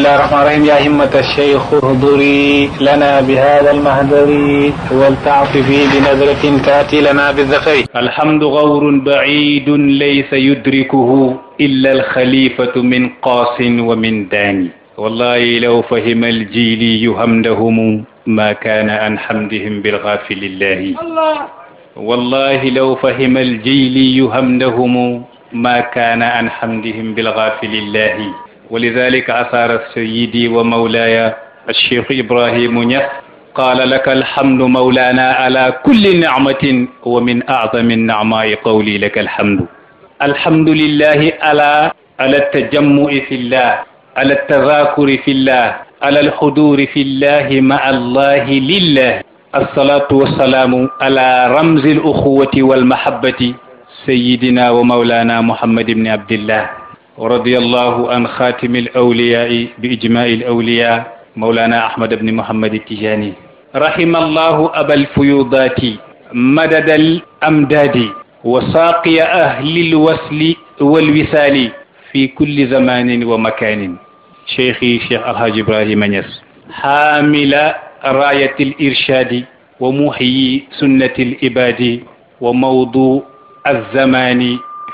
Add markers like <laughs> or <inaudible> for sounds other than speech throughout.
الله الرحمن الرحيم يا همة الشيخ اهضري لنا بهذا المهدر ولتعطفي بنظرة تأتي لنا بالذخر الحمد غور بعيد ليس يدركه إلا الخليفة من قاس ومن داني والله لو فهم الجيلي همدهم ما كان عن حمدهم بالغافل الله والله لو فهم الجيلي همدهم ما كان عن حمدهم بالغافل الله ولذلك أثار سيدي ومولاي الشيخ إبراهيم نياس قال لك الحمد مولانا على كل نعمة ومن أعظم النعماء قولي لك الحمد الحمد لله على على التجمع في الله على التذاكر في الله على الحضور في الله مع الله لله الصلاة والسلام على رمز الأخوة والمحبة سيدنا ومولانا محمد بن عبد الله ورضي الله عن خاتم الأولياء بإجماع الأولياء مولانا أحمد بن محمد التجاني رحم الله أبا الفيوضات مدد الأمداد وساقي أهل الوصل والوصال في كل زمان ومكان شيخي شيخ الحاج إبراهيم نياس حامل راية الإرشاد ومحيي سنة الإباد وموضوع الزمان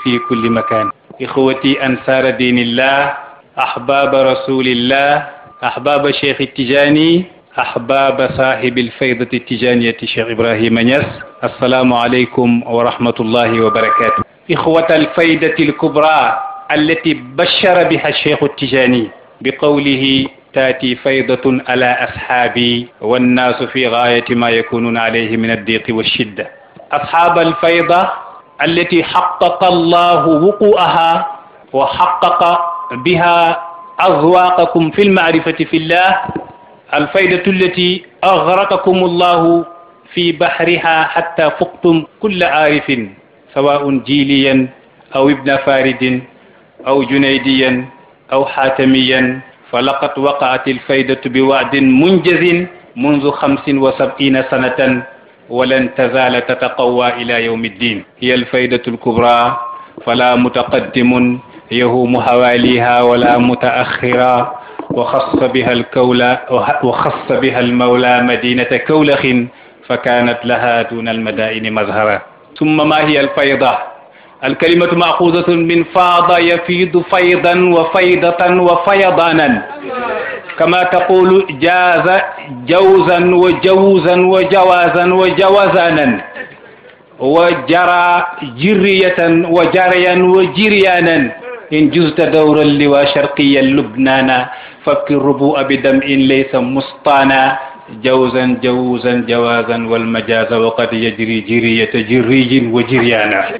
في كل مكان إخوتي أنصار دين الله أحباب رسول الله أحباب الشيخ التجاني أحباب صاحب الفيضة التجانية الشيخ إبراهيم نياس السلام عليكم ورحمة الله وبركاته إخوة الفيضة الكبرى التي بشر بها الشيخ التجاني بقوله تاتي فيضة على أصحابي والناس في غاية ما يكونون عليه من الضيق والشدة أصحاب الفيضة allati xaqaqa allahu wuquaha wa xaqaqa biha azwaaqakum fi lmaarifati fillah alfaydatu allati agraqakum allahu fi bahriha xatta fuqtum kulla aarifin sawaun jiliyan aw ibna faridin aw junaydiyan aw xaatamiyan fa laqad waqaat alfaydatu bi waadin munjazin mundu xamsin wa sab'ina sanatan ولن تزال تتقوى إلى يوم الدين هي الفائدة الكبرى فلا متقدم يهوم حواليها ولا متأخرا وخص بها الكولى وخص بها المولى مدينة كولخ فكانت لها دون المدائن مظهرا ثم ما هي الفيضة alkalimatu maxuusatun min faada yafiidu faydan wa faydatan wa fayadaanan kama taqulu jaaza jawzan wa jawzan wa jawaazan wa jawazaanan wa jara jiriyatan wa jarayan wa jiriyaanan in juzta dawra liwa sharqiya lubnaana fakki rubu abi dam in laysa mustaana jawzan jawzan jawazan wal majaza wa qad yajri jiriyata jiriyyin wa jiryana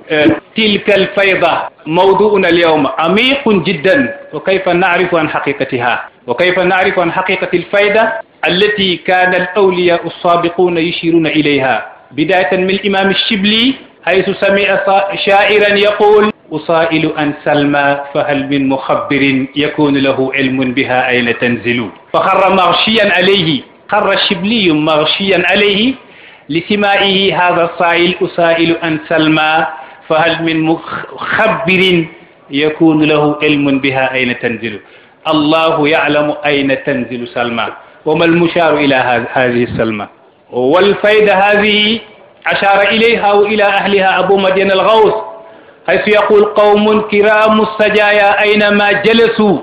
tilka al fayda mawdu'una al yawma amiqun jiddan wa kayfa na'rifu an haqiqatiha wa kayfa na'rifu an haqiqati al fayda allati kana al awliya as sabiquna yushiruna ilayha bidayatan min al imam al shibli haythu sami'a sha'iran yaqul usaa'ilu an salma fahal min muxabbirin yakunu lahu ilmun biha ayna tanzilu fa xarra marshiyan alayhi qarra shibliyu maghshiyan alayhi li simaa'ihi haadha saa'il usaa'ilu an salma fa hal min muxabbirin yakunu lahu ilmun biha ayna tanzilu allahu ya'lamu ayna tanzilu salma wa mal mushaaru ila haadihi salma wal fayda haadihi ashaara ilayha wa ila ahliha abu madyan al-ghaws حيث يقول قوم كرام السجايا أينما جلسوا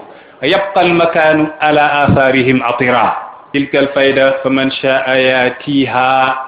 يبقى المكان على آثارهم عطرا tilka alfayda fa man shaa yaatiha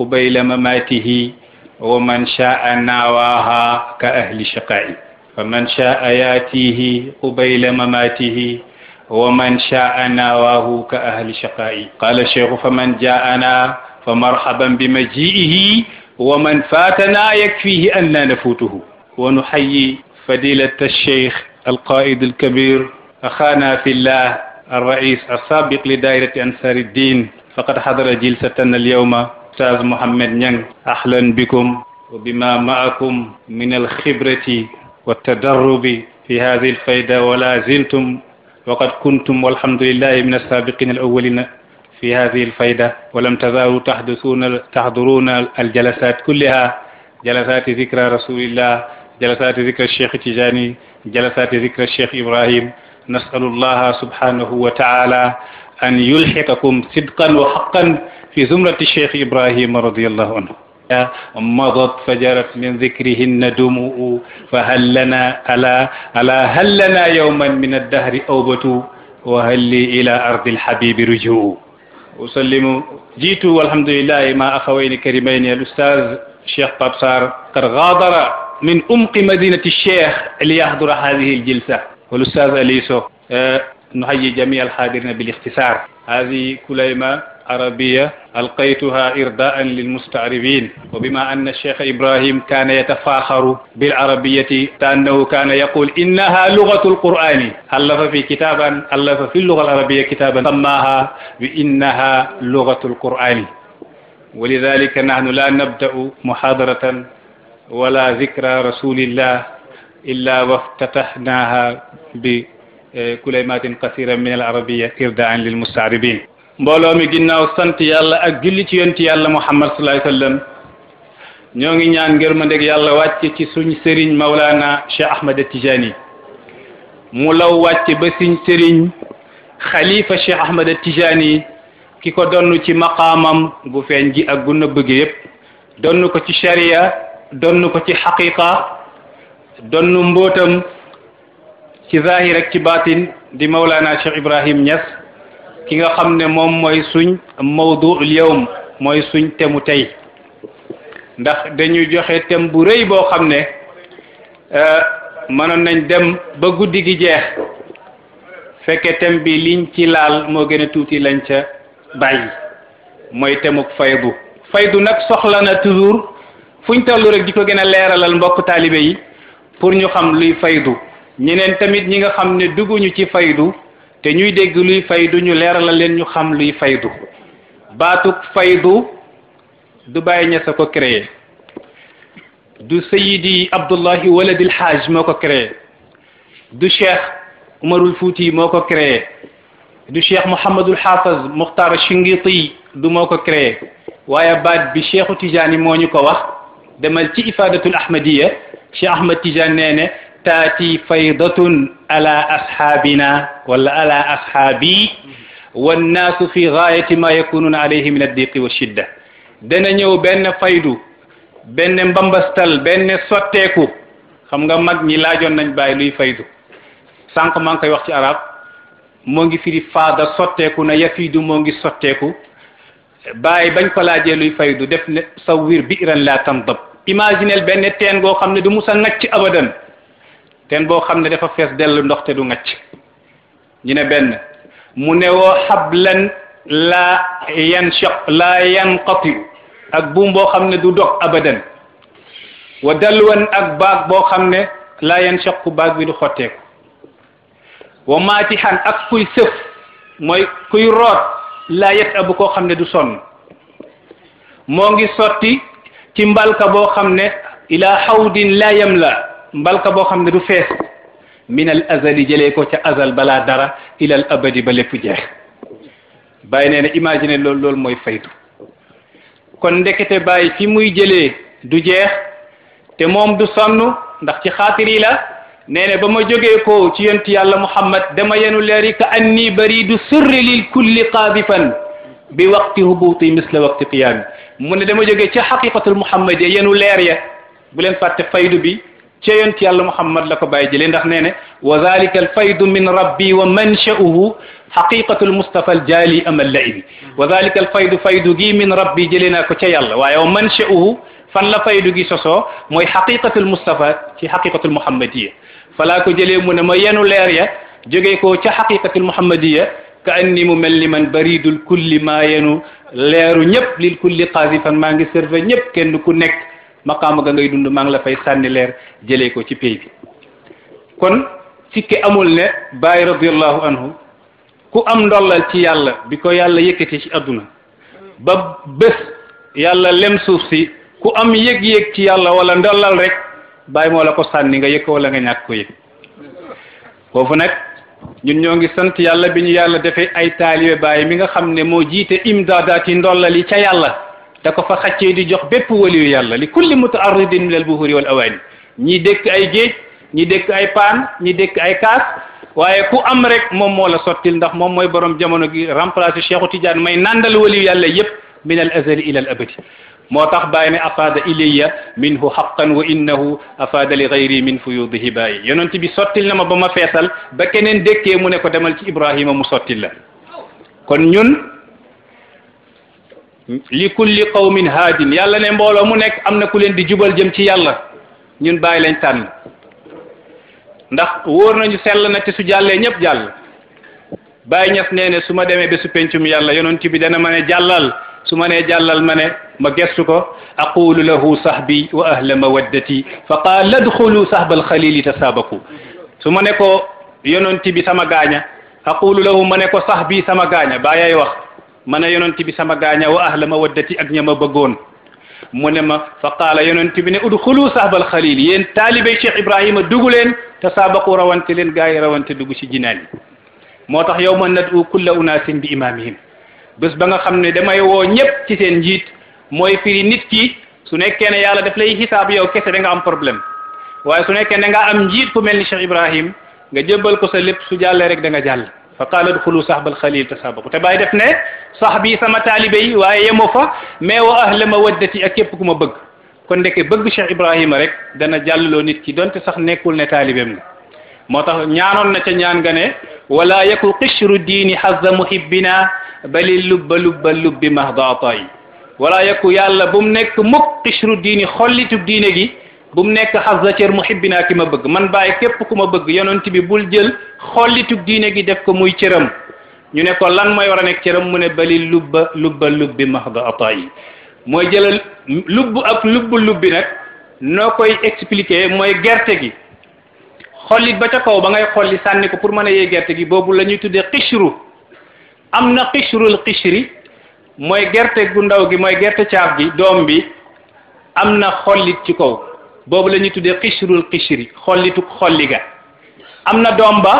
qubayla mamatihi wa man shaa naawaha ka ahli shaqaa'i fa man shaa yaatihi qubayla mamatihi wa man shaa naawaahu ka ahli shaqaa'i qaala cheikhu fa man jaa'ana fa marhaban bi majiihi wa man faatana yakfihi an laa nafuutuhu wa nuxayyi fadilata cheikh alqaa'id alkabir axaana fillah الرئيس السابق لدائرة أنصار الدين فقد حضر جلستنا اليوم أستاذ محمد نيان أهلا بكم وبما معكم من الخبرة والتدرب في هذه الفائدة ولا زلتم وقد كنتم والحمد لله من السابقين الأولين في هذه الفائدة ولم تزالوا تحدثون تحضرون الجلسات كلها جلسات ذكرى رسول الله جلسات ذكرى الشيخ تجاني جلسات ذكرى الشيخ إبراهيم nasalullaha subhanahu wa taala an yulhiqakum sidqan wa haqqan fi zumrati cheikh ibrahima radiallahu anhu مضت فجرت من ذكرهن دموع فهل لنا ألا ألا هل لنا يوما من الدهر أوبة وهل لي إلى أرض الحبيب رجوع أسلم جيت والحمد لله مع أخوين كريمين الأستاذ الشيخ طبصار قد غادر من أمق مدينة الشيخ ليحضر هذه الجلسة wal ustaaz ali so نحيي جميع الحاضرين بالاختصار هذه كليمة عربية ألقيتها إرضاء للمستعربين وبما أن الشيخ إبراهيم كان يتفاخر بالعربية كأنه كان يقول إنها لغة القرآن ألف في كتابا ألف في اللغة العربية كتابا سماها بإنها لغة القرآن ولذلك نحن لا نبدأ محاضرة ولا ذكرى رسول الله إلا وافتتحناها bi e, kulaymatin kasira min al arabia irdaan lil mustaaribin mbooloo mi ginnaaw sant yàlla ak julli ci yonti yàlla muhammad sallallahu alayhi wa ñoo ngi ñaan ngërmandeg yàlla wàcc ci suñ sëriñ mawlaana cheikh ahmad tijani mu law wàcc ba siñ sëriñ xalifa cheikh ahmad tijani ki ko donn ci maqamam gu feeñ gi ak gu bëgg gi yépp ko ci sharia donn ko ci xaqiqa donn mbootam ci zahir ak ci baatin di Mawlana Cheikh Ibrahim Niass ki nga xam ne moom mooy suñ mawduul yawm mooy suñ temu tey ndax dañuy joxe tem bu rëy boo xam ne euh, mënoon nañ dem ba guddi gi jeex fekke tem bi liñ ci laal moo gën a tuuti lañ ca bàyyi mooy temuk faydu faydu nag soxla na toujours fuñ rek di ko gën a leeralal mbokk taalibe yi pour ñu xam luy faydu ñeneen tamit ñi nga xam ne dugguñu ci faydu te ñuy dégg luy faydu ñu leeralal leen ñu xam luy faydu baatuk faydu du bàyyi ña sa ko créé du sayidi abdullahi waladil hajj moo ko créé du cheikh umarul fuuti moo ko créé du cheikh mouhamadul haafaz muxtaar shingiti du moo ko créé waaye baat bi cheikhu tijaani moo ñu ko wax demal ci ifadatul ahmadiya cheikh ahmad tijaani nee ne taati faydatun ala asxaabina wala ala asxaabi wannaasu fi gaayati ma yakunuuna alayhi min addiqi wa shidda dana ñëw benn faydu benn mbambastal benn sotteeku xam nga mag ñi laajoon nañ bàyyi luy faydu sànq maa ngi koy wax ci arab moo ngi firi faada sotteeku na yafiidu moo ngi sotteeku bàyyi bañ ko laajee luy faydu def ne sawwir biiran la tandab imaginel benn teen goo xam ne du musa ngacc abadan teen boo xam ne dafa fees dellu ndox te du ngacc ñu ne benn mu ne woo xablan laa yanshaq laa yanqati ak buum boo xam ne du dog abadan wa dalwan ak baag boo xam ne laa yanshaqu baag bi du xotteeku wa maatixan ak kuy sëf mooy kuy root laa yet abu koo xam ne du sonn moo ngi sotti ci mbalka boo xam ne ila xawdin laa la mbalka boo xam ne du fees min al azali jëlee ko ca azal balaa dara ilal abadi ba lépp jeex bàyyi nee na imagine loolu loolu mooy faydu kon ndekete bay fi muy jëlee du jeex te moom du sonn ndax ci xaatir la nee na ba ma jógee ko ci yonti yàlla muhammad dama yenu leeri ka anni baridu surri lil kulli qaadifan bi waqti hubuti misla waqti qiyaami mu ne dama jógee ca xaqiqatul muhammad ya yenu leer ya bu leen fàtte faydu bi ca yonent yàlla muhammad la ko bàyyi jëlee ndax nee ne wa zalika alfaydu min rabbi wa manshauhu xaqiqatu almustafa aljaali amal la ibi wa zalika alfaydu faydu gi min rabbi jëlee naa ko ca yàlla waaye wa manshauhu fan la faydu gi sosoo mooy xaqiqatu almustafa ci xaqiqatu almuhammadiya falaa ko jëlee mu ne ma yenu leer ya jógee ko ca xaqiqatu almuhammadiya ka anni mu mel ni man baridul kulli maa yenu leeru ñëpp lil kulli qaazifan maa ngi serve ñëpp kenn ku nekk maqaama ga ngay dund maa ngi la fay sànni leer jëlee ko ci pay bi kon sikki amul ne bàyyi radiallahu anhu ku am ndollal ci yàlla bi ko yàlla yëkkati ci àdduna ba bés yàlla lem suuf si ku am yëg-yëg ci yàlla wala ndollal rek bàyyi moo la ko sànni nga yëg ko wala nga ñàkk ko yëg foofu nag ñun ñoo ngi sant yàlla bi ñu yàlla defee ay taalibe bàyyi mi nga xam ne moo jiite imdaadaat yi ndollal yi ca yàlla da ko fa xàccee di jox bépp waliyu yàlla li kulli mutaaridin min al buhuri wal awaani ñi dëkk ay géej ñi dëkk ay paan ñi dëkk ay kaas waaye ku am rek moom moo la sottil ndax moom mooy borom jamono gi remplacé Cheikhu Tidiane may nandal waliyu yàlla yépp min al azali ila al abadi moo tax bàyyi ne afaada ilayya minhu xaqan wa innahu afaada li gayri min fuyudihi bàyyi yonent bi sottil na ma ba ma feesal ba keneen dëkkee mu ne ko demal ci Ibrahima mu sottil la li kulli qawmin haadin yàlla ne mbooloo mu nekk am na ku leen di jubal jëm ci yàlla ñun baay lañ tànn ndax wóor nañu sell na te su jàllee ñëpp jàll bàyyi ñas nee ne su ma demee bésu pencum yàlla yonent bi dana ma ne jàllal su ma nee jàllal ma ne ma gestu ko aqulu lahu sahbi wa ahla mawaddati fa qaal adxulu sahbal xalili tasaabaku su ma ne ko yonent bi sama gaaña aqulu lahu ma ne ko sahbi sama gaaña bàyyay wax ma ne yonent bi sama gaaña wa ahla mawaddati ak ña ma bëggoon mu ne ma fa qaala yonent bi ne udxulu sahbal xalil yéen taalibey Cheikh Ibrahima dugg leen te saabaqu rawante leen gaa yi rawante dugg ci jinaan yi moo tax yow ma nadu kulla unaasin bi imaamihim bés ba nga xam ne damay woo ñëpp ci seen njiit mooy firi nit ki su nekkee ne yàlla def lay xisaab yow kese da nga am problème waaye su nekkee ne nga am njiit ku mel ni Cheikh Ibrahim nga jébbal ko sa lépp su jàllee rek da nga jàll fa qaala duxulu sahbal xalil tasaabaku te bàyyi def ne sax bi sama taalibe yi waaye yemoo fa mais wa ahla mawaddati ak képp ku ma bëgg kon ndeke bëgg Cheikh Ibrahima rek dana jàlluloo nit ki donte sax nekkul ne taalibeem nga moo tax ñaanoon na ca ñaan nga ne wala yaku qishru diini hazza muhibbina bali lubba lubba lubbi mahdaatayi wala yaku yàlla bu mu nekk mukk qishru diini xollitub diine gi bu mu nekk xazacer naa ki ma bëgg man bàyyi képp ku ma bëgg yonent bi bul jël xollitug diine gi def ko muy cëram ñu ne ko lan mooy war a nekk cëram mu ne bali lubba lubba lubbi mahda atayi mooy jëlal lubb ak lubbu lubbi nag noo koy expliquer mooy gerte gi xollit ba ca kaw ba ngay xolli sànni ko pour mën a yee gerte gi boobu la ñuy tuddee xishru am na xishrul mooy gerte gu ndaw gi mooy gerte caaf gi doom bi am na xollit ci kaw boobu la ñuy tuddee xisrul xisri xollitu xolli ga am na doom ba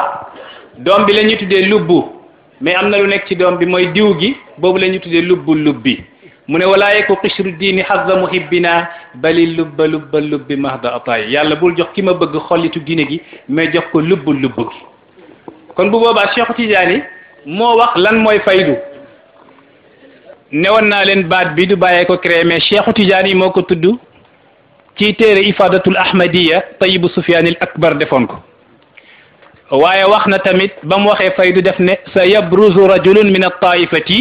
doom bi la ñuy tuddee lubbu mais am na lu nekk ci doom bi mooy diw gi boobu la ñuy tuddee lubbu lubbi mu ne walaa yeku xisru diini xazza muhibbina bali lubba lubba lubbi mahda ataay yàlla bul jox ki ma bëgg xollitu diine gi mais jox ko lubbu lubbu gi kon bu boobaat Cheikh Tidiane moo wax lan mooy faydu newoon naa leen baat bi du bàyyee ko créé mais Cheikh Tidiane moo ko tudd ci téere ifadatul ahmadiya tayibu sufiyaanil akbar defoon ko waaye wax na tamit ba mu waxee du def ne sa yabruzu rajulun min altaifati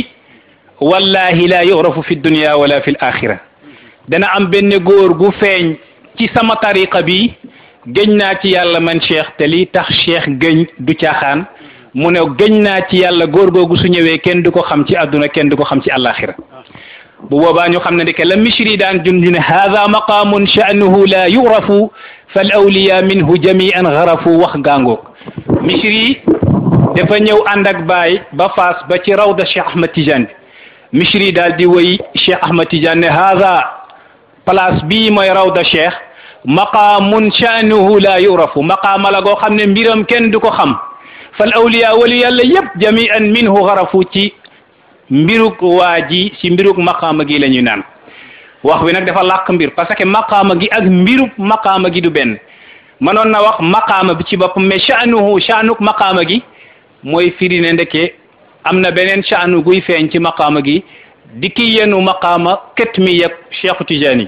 wallahi la yurafu fi dunia wala fi l axira dana am benn góor gu feeñ ci sama tariqa bi gëñ naa ci yàlla man cheikh te lii tax cheikh gëñ du caaxaan mu ne gëñ naa ci yàlla góor googu su ñëwee kenn du ko xam ci àdduna kenn du ko xam ci àllaaxira bu boobaa ñu xam ne ndeke la misri daan junj ne haada maqaamun sha'nuhu la yurafu fal awliya minhu jami'an garafu wax gaangoog misri dafa ñëw ànd ak baay ba ba ci rawda Cheikh Ahmad Tidiane bi misri daal di woy Cheikh Ahmad Tidiane ne haada place bii mooy rawda Cheikh maqaamun sha'nuhu la yurafu maqaama la goo xam ne mbiram kenn du ko xam fal awliya wali yàlla ci mbiruk waa ji ci mbiruk maqaama gi lañuy naan wax wi nag dafa làq mbir parce que maqaama gi ak mbiruk maqaama gi du benn mënoon na wax maqaama bi ci boppam mais sha'nuhu sha'nuk maqaama gi mooy firi ne ndeke am na beneen sha'nu guy feeñ ci maqaama gi di ki yenu maqaama katmiya Cheikhu Tijaani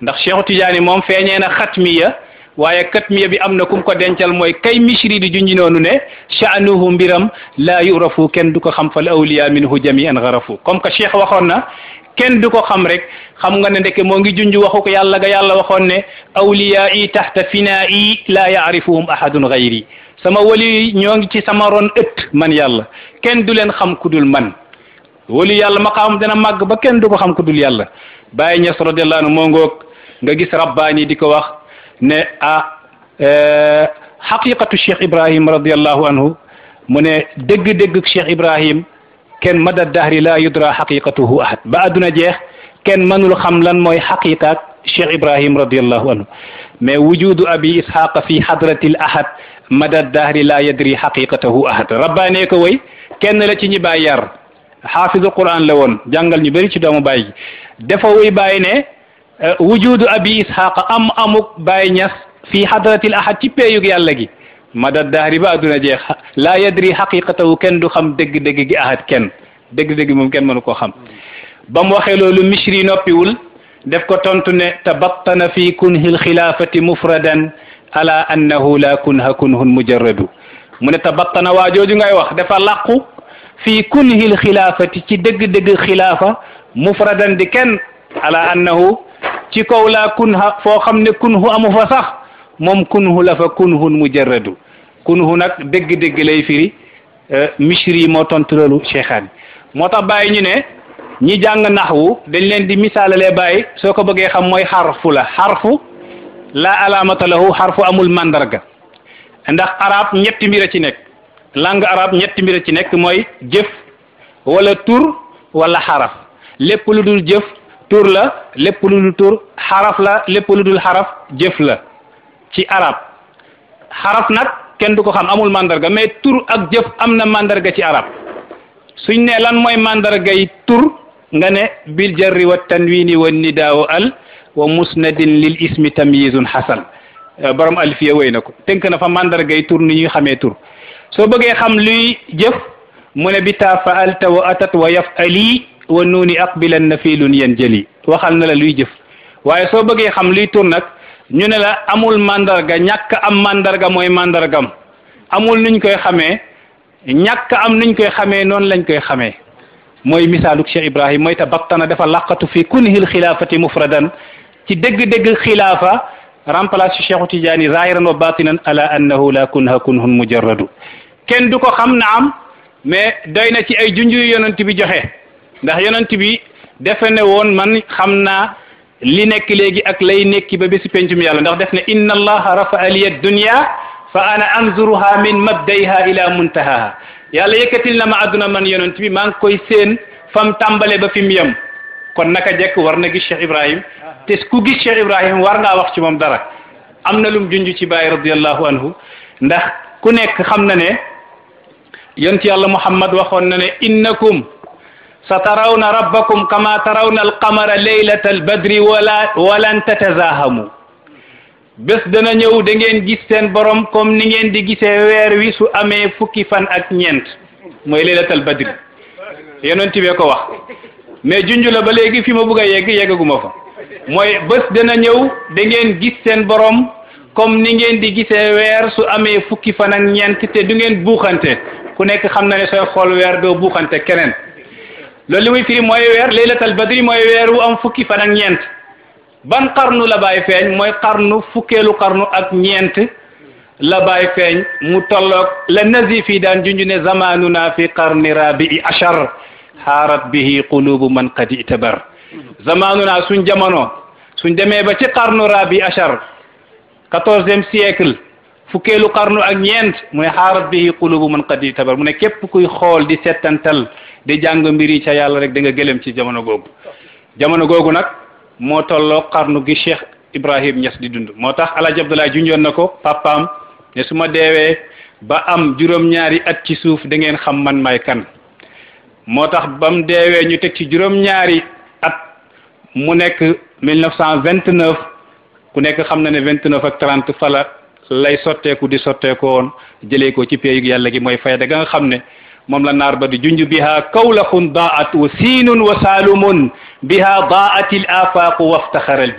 ndax Cheikhu Tijaani moom feeñee na xatmiya waaye katmiya bi am na kum ko dencal mooy kay misri di junji noonu ne sha'nuhu mbiram laa yurafu kenn du ko xam fal awliya minhu jami'an garafu comme que cheikh waxoon na kenn du ko xam rek xam nga ne ndeke moo ngi junj waxu ko yàlla ga yàlla waxoon ne awliya yi taxta finaa yi laa yaarifuhum ahadun gayri sama wali ñoo ngi ci sama ron ëtt man yàlla kenn du leen xam ku dul man wali yàlla maqaamam dana màgg ba kenn du ko xam ku dul yàlla bàyyi ñes radiallahu anhu moo ne ah e, xaqiqatu Cheikh Ibrahim radiallahu anhu mu ne dëgg-dëgg Cheikh Ibrahim kenn mada dahri la yudra xaqiqatuhu ahad ba adduna jeex kenn mënul xam lan mooy xaqiqaak Cheikh Ibrahim radiallahu anhu mais wujudu abi ishaqa fi hadratil ahad mada dahri la yadri xaqiqatahu ahad rabbaanee ko way kenn la ci ñi bàyyi yar xaafizu quran la woon jàngal ñu bëri ci doomu bàyyi gi dafa way bàyyi ne Eh, wujudu abi ishaq am amuk Baay Ñas fi hadratil ahad ci peeyug yàlla gi madad dahri ba àdduna jeex la yadri haqiqatahu kenn du xam dëgg-dëgg gi ahad kenn dëgg-dëgg moom kenn mënu koo xam ba mu waxee loolu misri noppiwul def ko tontu ne tabattana fi kunhil xilaafati mufradan ala annahu la kunha kunhun mujarradu mu ne tabattana waa jooju ngay wax dafa làqu fi kunhil xilaafati ci dëgg-dëgg xilaafa mufradan di kenn ala annahu ci kaw laa kunha foo xam ne kunhu amu fa sax moom kunhu la fa kunhun mujarradu kunhu nag dégg-dégg lay firi euh, misri yi moo tontu loolu cheikhaan moo tax bàyyi ñu ne ñi jàng naxwu dañ leen di misaalalee bàyyi soo ko bëggee xam mooy xarfu la xarfu la alaamata lahu xarfu amul màndarga ndax arab ñetti mbir a ci nekk langue arab ñetti mbir a ci nekk mooy jëf wala tur wala xaraf lépp lu dul jëf tur la lépp lu dul tur xaraf la lépp lu dul xaraf jëf la ci arab xaraf nag kenn du ko xam amul mandarga mais tur ak jëf am na mandarga ci arab suñ ne lan mooy màndargay tur nga ne bil jarri wa tanwini wa nidaaw al wa musnadin lil ismi tamyizun xasan euh, borom alfiya wéy na ko tënk na fa mandargay tur ni ñuy xamee tur soo bëggee xam luy jëf mu ne bi taa faalta wa atat wa yaf ali wa nuuni aqbilan na fiilun yen jëli waxal na la luy jëf waaye soo bëggee xam luy tur nag ñu ne la amul màndarga ñàkk am màndarga mooy mandargam amul nuñ koy xamee ñàkk am nuñ koy xamee noonu lañ koy xamee mooy misaaluk Cheikh Ibrahim mooy ta battana dafa laqatu fi kunhil xilaafati mufradan ci dégg dëgg xilaafa remplace Cheikhu Tidiane zahiran wa batinan ala annahu la kunha kunhun mujarradu kenn du ko xam na am mais doy na ci ay junj yu yonent bi joxe ndax yonent bi defe ne woon man xam naa li nekk léegi ak lay nekki ba bési pencum yàlla ndax def ne inna allaha rafa'a liya dunya fa ana anzuruha min mabdayha ila muntahaha yàlla yëkkatil na ma adduna man yonent bi maa ngi koy seen fam tàmbale ba fi mu yem kon naka jekk war na gis Cheikh Ibrahim te ku gis Cheikh Ibrahim war ngaa wax ci moom dara am na lum junj ci Baay radiyallahu anhu ndax ku nekk xam na ne yonent yàlla Muhammad waxoon na ne innakum sa taraw na tarawna rabbakum kama tarawna alqamara leylata albadri wala walan tatazahamu bés dana ñëw dangeen gis seen borom comme ni ngeen di gisee weer wi su amee fukki fan ak ñeent mooy leylata albadri yonent bi ko wax mais junj ba léegi fi ma bëgg a yegg yeggaguma fa mooy bés dana ñëw da ngeen gis seen borom comme ni ngeen di gisee weer su amee fukki fan ak ñeent te du ngeen buuxante ku nekk xam na ne sooy xool weer doo buuxante keneen loolu li muy firi mooy weer laylatal badri mooy weer wu am fukki fan ñeent ban xarnu la feeñ mooy xarnu fukkeelu xarnu ak ñeent la bàyyi feeñ mu tolloog la nazif daan junju ne zamanuna fi qarni rabii achar xaarat bihi qulubu man qad itabar zamanuna suñ jamono suñ demee ba ci xarnu rabii achar quatorzième siècle fukkeelu xarnu ak ñeent mu ne xaarat bihi qulubu man qad itabar mu ne képp kuy xool di settantal di jàng mbir yi ca yàlla rek danga gëléem ci jamono googu jamono googu nag moo tolloo karnu gi Cheikh Ibrahim ñas di dund moo tax El Hadj Abdoulaye junjoon na ko papaam su ma deewee ba am juróom-ñaari at ci suuf da ngeen xam man may kan moo tax ba mu deewee ñu teg ci juróom-ñaari at mu nekk 1929 ku nekk xam na ne 29 ak trent fala lay sotteeku di sotteeku woon jëlee ko ci péeyu yàlla gi mooy fayda ga nga xam ne moom la naar ba di junj biha kawlaxun daat wa siinun wa saalumun biha daati l afaqu waftaxara al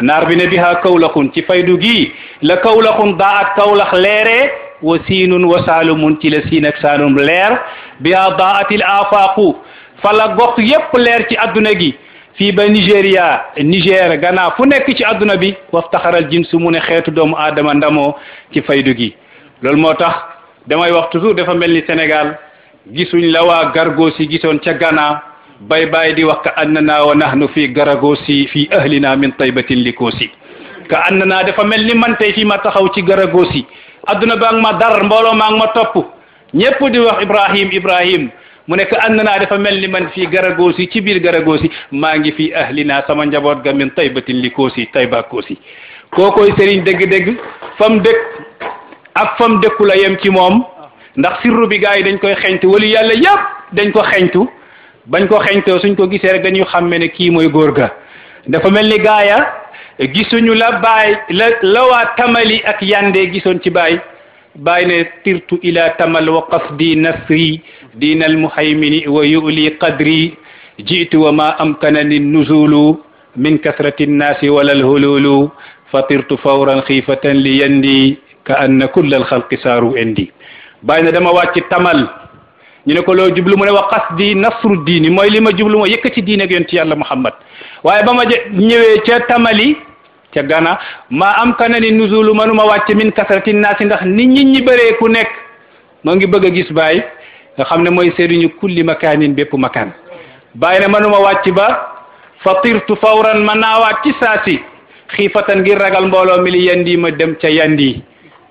naar bi ne biha kawlaxun ci faydu gi la kawlaxun daat kawlax leere wa siinun wa saalumun ci la siin ak saalum leer biha daati l afaqu fala gox yépp leer ci adduna gi fii ba Nigéria Niger Ghana fu nekk ci adduna bi waftaxara al jinsu mu ne xeetu doomu aadama ndamo ci faydu gi moo tax damay wax toujours dafa mel ni Sénégal gisuñ la waa gargosi gisoon ca Ghana bay bay di wax ka annana wa nahnu fii garagosi fii ahlina min taybatin likosi ka annana dafa mel ni man tey fii ma taxaw ci garagosi adduna baa ngi ma dar mbooloo maa ngi ma topp ñépp di wax Ibrahim Ibrahim mu ne ka annana dafa mel ni man fii garagosi ci biir garagosi maa ngi fii ahlina sama njaboot ga min taybatin likosi taybakoosi kookoy sëriñ dëgg-dëgg fam dëkk ak fam dëkku la yem ci moom ndax sirru bi gars yi dañ koy xeñtu wali yàlla yëpp dañ ko xeñtu bañ ko xeñtoo suñ ko gisee rek dañuy xàmme ne kii mooy góor ga dafa mel ni gaaya gisuñu la baay la la tamali ak yande gisoon ci baay baay ne tirtu ila tamal wa qasdi nasri diina almuhaymini wa yuli qadri jiitu wa ma amkanani nuzulu min kasrati nnaasi wala alhululu fatirtu fawran xiifatan li yandi ka anna kullal xalqi saaru indi bàyyi na dama wàcc tamal ñu ne ko loo jublu mu ne wa qasdi nasru diini mooy li ma jublu ma yëkkati diine ak yonent yàlla Muhammad waaye ba ma ñëwee ca tamali ca gana ma am kana ni nuzulu manuma wàcc min kasrati naasi ndax nit ñi ñi bëree ku nekk moo ngi bëgg a gis baay nga xam ne mooy sëriñu kulli makaanin bépp makaan bàyyi ne manuma wàcc ba fatirtu fawran ma naawaat ci saasi xiifatan ngir ragal mbooloo mi li ma dem ca yandi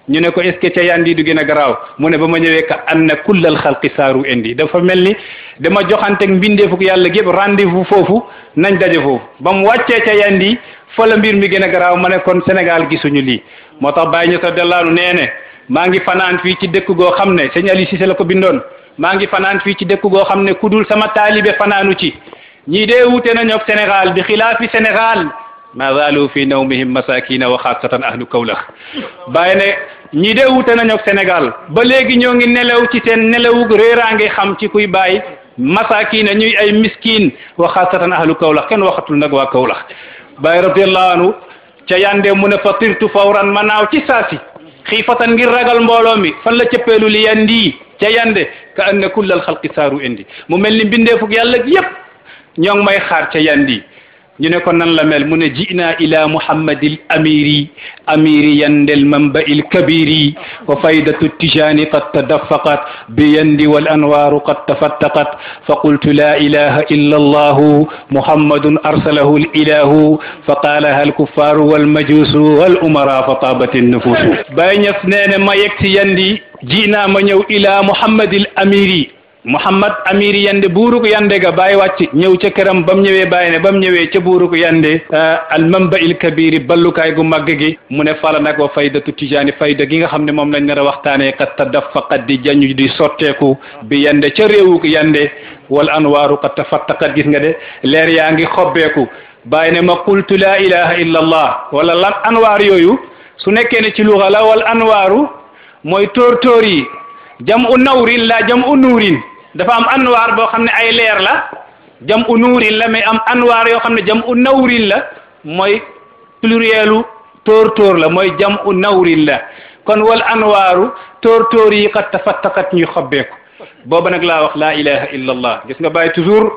ñu ne ko est ce que ca yandi du gën a garaaw mu ne ba ma ñëwee ka an na kullal xalqi saaru indi dafa mel ni dama joxanteeg mbindeefuk yàlla gépp rendez-vous foofu nañ daje foofu ba mu wàccee ca yandi foola mbir mi gën a garaaw ma ne kon Sénégal gisuñu lii moo tax bàyyi ñu sa dellaanu nee ne maa ngi fanaan fii ci dëkk goo xam ne sëñ Ali Cissé la ko bindoon maa ngi fanaan fii ci dëkk goo xam ne ku dul sama taalibe fanaanu ci ñii dee wute nañu Sénégal bi ma zaalu fi nawmihim masakina wa xaasatan ahlu kawlax bàyyi ne ñii de wuute nañu ak ba léegi ñoo ngi nelaw ci seen nelawug réeraange xam ci kuy bàyyi masakina ñuy ay miskin wa xaasatan ahlu kawlax kenn waxatul nag waa kawlax bàyyi radiallahu anhu ca yande mu ne fatirtu fawran ma naaw ci saasi xiifatan ngir ragal mbooloo mi fan la cëppeelu li yandi ca yande ka anna kullal xalqi saaru indi mu mel ni mbindeefug yàlla yépp ñoo may xaar ca yandi ñu ne ko nan la mel mu ne ji'na ila muhammadil amiri amiri yandel mamba il kabiri wa faydatu tijani qad tadaffaqat bi yandi wal anwaru qad tafattaqat fa qultu la ilaha illa allahu muhammadun arsalahu l ilahu fa qaalaha al kuffaru wal majusu wal umara fa taabati nnufusu Baay Ñas nee ne ma yegg si yandi ji'na ma ñëw ila muhammadil amiri muhammad amiri yande buuruk yande ga baay wàcci ñëw ca këram ba mu ñëwee baay ne ba mu ñëwee ca buuruk yande euh, almamba il kabiri ballukaay gu màgg gi mu ne fala nag wa faydatu tijaani fayda gi nga xam ne moom lañ nar a waxtaanee kat tadaffaqat di jañu di sotteeku bi yande ca réewuk yande wal anwaaru kat tafattaqat gis nga de leer yaa ngi xobbeeku baay ne ma qultu laa ilaha illa allah wala lan anwaar yooyu su nekkee ne ci luxa la wal anwaaru mooy tóor tóor yi laa jam dafa am anwaar boo xam ne ay leer la jam u nuurin la mais am anwaar yoo xam ne jam u nawrin la mooy plurielu tóor tóor la mooy jam u nawrin la kon wal anwaaru toor tóor yi kat tafattakat ñuy xobbeeku booba nag laa wax laa ilaha illa allah gis nga bàyyi toujours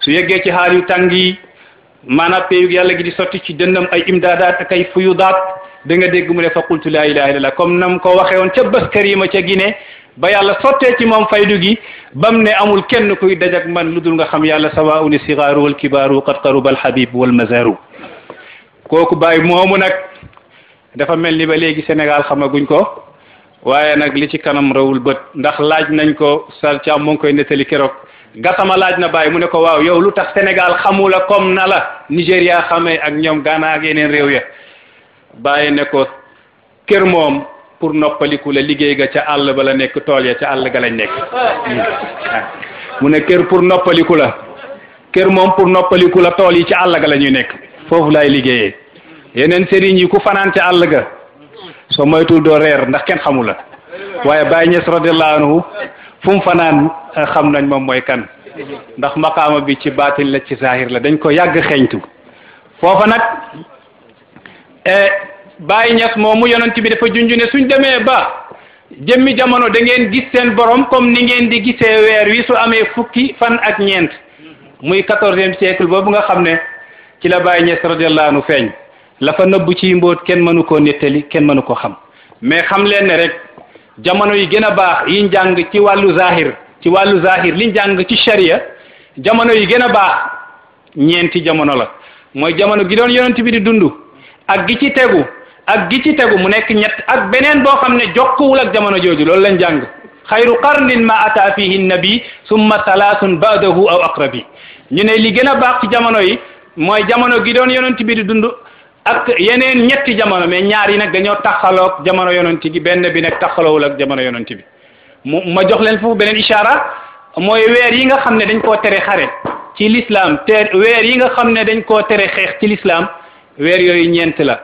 su yeggee ci xaal yu tàng yi maanaam péyug yàlla gi di sotti ci dënnam ay imdaadaat ak ay fuyudaat da nga dégg mu ne fa qultu la ilaha illa allah comme nam ko waxee woon ca bës karima ca Guinée ba yàlla sottee ci moom faydu gi bam ne amul kenn kuy dajak man lu dul nga xam yàlla sawauni sigaaru wal kibaaru qad qaruba al habib wal mazaru kooku bàyyi moomu nag dafa mel ni ba léegi Sénégal xamaguñ ko waaye nag li ci kanam rawul bët ndax laaj nañ ko sal ci am koy nettali keroog gasama laaj na bàyyi mu ne ko waaw yow lu tax Sénégal xamula kom na la Nigéria xamee ak ñoom Ghana ak yeneen réew ya bàyyi ne ko kër moom pour noppaliku la liggéey ga ca àll ba la nekk tool ya ca àll ga lañ nekk hmm. mu ne kër pour noppaliku la kër moom pour noppaliku la tool yi ci àll ga lañuy nekk foofu lay liggéeyee yeneen sëriñ yi ku fanaan ca àll ga soo moytul doo reer ndax kenn xamu la waaye Baye Niass radiyallahu fu mu fanaan eh, xam nañ moom mooy kan ndax maqaama bi ci baatin la ci zahir la dañ ko yàgg xeeñtu foofa nag eh, Baye Niass moomu yonent bi dafa junj ne suñ demee ba jëmmi jamono da ngeen gis seen borom comme ni ngeen di gise weer wi su amee fukki fan ak ñeent muy quatorzième siècle boobu nga xam ne ci la Baye Niass radiyallahu anhu feeñ la fa nëbbu ci mbóot kenn mënu koo nettali kenn mënu ko xam mais xam leen ne rek jamono yi gën a baax yiñ jàng ci wàllu zahir ci wàllu zahir liñ jàng ci sharia jamono yi gën a baax ñeenti jamono la mooy jamono gi doon yonent bi di dund ak gi ci tegu ak gi ci tegu mu nekk ñett ak beneen boo xam ne jokkuwul ak jamono jooju loolu lañ jàng xayru qarnin ma ata fihi nabi summa salaasun baadahu aw aqrabi ñu ne li gën a baax ci jamono yi mooy jamono gi doon yonent bi di dund ak yeneen ñetti jamono mais ñaar yi nag dañoo taxaloog jamono yonent gi benn bi nag taxalowul ak jamono yonent bi mu ma jox leen foofu beneen ishaara mooy weer yi nga xam ne dañ koo tere xare ci l'islam te weer yi nga xam ne dañ koo tere xeex ci lislaam weer yooyu ñeent la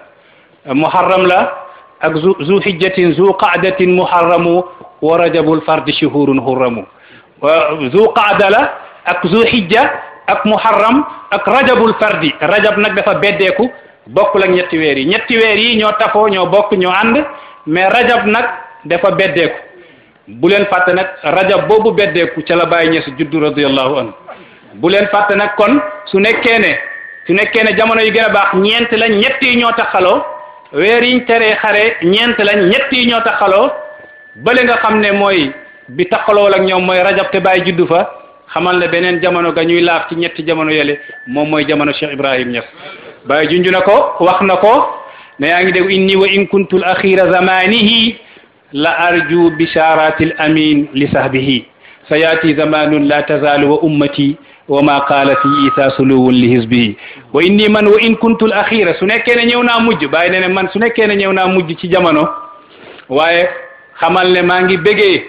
muharram la ak zu zu hijjatin zu qaadatin muharramu wa rajabul fardi shuhurun hurramu zu qaada la ak zu hijja ak muharram ak rajabul fardi rajab nag dafa beddeeku bokkul ak ñetti weer yi ñetti weer yi ñoo tafoo ñoo bokk ñoo ànd mais rajab nag dafa beddeeku bu leen fàtte nag rajab boobu beddeeku ca la bàyyi ñees juddu radiyallahu anhu bu fàtte nag kon su nekkee ne su nekkee ne jamono yu baax ñeent la ñett yi ñoo taxaloo weer yiñ teree xare ñeent lañ ñett yi ñoo taxaloo bële nga xam ne mooy bi taxaloo ak ñoom mooy rajab te bàyyi juddu fa xamal ne beneen jamono ga ñuy laaf ci ñetti jamono yële moom mooy jamono Cheikh Ibrahim Niass bàyyi junj na ko wax na ko ne yaa ngi dégg inni wa in kuntul axira zamanihi la arju bisharati al amin li sahbihi sayaati zamanun la tazalu wa ummati wa ma qaalat isa suluwun li hisbihi wa inni man wa in kuntul axira su nekkee ne ñëw naa mujj bàyyi ne ne man su nekkee ne ñëw naa mujj ci jamono waaye xamal ne maa ngi bégee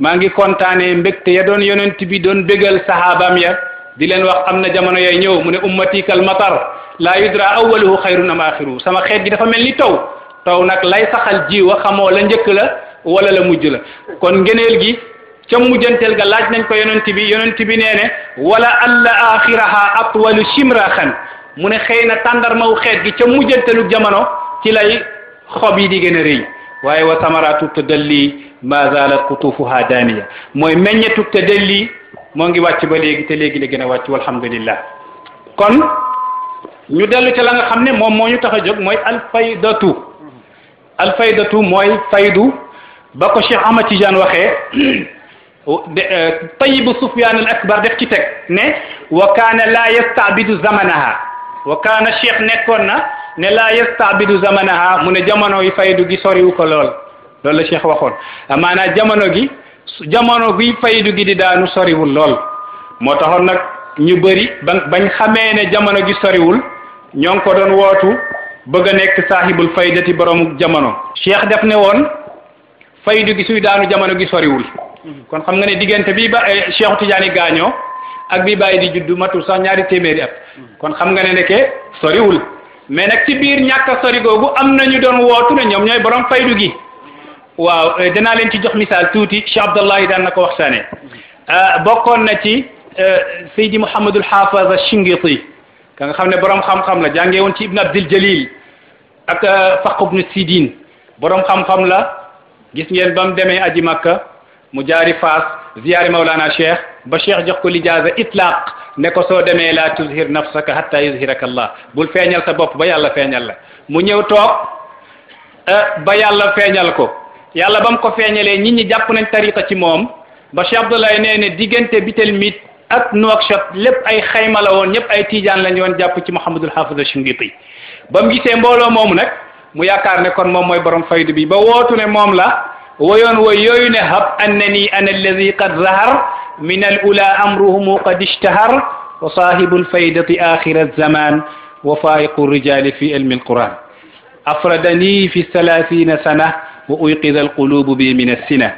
maa ngi kontaanee mbégte ya doon yonent bi doon bégal sahabaam ya di leen wax am na jamono yay ñëw mu ne ummati kal matar laa yudra awaluhu xayrun am axiruhu sama xeet gi dafa mel ni taw taw nag lay saxal jiwa xamoo la njëkk la wala la mujj la kon ngeneel gi ca mujjanteel ga laaj nañ ko yonent bi yonent bi nee wala alla axiraha atwalu shimraxan mu ne xëy na wu xeet gi ca mujjantelu jamono ci lay xob yi di gën a rëy waaye wa samaratu tadalli ma zalat kutufuha daaniya mooy meññetu tadalli moo ngi wàcc ba léegi te léegi la gën a wàcc walhamdulillah kon ñu dellu ca la xam ne moom moo ñu tax a jóg mooy alfaydatu alfaydatu mooy faydu ba ko Cheikh Ahmad Tidiane waxee Euh, tayibu sufyaan al akbar def ci teg ne wa la laa yastaabidu zamanaha wa kaana cheikh nekkoon na ne laa yastaabidu zamanaha mu ne jamono yi faydu gi soriwu ko lool loolu la cheikh waxoon maanaam jamono gi jamono gi faydu gi di daanu soriwul lool moo taxoon nag ñu bari ba bañ xamee ne jamono gi soriwul ñoo ngi ko doon wootu bëgg a nekk saahibul faydati boroomu jamono cheikh def ne woon faydu gi suy daanu jamono gi soriwul kon xam nga ne diggante bi ba eh, Cheikh Tidiane gaañoo ak bi bàyyi di juddu matul sax ñaari téeméeri at kon xam nga ne nekkee soriwul mais nag ci biir ñàkk a sori googu am na ñu doon wootu ne ñoom ñooy borom faydu gi waaw eh, danaa leen ci jox misaal tuuti Cheikh Abdallahi daan na ko waxtaane ah, bokkoon na ci eh, Seydi Mouhamadul Haafaz Shingiti ka nga xam ne borom xam-xam la jàngee woon ci Ibn Abdil Jalil ak Fakk ibnu Sidin borom xam-xam la gis ngeen ba mu aji Makka. mu jaari faas ziyaari mawlana cheikh ba cheikh jox ko lijaasa itlaq ne ko soo demee laa tuzhir nafsaka hatta yuzhiraka allah bul feeñal sa bopp ba yàlla feeñal la mu ñëw toog eh, ba yàlla feeñal ko yàlla ba mu ko feeñalee nit ñi jàpp nañ tariqa ci moom ba cheikh abdoulaye ne diggante bitel mit ak Nouakchott lépp ay xayma la woon ñëpp ay tijaan lañ woon jàpp ci Mouhamadul Hafiz Shingiti ba mu gisee mbooloo moomu nag mu yaakaar ne kon moom mooy borom faydu woyoon woy yooyu ne hab annani ana alladi qad zahar min al ula amruhumu qad ishtahar wa sahibu lfaydati akhira alzaman wa faiqu rijali fi ilmi alquran afradani fi salaasina sana wa uyqida alqulubu bi min assina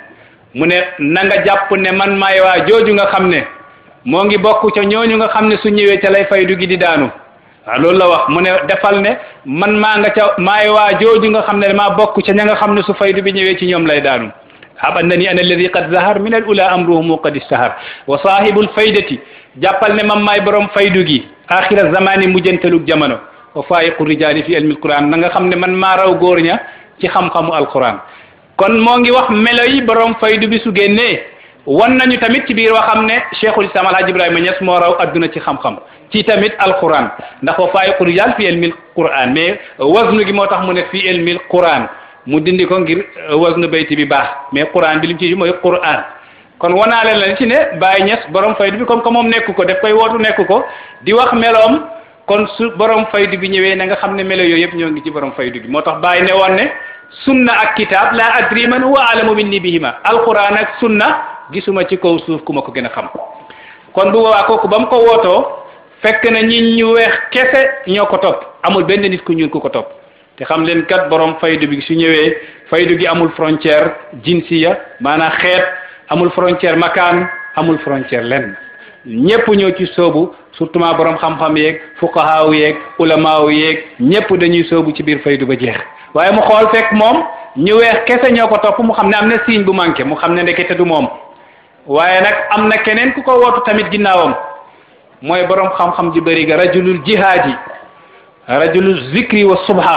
mu ne na nga jàpp ne man maay waa jooju nga xam ne moo ngi bokk ca ñooñu nga xam ne su ñëwee ca lay faydu gi di daanu waaw loolu la wax mu ne defal ne man maa nga ca maay waa jooju nga xam ne maa bokk ca ña nga xam ne su faydu bi ñëwee ci ñoom lay daanu xam an na ni ana alladi qad zahar min al ula amruhumu qad istahar wa saahibul faydati jàppal ne mam maay borom faydu gi axira zamani mujjantelug jamono wa faayiqu rijaali fi ilmi alquran na nga xam ne man maa raw góor ña ci xam-xamu alquran kon moo ngi wax melo borom faydu bi su génnee wan nañu tamit ci biir waxam ne cheikhul islam alhaji ibrahima ñes moo raw adduna ci xam ci tamit alquran ndax wa faayiqul yàlla fi ilmil quran mais wasnu gi moo tax mu ne fi ilmil quran mu dindi ko ngir euh, wasnu bayti bi baax mais quran bi lim ci mooy quran kon wanaa leen la ci ne Baye Niass borom faydu bi comme que moom nekk ko def koy wootu nekk ko di wax meloom kon su borom faydu bi ñëwee na nga xam ne melo yooyu yëpp ñoo ngi ci borom faydu bi moo tax Baye ne woon ne sunna ak kitaab la adri man huwa a'lamu minni bihima alquran ak sunna gisuma ci kaw suuf ku ma ko gën a xam ko fekk na ñi ñu weex kese ñoo ko topp amul benn nit ku ñuul ku ko topp te xam leen kat borom faydu bi su ñëwee faydu gi amul frontière ya maanaa xeet amul frontière makaan amul frontière lenn ñépp ñëw ci soobu surtout ma borom xam-xam yeeg fuqahaaw yeeg ulamaaw yeeg ñépp dañuy soobu ci biir faydu ba jeex waaye mu xool fekk moom ñu weex kese ñoo ko topp mu xam ne am na signe bu manqué mu xam ne ndekete du moom waaye nag am na keneen ku ko wootu tamit ginnaawam mooy borom xam-xam ji bëri ga rajulul jihaadi rajulul zikri wa subha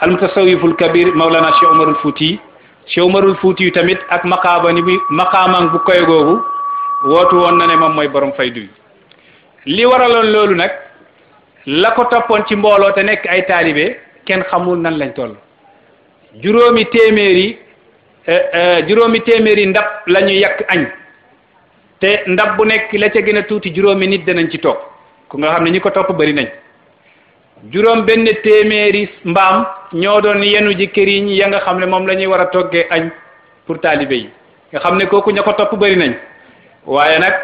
almutasawiful kabir maulana Cheikh Umarul Fouti Cheikh Umarul Fouti tamit ak maqaaba ni bi maqaaman bu koy googu wootu woon na ne moom mooy borom faydu yi li waraloon loolu nag la ko toppoon ci mbooloo te nekk ay taalibe kenn xamul nan lañ toll juróomi téeméeri eh, eh, juróomi téeméeri ndab la ñu yàq añ te ndab bu nekk la ca gën a tuuti juróomi nit danañ ci toog ku nga xam ne ñi ko topp bari nañ juróom benn téeméeri mbaam ñoo doon yenu ji këriñ ya nga xam ne moom lañuy ñuy war a toggee añ pour taalibe yi nga xam ne kooku ña ko topp bari nañ waaye nag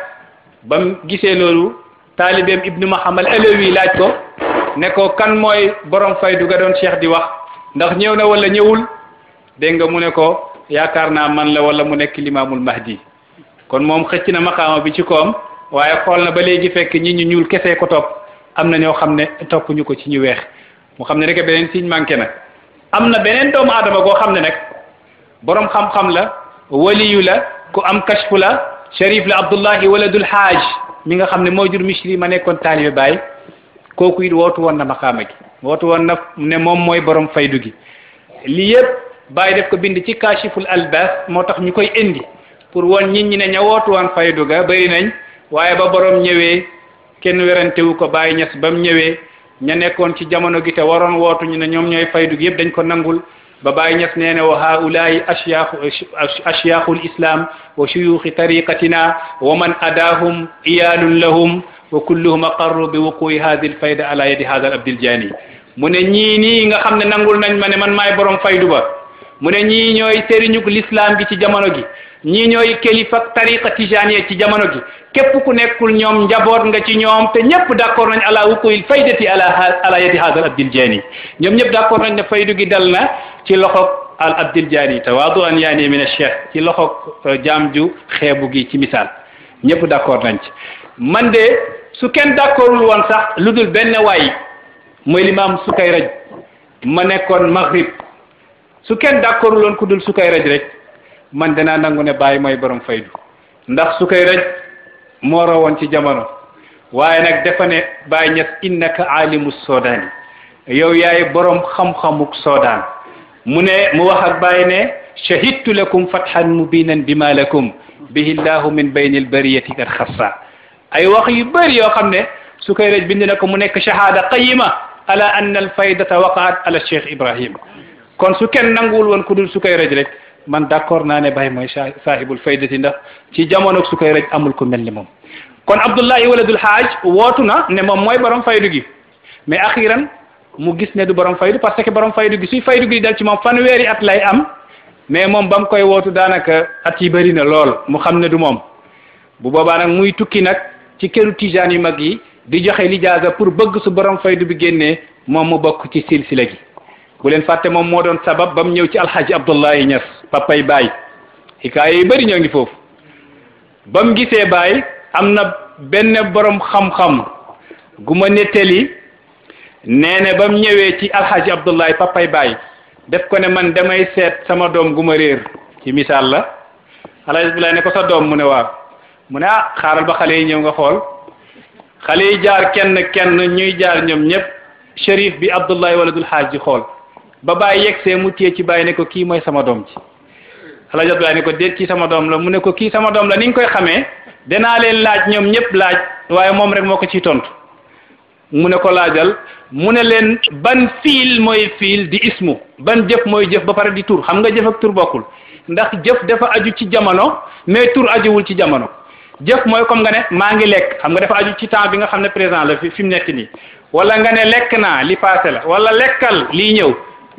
ba mu gisee loolu taalibeem ibnu mahamal alawi laaj ko ne ko kan mooy borom faydu ga doon cheikh di wax ndax ñëw na wala ñëwul dégg nga mu ne ko yaakaar naa man la wala mu nekk limaamul mahdi kon moom xëcc na maqaama bi ci koom waaye xool na ba léegi fekk ñi ñu ñuul kese ko topp am na ñoo xam ne topp ñu ko ci ñu weex mu xam ne rek beneen siñ manqué na am na beneen doomu aadama goo xam ne nag boroom xam-xam la waliyu la ku am kashfu la sharif la abdullahi waladul haaj mi nga xam ne moo jur misri ma nekkoon taalibe baay kooku it wootu woon na maqaama gi wootu woon na ne moom mooy borom faydu gi lii yëpp bàyyi def ko bind ci kashiful albas moo tax ñu koy indi pour woon nit ñi ne ñawootu woon faydu ga bëri nañ waaye ba borom ñëwee kenn werantewu ko bàyyi ñes ba mu ñëwee ña nekkoon ci jamono gi te waroon wootu ñu ne ñoom ñooy faydu gi yëpp dañ ko nangul ba bàyyi ñes nee ne wa haulayi ashyaahu ashyaahul islam wa shuyuuxi tariqatina wa man adaahum iyaalun lahum wa kulluhum aqarru bi wuquyi hadi lfayda ala yadi hada al abdil jaani mu ne ñii nii nga xam ne nangul nañ ma ne man maay borom faydu ba mu ne ñii ñooy sëriñug l'islam gi ci jamono gi ñii ñooy kilifa tariqa tijaniya ci jamono gi képp ku nekkul ñoom njaboot nga ci ñoom te ñëpp d' accord nañ ala wukuyil faydati ala ala yadi hadal abdil jaani ñoom ñëpp d' nañ ne faydu gi dal na ci loxo al abdil jaani tawaadu an yaani min cheikh ci loxo euh, jaam ju xeebu gi ci misaal ñëpp d' accord nañ ci man de su kenn d' accordul woon sax lu dul benn waay mooy limaam sukay raj ma nekkoon maghrib su kenn d' accordul woon ku dul sukay raj rek man naa nangu ne bàyyi mooy borom faydu ndax su koy rëj moo rawoon ci jamono waaye nag dafa ne bàyyi ñes innaka alimu soodaan yow yaay borom xam-xamuk soodaan mu ne mu wax ak bàyyi ne shahidtu lakum fathan mubinan bima lakum bihi llahu min bayni albariyati qad xassa ay wax yu bëri yoo xam ne su koy rëj bind na ko mu nekk shahada qayima ala anna alfaydata waqaat ala cheikh ibrahima kon su kenn rek man d'accord naa ne Baye mooy saahibul faydati ndax ci jamono su koy rek amul ku mel ni moom kon Abdullahi waladul Haaj wootu na ne moom mooy borom faydu gi mais axiran mu gis ne du borom faydu parce que borom faydu gi suy faydu gi dal ci moom fanweeri at lay am mais moom bam koy wootu daanaka at yi bëri na lool mu xam ne du moom bu boobaa nag muy tukki nag ci këru tijaan yu mag yi di joxe lijaasa pour bëgg su borom faydu bi génnee moom mu bokk ci silsila gi bu leen fàtte moom moo doon sabab ba mu ñëw ci alxaaji abdullahi ñas papay baay xikaaya yu bëri ñoo ngi foofu ba mu gisee baay am na benn boroom xam-xam gu ma nettali nee ne ba mu ñëwee ci alxaaji abdullahi papay baay def ko ne man damay seet sama doom gu ma réer ci misaal la alxaaji abdullahi ne ko sa doom mu ne waaw mu ne ah xaaral ba xale yi ñëw nga xool xale yi jaar kenn kenn ñuy jaar ñoom ñëpp shérif bi abdullahi wala dul xaaj ji xool ba bàyyi yegsee mu téye ci bàyyi ne ko kii mooy sama doom ci alaaj Abdoulaye ne ko déet kii sama doom la mu ne ko kii sama doom la ni nga koy xamee danaa leen laaj ñoom ñëpp laaj waaye moom rek moo ko ciy tontu mu ne ko laajal mu ne leen ban fiil mooy fiil di ismu ban jëf mooy jëf ba pare di tur xam nga jëf ak tur bokkul ndax jëf dafa aju ci jamono mais tour ajuwul ci jamono jëf mooy comme nga ne maa ngi lekk xam nga dafa aju ci temps bi nga xam ne présent la fi fi mu nekk nii wala nga lekk naa li passé la wala lekkal lii ñëw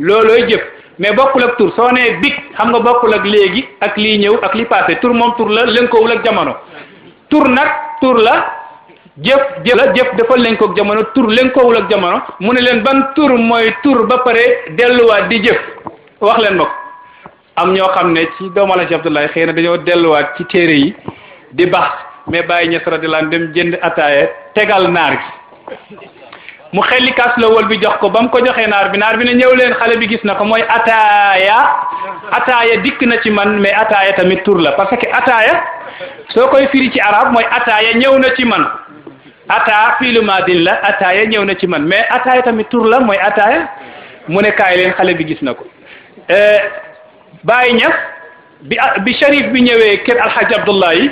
loolooy jëf mais bokkul ak tour soo nee big xam nga bokkul ak léegi ak lii ñëw ak li passé tur moom tur la lënkoowul ak jamono tour nag tour la jëf jëf la jëf dafa lënkoog jamono tur lënkoowul ak jamono mu ne leen ban tour mooy tur ba pare delluwaat di jëf wax leen ma ko am ñoo xam ne ci doomu Alaaji Abdoulaye xëy na dañoo delluwaat ci téere yi di bax mais bàyyi ñes radilan dem jënd ataaya tegal naar gi mu xelli kaas la wol bi jox ko ba mu ko joxee naar bi naar bi ne ñëw leen xale bi gis na ko mooy ataaya ataaya dikk na ci man mais ataaya tamit tur la parce que ataaya soo koy firi ci arab mooy ataaya ñëw na ci man ata fiilu maadin la ataaya ñëw na ci man mais ataaya tamit tur la mooy ataaya mu ne kaay leen xale bi gis na ko eh, bàyyi ña bi bi sharif bi ñëwee kër alxaaj abdullah yi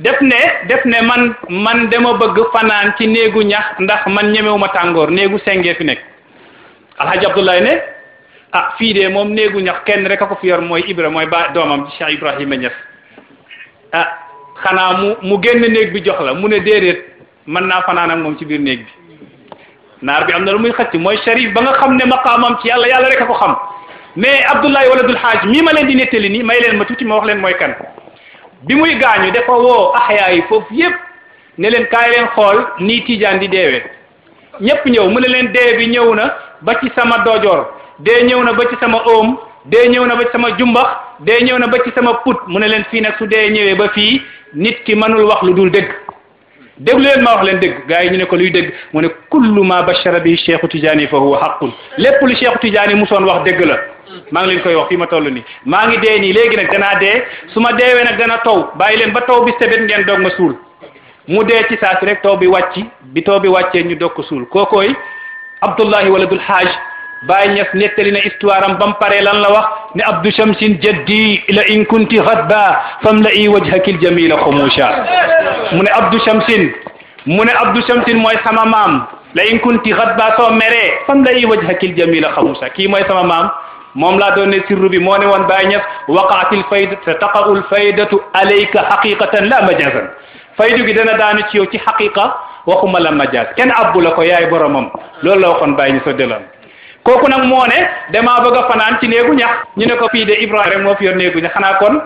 def ne def ne man man dama bëgg fanaan ci néegu ñax ndax man ñemewuma tàngoor néegu sengee fi nekk alhaji abdoulaye ne ah fii de moom néegu ñax kenn rek a ko fi yor mooy ibra mooy ba doomam ci cheikh ibrahima ñes ah xanaa mu mu génn néeg bi jox la mu ne déedéet mën naa fanaan ak moom ci biir néeg bi naar bi am na lu muy xëcc mooy sharif ba nga xam ne maqaamam ci yàlla yàlla rek a ko xam mais abdoulaye wala dul xaaj mii ma leen di nettali nii may ma wax leen mooy bi muy gaañu dafa woo axyaa yi foofu yépp ne leen kaay leen xool ni Tijaan di deewee ñépp ñëw mu ne leen dee bi ñëw na ba ci sama dojoor dee ñëw na ba ci sama oom dee ñëw na ba ci sama jumbax dee ñëw na ba ci sama put mu ne leen fii nag su dee ñëwee ba fii nit ki mënul wax lu dul dëgg déglu leen ma wax leen dégg gars yi ñu ne ko luy dégg mu ne kullu ma bachara bi cheikhu tijaani fa huwa xaqun lépp lu cheikhu tijaani soon wax dëgg la maa ngi leen koy wax fii ma toll nii maa ngi dee nii léegi nag danaa dee su ma deewee nag gana taw bàyyi leen ba taw bi sebet ngeen doog ma suul mu dee ci saa si rek taw bi wàcci bi taw bi wàccee ñu doog ko suul koo kookooy abdullahi wala dul haaj Baay Ñas nettali na histoire am bam paree lan la wax ne Abdu Shamsin jaddi la in kunti xadba fam la i wajhakil jamila xumusha mu ne Abdu Shamsin mu ne Abdu Shamsin mooy sama maam la in kunti xadba soo meree fam la i wajhakil jamila xumusha kii mooy sama maam moom laa doon ne bi moo ne woon Baay Ñas waqaatil fayda sa taqa'u lfaydatu alayka xaqiqatan la majazan faydu gi dana daanu ci yow ci xaqiqa waxuma la majaz kenn abbu la ko yaay boromam loolu la waxoon Baay Ñas a kooku nag moo ne damaa bëgg fanaan ci néegu ñax ñu ne ko fii de Ibrahima rek moo fi yor néegu ñax xanaa kon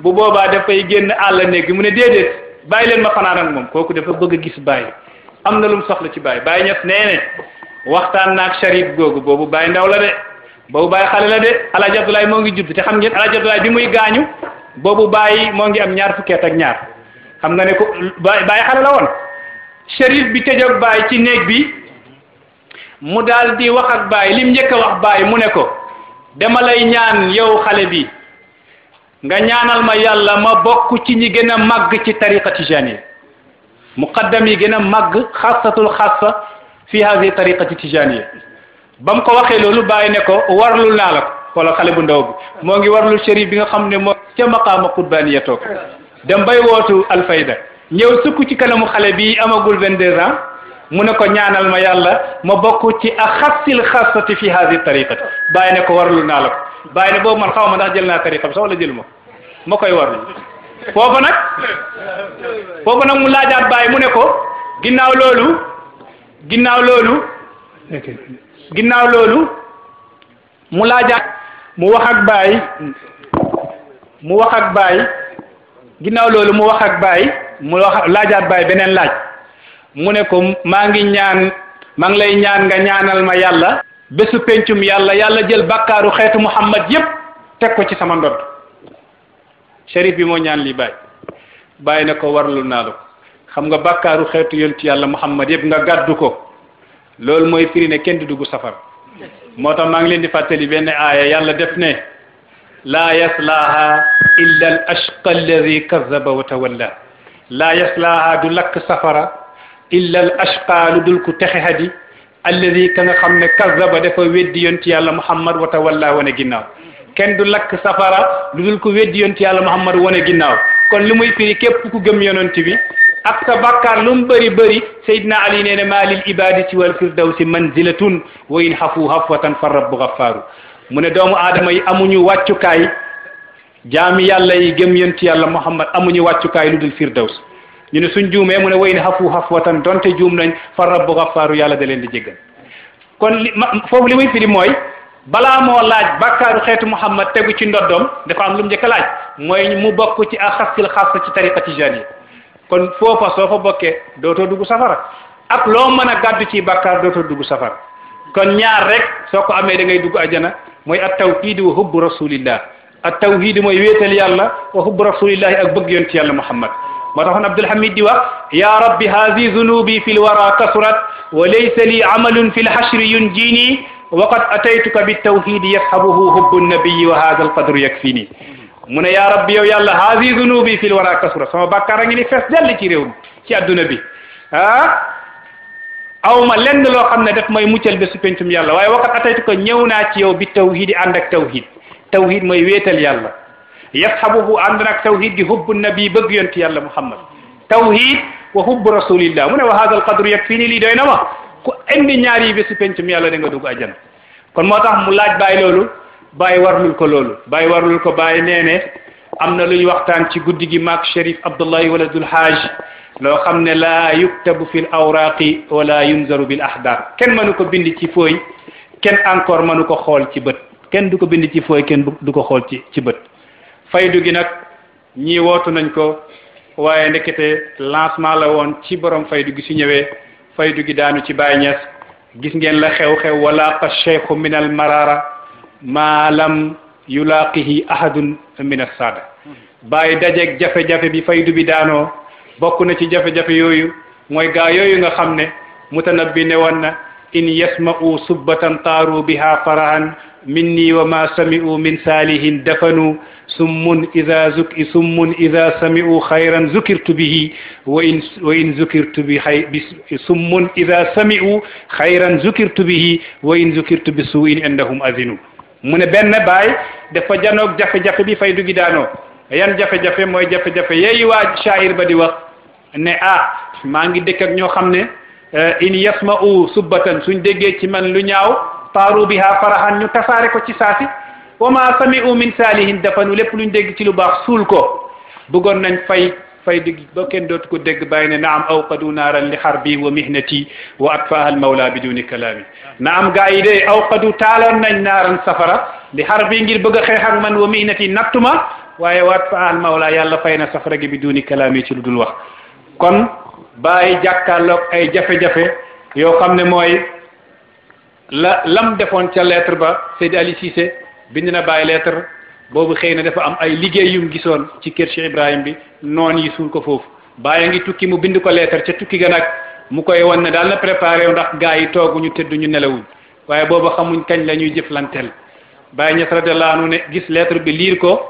bu boobaa dafay génn àll néeg bi mu ne déedéet bàyyi leen ma fanaan ak moom kooku dafa bëgg a gis bàyyi am na lu mu soxla ci bàyyi bàyyi ñëpp nee ne waxtaan naag sharif googu boobu bàyyi ndaw la de boobu bàyyi xale la de alaaji Abdoulaye moo ngi judd te xam ngeen alaaji Abdoulaye bi muy gaañu boobu bàyyi moo ngi am ñaar fukki ak ñaar xam nga ne ko bàyyi mu daal di wax ak li lim njëkk a wax baay mu ne ko dama lay ñaan yow xale bi nga ñaanal ma yàlla ma bokk ci ñi gën a màgg ci tariqa tijaniya muqaddam yi gën a màgg xasatul xasa fi hadi tariqati tijaniya ba mu ko waxee loolu bàyyi ne ko warlu naa la ko wala xale bu ndaw bi moo ngi warlul chérif bi nga xam ne moo ca maqaama qudbaaniya toog dem bay wootu alfayda ñëw sukk ci kanamu xale bi amagul 22 ans mu ne ko ñaanal ma yàlla ma bokk ci a xassil xasati fi hadi tariqati bàyyi ne ko warlu naa la ko bàyyi ne boobu man xaw ma ndax jël naa tariqa bi sax wala jël ma ma koy warlu foofa nag foofa nag mu laajaat bàyyi mu ne ko ginnaaw loolu ginnaaw loolu ginnaaw loolu mu laajaat mu wax ak bàyyi mu wax ak bàyyi ginnaaw loolu mu wax ak bàyyi mu wax laajaat bàyyi beneen laaj mu ne ko maa ngi ñaan maa ngi lay ñaan nga ñaanal ma yàlla bésu pencum yàlla yàlla jël bàkkaaru xeetu muhammad yépp teg ko ci sama ndodd shérif bi moo ñaan li bàyyi bàyyi na ko warlu naa la ko xam nga bàkkaaru xeetu yël ci yàlla muhammad yépp nga gàddu ko loolu mooy firi kenn du dugg safar moo tax maa ngi leen di fàttali benn aaya yàlla def ne laa yaslaaha illa al ashqa alladi kazaba wa laa yaslaaha du lakk safara illa al ashqa lu dul ku texe hadi alladi ka nga xam ne kazaba dafa weddi yonti yàlla muhammad wa tawalla wane ginnaaw kenn du lakk safara lu dul ku weddi yonti yàlla muhammad wane ginnaaw kon li muy firi képp ku gëm yonent bi ak sa bàkkaar lu mu bëri bëri Seydina Ali nee na maa lil ibadi ci wal firdawsi manzilatun wa in xafu xafwatan fa rabbu xaffaaru mu ne doomu aadama yi amuñu wàccukaay jaami yàlla yi gëm yonti yàlla muhammad amuñu wàccukaay lu dul ñu ne suñ juumee mu ne way ne xafu xafwatan donte juum nañ fa rabbu xafaaru yàlla da leen di jéggal kon li ma foofu li muy mooy balaa moo laaj bakkaaru xeetu muhammad tegu ci ndoddom dafa am lu mu njëkk a laaj mooy mu bokk ci a axasil xaas ci tariqa tijaan yi kon foofa soo fa bokkee dootoo dugg safara ak loo mën a gàddu ci bàkkaar dootoo dugg safara kon ñaar rek soo ko amee dangay ngay dugg ajana mooy at tawhid wa hubbu rasulillah at tawhid mooy wéetal yàlla wa hubbu rasulillahi ak bëgg yonti yàlla muhammad moo taxoon Abdul Hamid di wax ya rabbi haadi zunubi fi lwara kasurat wa laysa li amalun fi lhashri yunjini wa qad ataytuka bitawhidi yashabuhu hubbu nnabiyi wa haada alqadru yakfini mu ne ya rabbi yow yàlla haadi zunubi fi lwara kasurat sama bàkkaar a ngi ni fees dell ci réew mi ci adduna bi ah aw ma lenn loo xam ne daf may muccal ba su pencum yàlla waaye wa qad ataytuka ñëw naa ci yow bi tawhidi ànd ak tawhid tawhid mooy wéetal yàlla yashabuhu ànd nag tawhid di hubbu nabi bëgg yonti yàlla muhammad tawhid wa hubbu rasulillah mu ne wa hada al qadru yakfini lii doy na ma ku indi ñaar yi bésu penc mi yàlla da nga dugg ajjana kon moo tax mu laaj bàyyi loolu bàyyi warlul ko loolu bàyyi warlul ko bàyyi nee ne am na luy waxtaan ci guddi gi maak Cherif Abdullahi wala dul haaj loo xam ne laa yuktabu fil awraqi wala yunzaru bil ahdar kenn mënu ko bind ci fooy kenn encore mënu ko xool ci bët kenn du ko bind ci fooy kenn du ko xool ci ci bët faydu gi nag ñii wootu nañ ko waaye ndekete lancement la woon ci borom faydu gi ci ñëwee faydu gi daanu ci Baay Ñas gis ngeen la xew-xew walaqa cheikhu min al marara ma lam yulaqihi ahadun min assaada bàyyi dajeeg jafe-jafe bi faydu bi daanoo bokk na ci jafe-jafe yooyu mooy gaa yooyu nga xam ne mutanabbi ne woon na in yasma'u subbatan taaru biha farahan minni wa ma sami'u min saalihin dafanu summun ida zuki summun ida sami'u xayran zukirtu bihi wa in wa in zukirtu bi xay bi summun ida sami'u xayran zukirtu bihi wa in zukirtu bi suin indahum azinu mu ne benn baay dafa janoog jafe-jafe bi fay dugi daanoo yan jafe-jafe mooy jafe-jafe yeeyu waa shaa'ir ba di wax ne ah maa ngi dëkk ñoo xam ne eh, in yasma'u subbatan suñ déggee ci man lu ñaaw taaru biha farahan ñu tasaare ko ci saasi wa ma sami'u min saalihin dafanu lépp luñ dégg ci lu baax suul ko bëggoon nañ fay fay digg ba kenn dootu ko dégg bàyyi ne naam awqadu naaran li harbi wa mihnati wa atfaaha al mawla biduni kalaami naam gaa yi de awqadu taaloon nañ naaran safara li harbi ngir bëgg a xeex ak man wa mihnati nattuma waaye wa atfaaha al mawla yàlla fay na safara gi biduni kalaami ci lu dul wax kon bàyyi jàkkaarloog ay jafe-jafe yoo xam ne mooy la lam defoon ca lettre ba Seydi Ali bind na bàyyi lettre boobu xëy na dafa am ay liggéey yum gisoon ci kër Cheikh Ibrahim bi noon yi suul ko foofu bàyyi ngi tukki mu bind ko lettre ca tukki ga nag mu koy wan ne daal na préparé wu ndax gaa yi tooguñu tëdduñu nelawuñ waaye boobu xamuñ kañ la ñuy jëflanteel Baye Niass radiyallahu anhu ne gis lettre bi liir ko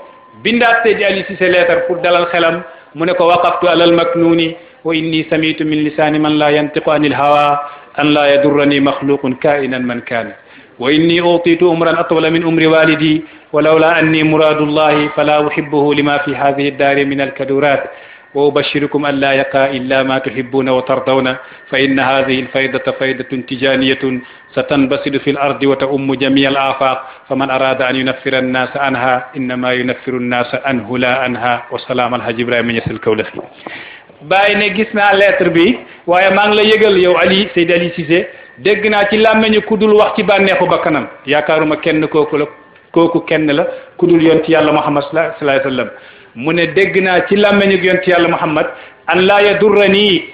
bindaat Seydi Ali Cissé leetar pour dalal xelam mu ne ko waqaftu alal maknuni wa inni samitu min lisani man la yantiqu anil hawa an la yadurrani maxluqun kainan man kaana wa inni utitu umran atwala min umri walidi wa lawla anni muradullahi fala uhibbuhu lima fi hadhihi daari min alkadurat wa ubashirukum an la yaqa illa ma tuhibbuna wa tardawna fa inna hadhihi alfaydata faydatun tijaniyatun satanbasidu fi lardi wa taummu jamia al afaq faman arada an yunaffira annasa anha innama yunaffiru annasa anhu la anha wa salaam alhaji ibrahima ñesel kawlaxi bàyyi ne gis naa lettre bi waaye maa ngi la yëgal yow ali seydi ali cissé dégg naa ci làmmeñu ku dul wax ci bànneexu bakkanam yaakaaruma kenn kooku la kooku kenn la ku dul yàlla muhammad sallallahu alayhi wa sallam mu ne dégg naa ci làmmeñu yonent yàlla muhammad an laa yadurra nii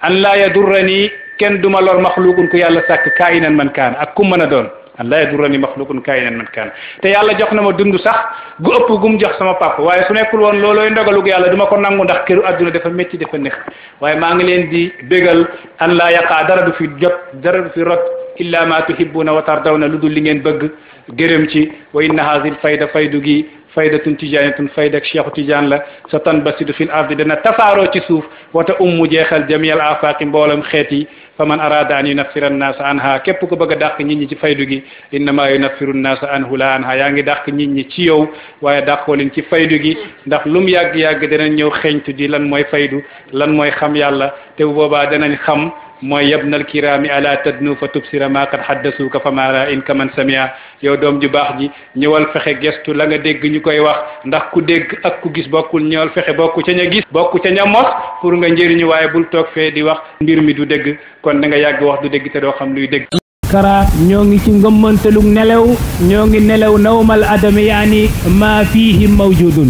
an laa yadurra nii kenn duma lor maxluqun ku yàlla sàkk kaayinan man kaan ak ku mën a doon an laa yadurrani maxluqun kaa'inan man kaan te yàlla jox na ma dund sax gu ëpp gu mu jox sama papa waaye su nekkul woon loolooy ndogalug yàlla du ma ko nangu ndax këru adduna dafa métti dafa neex waaye maa ngi leen di bégal an laa yaqaa dara du fi jot dara du fi rot illa ma tuhibbuuna wa tardawna lu dul li ngeen bëgg gërëm ci wa inna haazil fayda faydu gi faydatun tijaaniyatun faydak cheikhu tijaan la sa tan basidu fil ardi dana tasaaroo ci suuf wata ummu jeexal jamial afaaqi mboolam xeet yi fa man arada an yunaffira annaasa anha képp ku bëgg a dàq nit ñi ci faydu gi innama yunaffiru nnaasa anhu la anha yaa ngi dàq nit ñi ci yow waaye dàqoo leen ci faydu gi ndax lum yàgg-yàgg danañ ñëw xeeñtu ji lan mooy faydu lan mooy xam yàlla te bu boobaa danañ xam mooy yabnal kiraami ala tadnu fa tubsira ma qad haddasuuka fa ma ra'in kaman samia yow doom ju baax ji ñëwal fexe gestu la nga dégg ñu koy wax ndax ku dégg ak ku gis bokkul ñëwal fexe bokku ca ña gis bokku ca ña mos pour nga njëriñu waaye bul toog fee di wax mbir mi du dégg kon da nga yàgg wax du dégg te doo xam luy dégg kara ñoo ngi ci ngëmmantelug nelaw ñoo ngi nelaw nawmal adami yaani maa fiihi mawjudun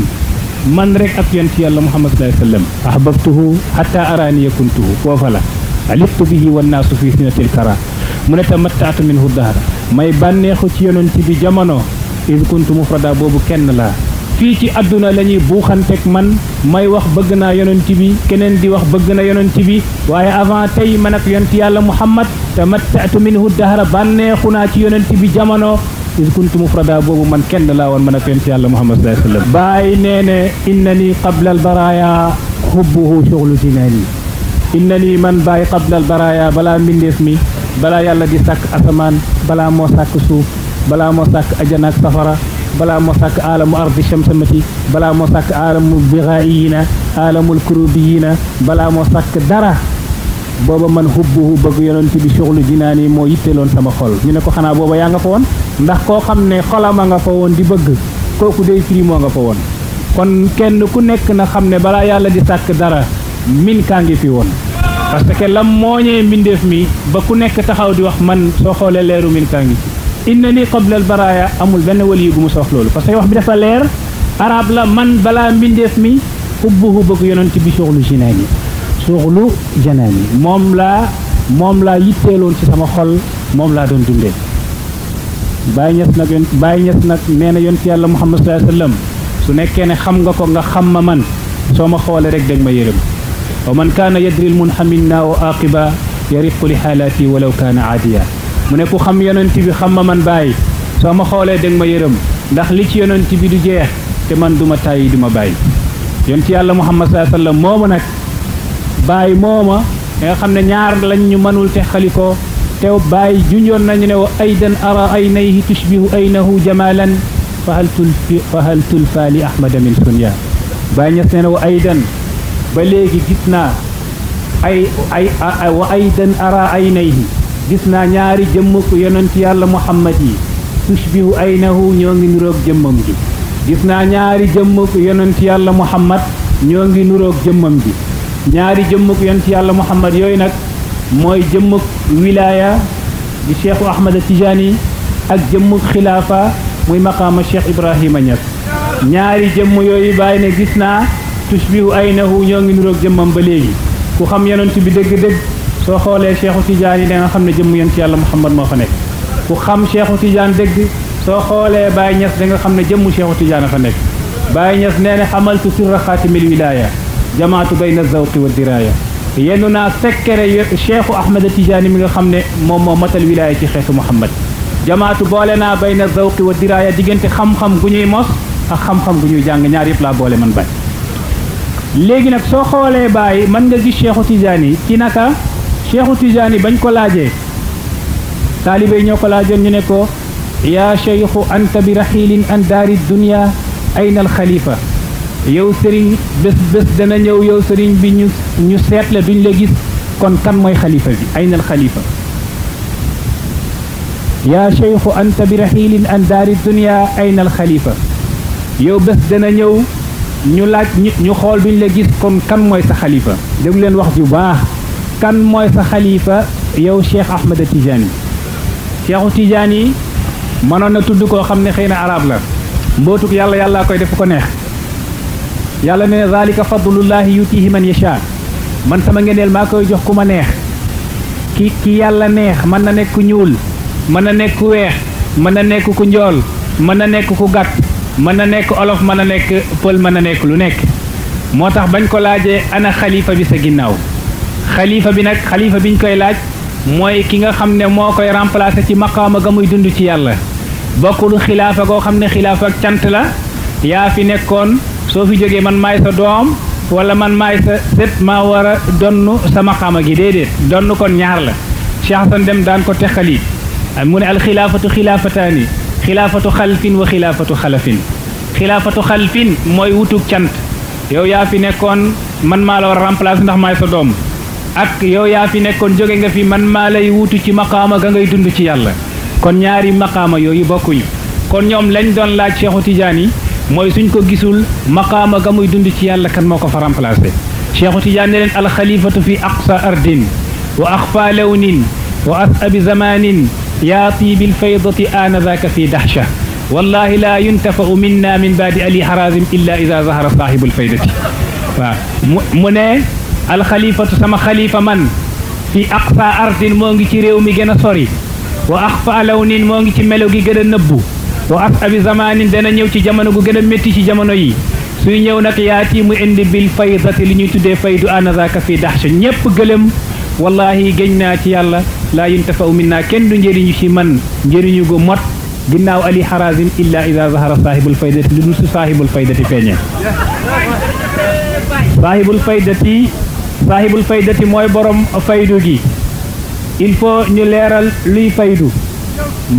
man rek ak yonent yàlla muhammad sallallahu alayhi wa sallam ahbabtuhu hatta araaniya foofa la aliftu bihi wannaasu fii sinatil kara mu ne tamattaatu min huddaara may bànneexu ci yonent bi jamono id kuntu mufrada boobu kenn laa fii ci àdduna la ñuy buuxanteeg man may wax bëgg naa yonent bi keneen di wax bëgg na yonent bi waaye avant tey man ak yonent yàlla muhammad tamattaatu min huddahara bànneexu naa ci yonent bi jamono id kuntu mufrada boobu man kenn laa woon man ak yonent yàlla muhammad sallallahu alayhi wa sallam bàyyi nee ne inna ni qabla albaraya xubbuhu shughlu dinaani na nii man bàyyi xablal baraaya balaa mbindeef mi balaa yàlla di sàkk asamaan balaa moo sàkk suuf balaa moo sàkk ajanaak safara balaa moo sàkk aalamu ardi shamsamati balaa moo sàkk aalamu biraayina aalamul na balaa moo sàkk dara booba man hubbuhu bëgg yonent bi suxlu jinaan yi moo yitteloon sama xol ñu ne ko xanaa booba yaa nga fa woon ndax koo xam ne xolama nga fa woon di bëgg kooku day firi nga fa woon kon kenn ku nekk na xam ne balaa yàlla di sàkk dara min kaa ngi fi woon parce que lam mooñee mbindeef mi ba ku nekk taxaw di wax man soo xoolee leeru min kaa ngi fi inna ni qabla al baraaya amul benn wali bu mu sa wax loolu parce que wax bi dafa leer arab la man balaa mbindeef mi ubbuhu bëgg yonent bi suuxlu jinaan yi suuxlu janaan yi moom laa moom laa yitteeloon ci sama xol moom laa doon dundee Baay Ñas nag yon Baay Ñas nag nee na yonent yàlla Muhammad sallallahu alayhi wasallam su nekkee ne xam nga ko nga xam ma man soo ma xoolee rek dégg ma yërëm wa man kaana yadri l munxamin na o aqiba yariqu li xaalaati walaw kaan aadiya mu ne ku xam yonent bi xam ma man bàyyi soo ma xoolee dégg ma yërëm ndax li ci yonent bi du jeex te man duma tàyyi duma bàyyi ci yàlla muhammad saa sallam mooma nag bàyyi mooma nga xam ne ñaar lañ ñu mënul te xalikoo te bàyyi junjoon nañu ne wa aydan ara aynayhi tushbihu aynahu jamalan fa hal tulfa li ahmada min sunya bàyyi ñes nee ne wa aydan ba léegi gis naa ay ay wa ay dan ara aynayhi gis naa ñaari jëmmuk ci yàlla muhammad yi tushbihu aynahu ñoo ngi nuroog jëmmam ji gis naa ñaari jëmmuk ci yàlla muhammad ñoo ngi nuroog jëmmam ji ñaari jëmmuk ci yàlla muhammad yooyu nag mooy jëmm wilaaya di cheikhu ahmad a tijaani ak jëmm xilaafa muy maqaama cheikh ibrahima ñas ñaari jëmm yooyu bàyyi ne gis naa tushbihu aynahu ñoo ngi nuroog jëmmam ba léegi ku xam yenoon ci bi dëgg-dëgg soo xoolee Cheikhu Tidiane yi da nga xam ne jëmm yonent yàlla Muhammad moo fa nekk ku xam Cheikhu Tidiane dëgg soo xoolee Baye Niass da nga xam ne jëmm Cheikhu Tidiane fa nekk Baye Niass nee na xamaltu sirra xaatimil wilaaya jamaatu bayna zawqi wa diraaya yennu naa sekkere Cheikhu Ahmed yi mi nga xam ne moom moo matal wilaaya ci xeetu Muhammad jamaatu boole naa bayna zawqi wa diraaya diggante xam-xam gu ñuy mos ak xam-xam gu ñuy jàng ñaar yëpp laa boole man bay léegi nag soo xoolee baay man nga gis Cheikhu Tijaani yi ci naka Cheikhu Tijaani bañ ko laajee taalibe ñëw ko laajoon ñu ne ko yaa cheikhu anta bi raxilin an daari dunia ayna al xalifa yow sëriñ bés bés dana ñëw yow sëriñ bi ñu ñu la duñ la gis kon kan mooy xalifa bi ayna al xaliifa yaa cheikhu anta bi raxilin an daari dunia ayna al xalifa yow bés dana ñëw ñu laaj nit ñu xool duñ la gis comme kan mooy sa xalifa déglu leen wax ju baax kan mooy sa xalifa yow Cheikh Ahmed Tidiane Cheikhu Tidiane yi mënoon na tudd koo xam ne xëy na arab la mbootuk yàlla yàllaa koy def ko neex yàlla ne zalika yu yutihi man yasha man sama ngeneel maa koy jox ku ma neex ki ki yàlla neex mën na nekk ku ñuul mën na nekk ku weex mën na nekk ku njool mën na nekk ku gàtt mën na nekk olof mën na nekk pël mën na nekk lu nekk moo tax bañ ko laajee ana xalifa bi sa ginnaaw xalifa bi nag xalifa biñ koy laaj mooy ki nga xam ne moo koy remplacer ci maqaama ga muy dund ci yàlla bokkul xilaafa goo xam ne xilaafa ak cant la yaa fi nekkoon soo fi jógee man maay sa doom wala man maay sa sët maa war a donn sa maqaama gi déedéet donn kon ñaar la Cheikh Hassane dem daan ko texali mu ne alxilaafatu xilaafataani xilaafatu xalfin wa xilaafatu xalafin xilaafatu xalfin mooy wutug cant yow yaa fi nekkoon man maa la war a remplacer ndax maay sa doom ak yow yaa fi nekkoon jóge nga fi man maa lay wutu ci maqaama ga ngay dund ci yàlla kon ñaari maqaama yooyu bokkuñu kon ñoom lañ doon laaj Cheikhu Tidiane yi mooy suñ ko gisul maqaama ga muy dund ci yàlla kan moo ko fa remplacer Cheikhu Tidiane ne leen alxalifatu fi aqsa ardin wa axfa lawnin wa asabi zamanin yaa tiibil faydati aanadaaka fi daxsha wallahi laa yuntafau minna min baadi ali harazim illa ida zahara saahibul faydati mu ne alxalifatu sama xaliifa man fi aqfa ardin moo ngi ci réew mi gën a sori wa axfa lawnin moo ngi ci melo gi gën a nëbbu wa asabi zamanin dana ñëw ci jamono gu gën a métti ci jamono yi suy ñëw nag yaati mu indi bil li ñuy tuddee faydu anazaka fii daxsha ñépp gëlëm wallahi géñ naa ci yàlla laa yuntafau minna kenn du njëriñu ci man njëriñu gu mot ginnaaw ali xarazim illa ida zahara saahibul faydati lu dul si saahibul faydati feeñee saahibul faydati saahibul faydati mooy borom faydu gi il faut ñu leeral luy faydu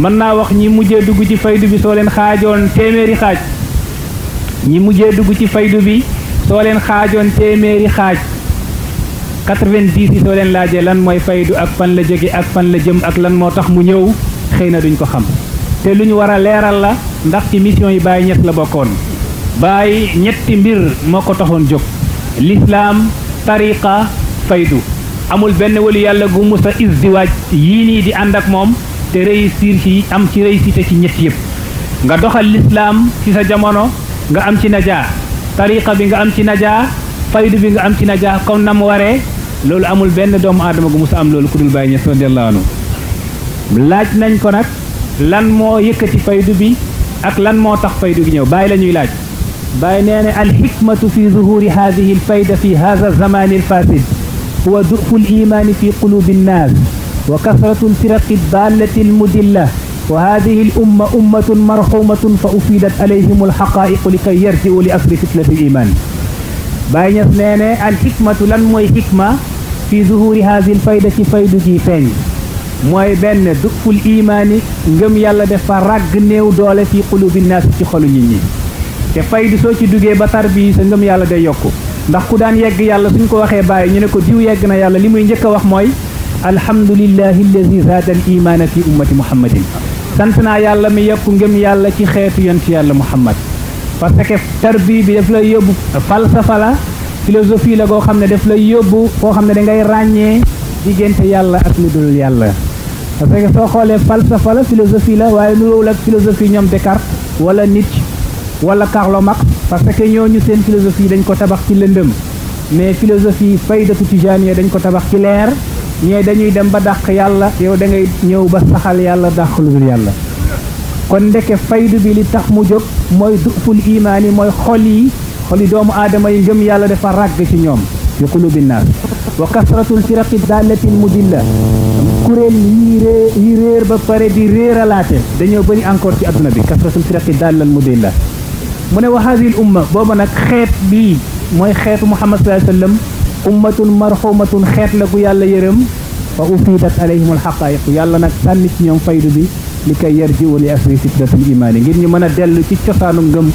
mën naa wax ñi mujjee dugg ci faydu bi soo leen xaajoon téeméeri xaaj ñi mujjee dugg ci faydu bi soo leen xaajoon téeméeri xaaj 90 yi soo leen laajee lan mooy faydu ak fan la jóge ak fan la jëm ak lan moo tax mu ñëw xëy na duñ ko xam te lu ñu war a leeral la ndax ci mission yi Baye Niass la bokkoon bàyyi ñetti mbir moo ko taxoon jóg lislaam tariqa faydu amul benn wolu yàlla gu mus a yii nii di ànd ak moom te réussir ci am ci réussite ci ñett yëpp nga doxal lislaam ci sa jamono nga am ci najaa tariqa bi nga am ci najaa faydu bi nga am ci najaa kon na mu waree loolu amul benn doomu aadama gu mus a am loolu ku dul Baye Niass radiyallahu anhu laaj nañ ko nag lan moo yëkkati faydu bi ak lan moo tax faydu bi ñëw bàyyi la ñuy laaj bàyyi nee ne alxikmatu fi zuhuri hadihi alfayda fi hada alzamani alfasid huwa dufu alimaani fi qulubi annaas wa kasratu alfiraqi aldaalati almudilla wa hadihi alumma ummatun marxumatun fa ufidat alayhim alxaqaiqu likay yarjiu li asri fitnati alimaan bàyyi ñas nee ne alxikmatu lan mooy xikma fi zuhuri hadihi alfayda ci faydu gi feeñ mooy benn du dukkul imaani ngëm yàlla def fa ràgg néew doole fi xulubi naas ci xolu nit ñi te faydu soo ci duggee ba tarbi sa ngëm yàlla day yokku ndax ku daan yegg yàlla suñ ko waxee bàyyi ñu ne ko diw yegg na yàlla li muy njëkk a wax mooy alhamdulillahi alladi zaada al imaana fi ummati muhammadin sant naa yàlla mi yokku ngëm yàlla ci xeetu yonent yàlla muhammad parce que tarbi bi daf lay yóbbu falsafa la philosophie la goo xam ne daf lay yóbbu koo xam ne da ngay ràññee diggante yàlla ak lu yàlla parce que soo xoolee falsafa la philosophie la waaye nuróowul ak philosophie ñoom Descartes wala nit wala Karl Marx parce que ñooñu seen philosophie dañ ko tabax ci lëndëm mais philosophie faydatu tijaaniya dañ ko tabax ci leer ñee dañuy dem ba dàq yàlla yow da ngay ñëw ba saxal yàlla dàq lu yàlla kon ndeke faydu bi li tax mu jóg mooy duful imaan yi mooy xol yi xoli doomu aadama yi ngëm yàlla dafa ràgg ci ñoom yu qulubi wa kasratul firaqi dallatil mudilla kuréel yi réer yi réer ba pare di réeralaate dañoo bëri encore ci adduna bi kasratul firaqi dallal mudilla mu ne wa hadil umma booba nag xeet bii mooy xeetu muhammad sallallahu alayhi wasallam ummatun marxumatun xeet la gu yàlla yërëm fa ufiidat alayhim alxaqaayiq yàlla nag sànni ci ñoom faydu bi li koy yar ji wali asli fitratul imaan yi ngir ñu mën a dellu ci cosaanu ngëm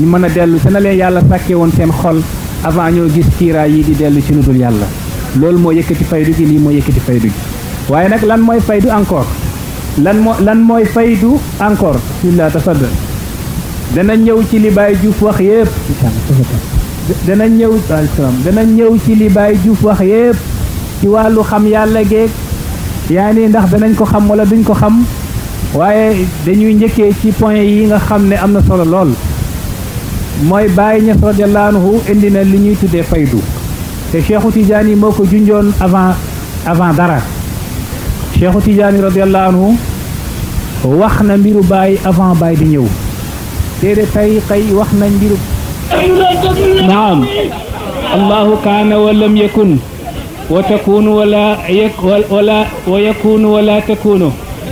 ñu mën a dellu te na leen yàlla sàkkee woon seen xol avant ñoo gis kiiraay yi di dellu ci lu dul yàlla loolu moo yëkkati faydu gi lii moo yëkkati faydu gi waaye nag lan mooy faydu encore lan moo lan mooy faydu encore bismillah tafaddal dana ñëw ci libaay Baye wax yépp dana ñëw dana ñëw ci li Baye Diouf wax yépp ci wàllu xam yàlla géeg yaa ni ndax danañ ko xam wala duñ ko xam waaye dañuy njëkkee ci point yi nga xam ne am na solo lool mooy Baye Niass radiyallahu anhu indi na li ñuy tuddee faydu te Cheikhu Tidiane moo ko junjoon avant avant dara Cheikhu Tidiane radiallahu anhu wax na mbiru baay avant baay di ñëw déedéet tey kay wax nañ mbiru naam allahu kaana wa lam yakun wa takunu wala wala wa yakunu wala takunu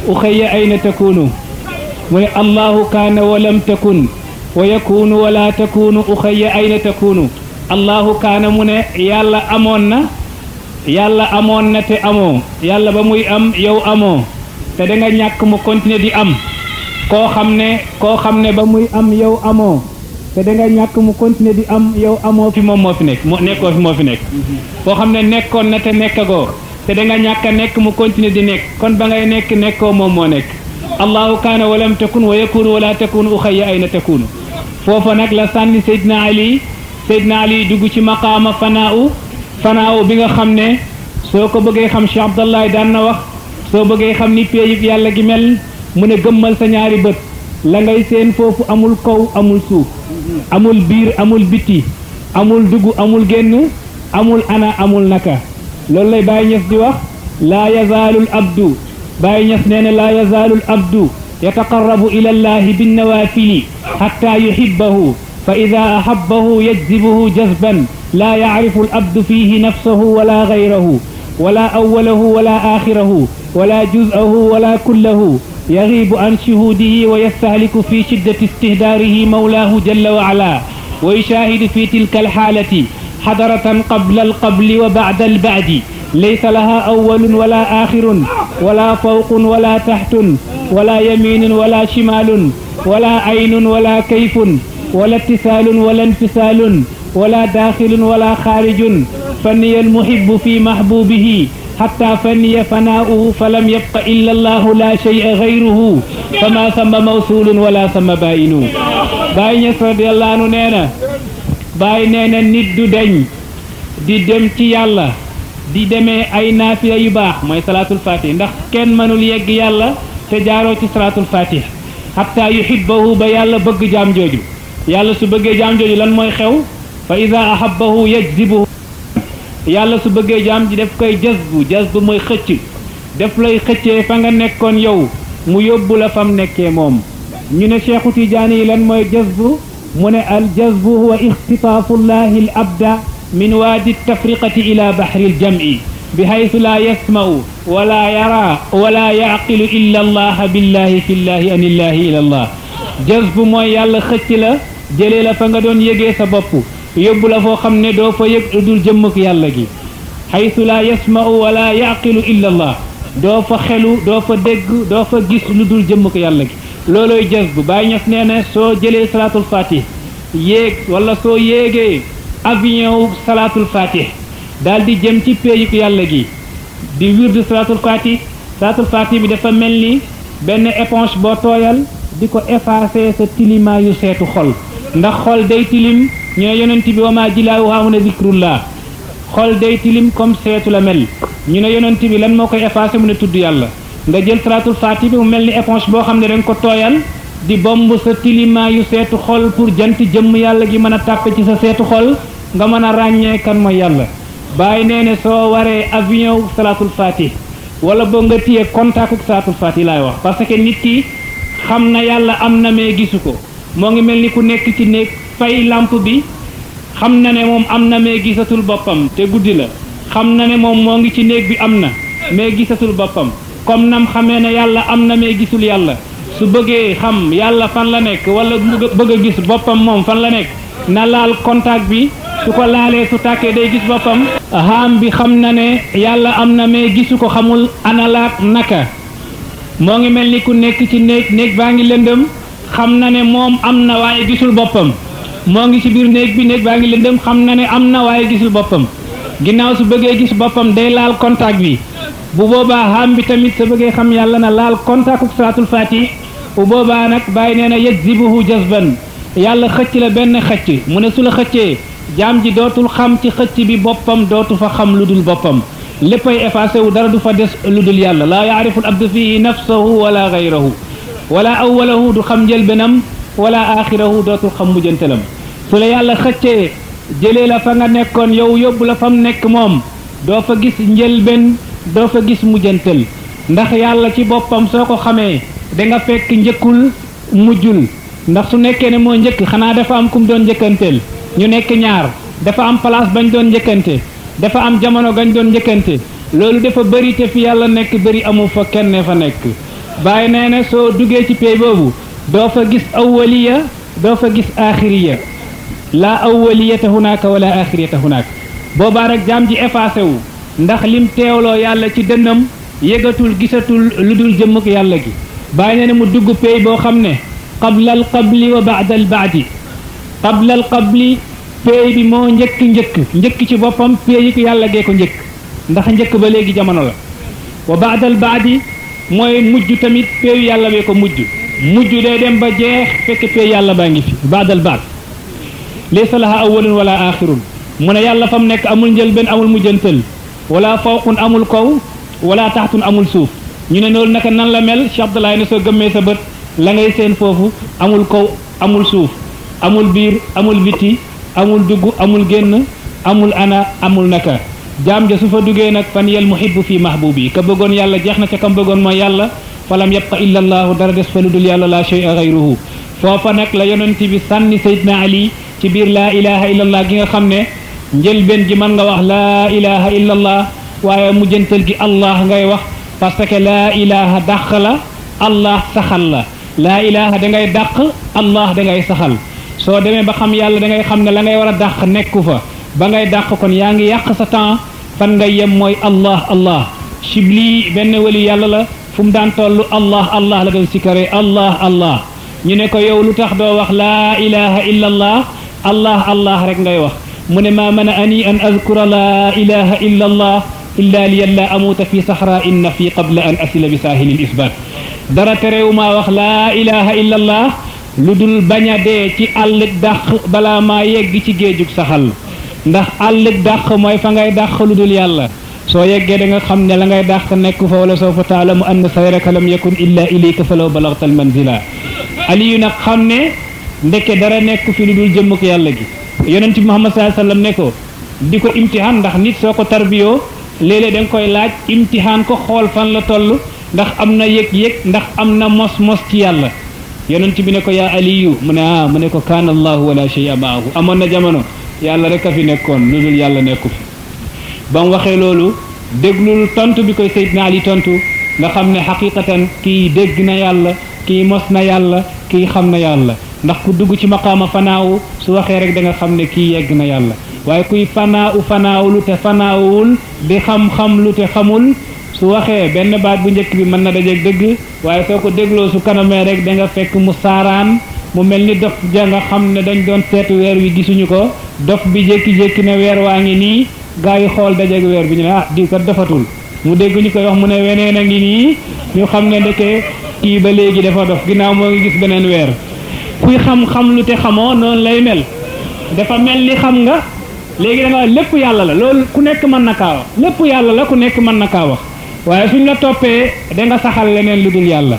uxaya ayna takunu mu ne allahu kaana wa lam takun wa yakunu wala takunu uxaya ayna takunu allahu kaana mu ne yàlla amoon na yàlla amoon na te amoo yàlla ba muy am yow amoo te da ñàkk mu continuer di am koo xam ne koo xam ne ba muy am yow amoo te da ñàkk mu continuer di am yow amoo fi moom moo fi nekk moo nekkoo fi moo fi nekk koo xam ne nekkoon na te nekkagoo te da nga ñàkk a nekk mu continuer di nekk kon ba ngay nekk nekkoo moom moo nekk allahu kaana walam takun wa yakunu wala takun uxayya ay na takunu foofa nag la sànni Seydina Seydina Ali dugg ci maqaama fanaaw fanaaw bi nga xam ne soo ko bëggee xam Cheikh Abdallahi daan na wax soo bëggee xam ni péeyib yàlla gi mel mu ne gëmmal sa ñaari bët la ngay seen foofu amul kow amul suuf amul biir amul biti amul dugg amul génn amul ana amul naka loolu lay Baay Ñas di wax laa yazaalul abdu Baay Ñas nee na laa yazaalul abdu yataqarrabu ila llaahi binnawaafili xatta yuhibbahu فإذا أحبه يجذبه جذبا لا يعرف الأبد فيه نفسه ولا غيره ولا أوله ولا آخره ولا جزءه ولا كله يغيب عن شهوده ويستهلك في شدة استهداره مولاه جل وعلا ويشاهد في تلك الحالة حضرة قبل القبل وبعد البعد ليس لها أول ولا آخر ولا فوق ولا تحت ولا يمين ولا شمال ولا عين ولا كيف ولا اتصال ولا انفصال ولا داخل ولا خارج فني المحب في محبوبه حتى فني فناؤه فلم يبق إلا الله لا شيء غيره فما ثم موصول ولا ثم بائن باي رضي الله عنه نينا باي نينا نيت دو دنج di dem ci yàlla di demee ay naafila yu baax mooy salaatul fatih ndax kenn mënul yegg yàlla te jaaroo ci salaatul fatih xataa yuhibbahu ba yàlla bëgg jaam jooju yàlla su bëggee jaam jooju lan mooy xew fa ida ahabahu yajzibuhu yàlla su bëggee jaam ji def koy jazbu jazbu mooy xëcc def lay xëccee fa nga nekkoon yow mu yóbbu la fam nekkee moom ñu ne cheikhu tijaani yi lan mooy jazbu mu ne al jazbu huwa ixtitaafullahi l abda min waadi tafriqati ila bahri l jam'i bihaytu laa yasma'u wala yara wala yaqilu illa allah billahi fi llahi an illahi ila allah jazbu mooy yàlla xëcc la jëlee la fa nga doon yëgee sa bopp yóbbu la foo xam ne doo fa yëg lu dul jëmmuk yàlla gi xaytu laa yasmau wala yaqilu illa doo fa xelu doo fa dégg doo fa gis lu dul jëmmuk yàlla gi loolooy jas bu baa Ñas nee na soo jëlee salaatul fatih yéeg walla soo yéegee avion salaatul fatih daal di jëm ci péeyuk yàlla gi di wirdu salaatul fatih salaatul fatih bi dafa mel ni benn éponge boo tooyal di ko effacer sa yu seetu xol ndax xol day tilim ñu ne yonent bi wa maa jilaaluhaa mu ne zikrullah xol day tilim comme seetu la mel ñu ne yonent bi lan moo koy effacé mu ne tudd yàlla nga jël salaatul faati bi mu mel ni éponge boo xam ne danga ko tooyal di bomb sa tilimaa yu seetu xol pour jant jëmm yàlla gi mën a tàppe ci sa seetu xol nga mën a ràññeekan mooy yàlla bàyyi nee ne soo waree avion salaatul faati wala boo nga téye contact ak salaatul faati laay wax parce que nit ki xam na yàlla am na mais gisu ko moo ngi mel ni ku nekk ci néeg fay làmp bi xam na ne moom am na mais gisatul boppam te guddi la xam na ne moom moo ngi ci néeg bi am na mais gisatul boppam comme nam xamee na yàlla am na mais gisul yàlla su bëggee xam yàlla fan la nekk wala bëgg a gis boppam moom fan la nekk na laal contact bi su ko laalee su tàkkee day gis boppam haam bi xam na ne yàlla am na mais gisu ko xamul analaat naka moo ngi mel ni ku nekk ci néeg néeg baa ngi lëndëm xam na ne moom am na waaye gisul boppam moo ngi ci biir néeg bi néeg baa ngi lëndëm xam na ne am na waaye gisul boppam ginnaaw su bëggee gis boppam day laal contact bi bu boobaa xam bi tamit sa bëggee xam yàlla na laal contact ak salaatul faati bu boobaa nag bàyyi nee na yajzibuhu jazban yàlla xëcc la benn xëcc mu ne su la xëccee jaam ji dootul xam ci xëcc bi boppam dootu fa xam lu dul boppam lépp ay effacé wu dara du fa des lu dul yàlla laa yaariful abdu fihi nafsahu wala gayrahu wala awwalahu du xam njëlbéenam wala axirahu dootul xam mujjantalam su la yàlla xëccee jëlee la fa nga nekkoon yow yóbbu la fam nekk moom doo fa gis njëlbéen doo fa gis mujjantal ndax yàlla ci boppam soo ko xamee da nga fekk njëkkul mujjul ndax su nekkee ne moo njëkk xanaa dafa am kum doon njëkkanteel ñu nekk ñaar dafa am place bañ doon njëkkante dafa am jamono gañ doon njëkkante loolu dafa bëri te fi yàlla nekk bëri amu fa kenn fa nekk bàyyi nee na soo duggee ci pay boobu doo fa gis awwaliya doo fa gis axiriya laa awwaliyata hunaaka wala axiriyata hunaaka boobaa rek jaam ji effacé wu ndax lim teewloo yàlla ci dënnam yëgatul gisatul lu dul jëmmuk yàlla gi bàyyi nee na mu dugg pay boo xam ne qabla al qabli wa baada baadi qabla al qabli bi moo njëkk njëkk njëkk ci boppam pay yi yàlla gee ko njëkk ndax njëkk ba léegi jamono la wa baada baadi mooy mujj tamit peeyu yàlla bee ko mujj mujj day dem ba jeex fekk peeyu yàlla baa ngi fi baadal baat laysa laha awalun wala axirun mu ne yàlla fa mu nekk amul njëlbeen amul mujjantal wala fawqun amul kaw wala taxtun amul suuf ñu ne loolu naka nan la mel Cheikh Abdoulaye ne soo gëmmee sa bët la ngay seen foofu amul kaw amul suuf amul biir amul biti amul dugg amul génn amul ana amul naka jaam ja su fa duggee nag fan yel muhibbu fii mahbubi ka bëggoon yàlla jeex na ca kam bëggoon mooy yàlla falam yabqa illa allaahu dara des fa lu dul yàlla laa shay'a ghayruhu foofa nag la yonent bi ci biir laa ilaha illa allah gi nga xam ne njëlbeen gi man nga wax laa ilaha illa allah waaye mujjantal gi allah ngay wax parce que laa ilaha dàq la allah saxal la laa ilaha da ngay dàq allah da ngay saxal soo demee ba xam yàlla da ngay xam ne la ngay war a dàq nekku fa ba ngay dàq kon yaa ngi yàq sa temps fan ngay yem mooy allah allah shibli benn wali yàlla la fu mu daan toll allah allah la doon sikkare allah allah ñu ne ko yow lu tax doo wax laa ilaha illa allah allah allah rek ngay wax mu ne maa mana ani an azkura laa ilaha illa allah illa li yàlla amuuta fi saxra inna fi qabla an asila bi saahilil isbaat dara terewu maa wax laa ilaha illa allah lu dul bañ a dee ci àll dàq balaa maa yegg ci géejug saxal ndax àllëg dàq mooy fa ngay dàq lu dul yàlla soo yeggee da nga xam ne la ngay dàq nekk fa wala soo fa taalamu ann sayraka lam yakun illa ilayka falaw balagta almanzila aliyu nag xam ne ndeke dara nekk fi lu dul jëmmuk yàlla gi yonent bi muhammad sallallahu alayhi wasallam ne ko di ko imtihaan ndax nit soo ko tarbiyoo léeg-léeg da nga koy laaj imtihaan ko xool fan la toll ndax am na yëg-yëg ndax am na mos-mos ci yàlla yonent bi ne ko yaa aliyu mu ne ah mu ne ko kaana allahu wala shay'a maahu amoon na jamono yàlla rek a fi nekkoon lu dul yàlla nekku fi ba mu waxee loolu déglul tontu bi koy Seydina Ali tontu nga xam ne xaqiqatan kii dégg na yàlla kii mos na yàlla kii xam na yàlla ndax ku dugg ci maqaama fanaawu su waxee rek danga nga xam ne kii yegg na yàlla waaye kuy fanaawu te fanaawul di xam-xam lu te xamul su waxee benn baat bu njëkk bi mën na dajeeg dëgg waaye soo ko dégloo su kanamee rek da nga fekk mu saaraan mu mel ni dof ja nga xam ne dañ doon seetu weer wi gisuñu ko dof bi jékki-jékki ne weer waa ngi nii gaa yi xool dajeeg weer bi ñu ne ah di ko dofatul mu dégg ñu koy wax mu ne weneen a ngi nii ñu xam ne ndeke kii ba léegi dafa dof ginnaaw moo ngi gis beneen weer kuy xam-xam lu te xamoo noonu lay mel dafa mel ni xam nga léegi da lépp yàlla la loolu ku nekk mën na kaa wax lépp yàlla la ku nekk mën na kaa wax waaye suñ la toppee da nga saxal leneen lu yàlla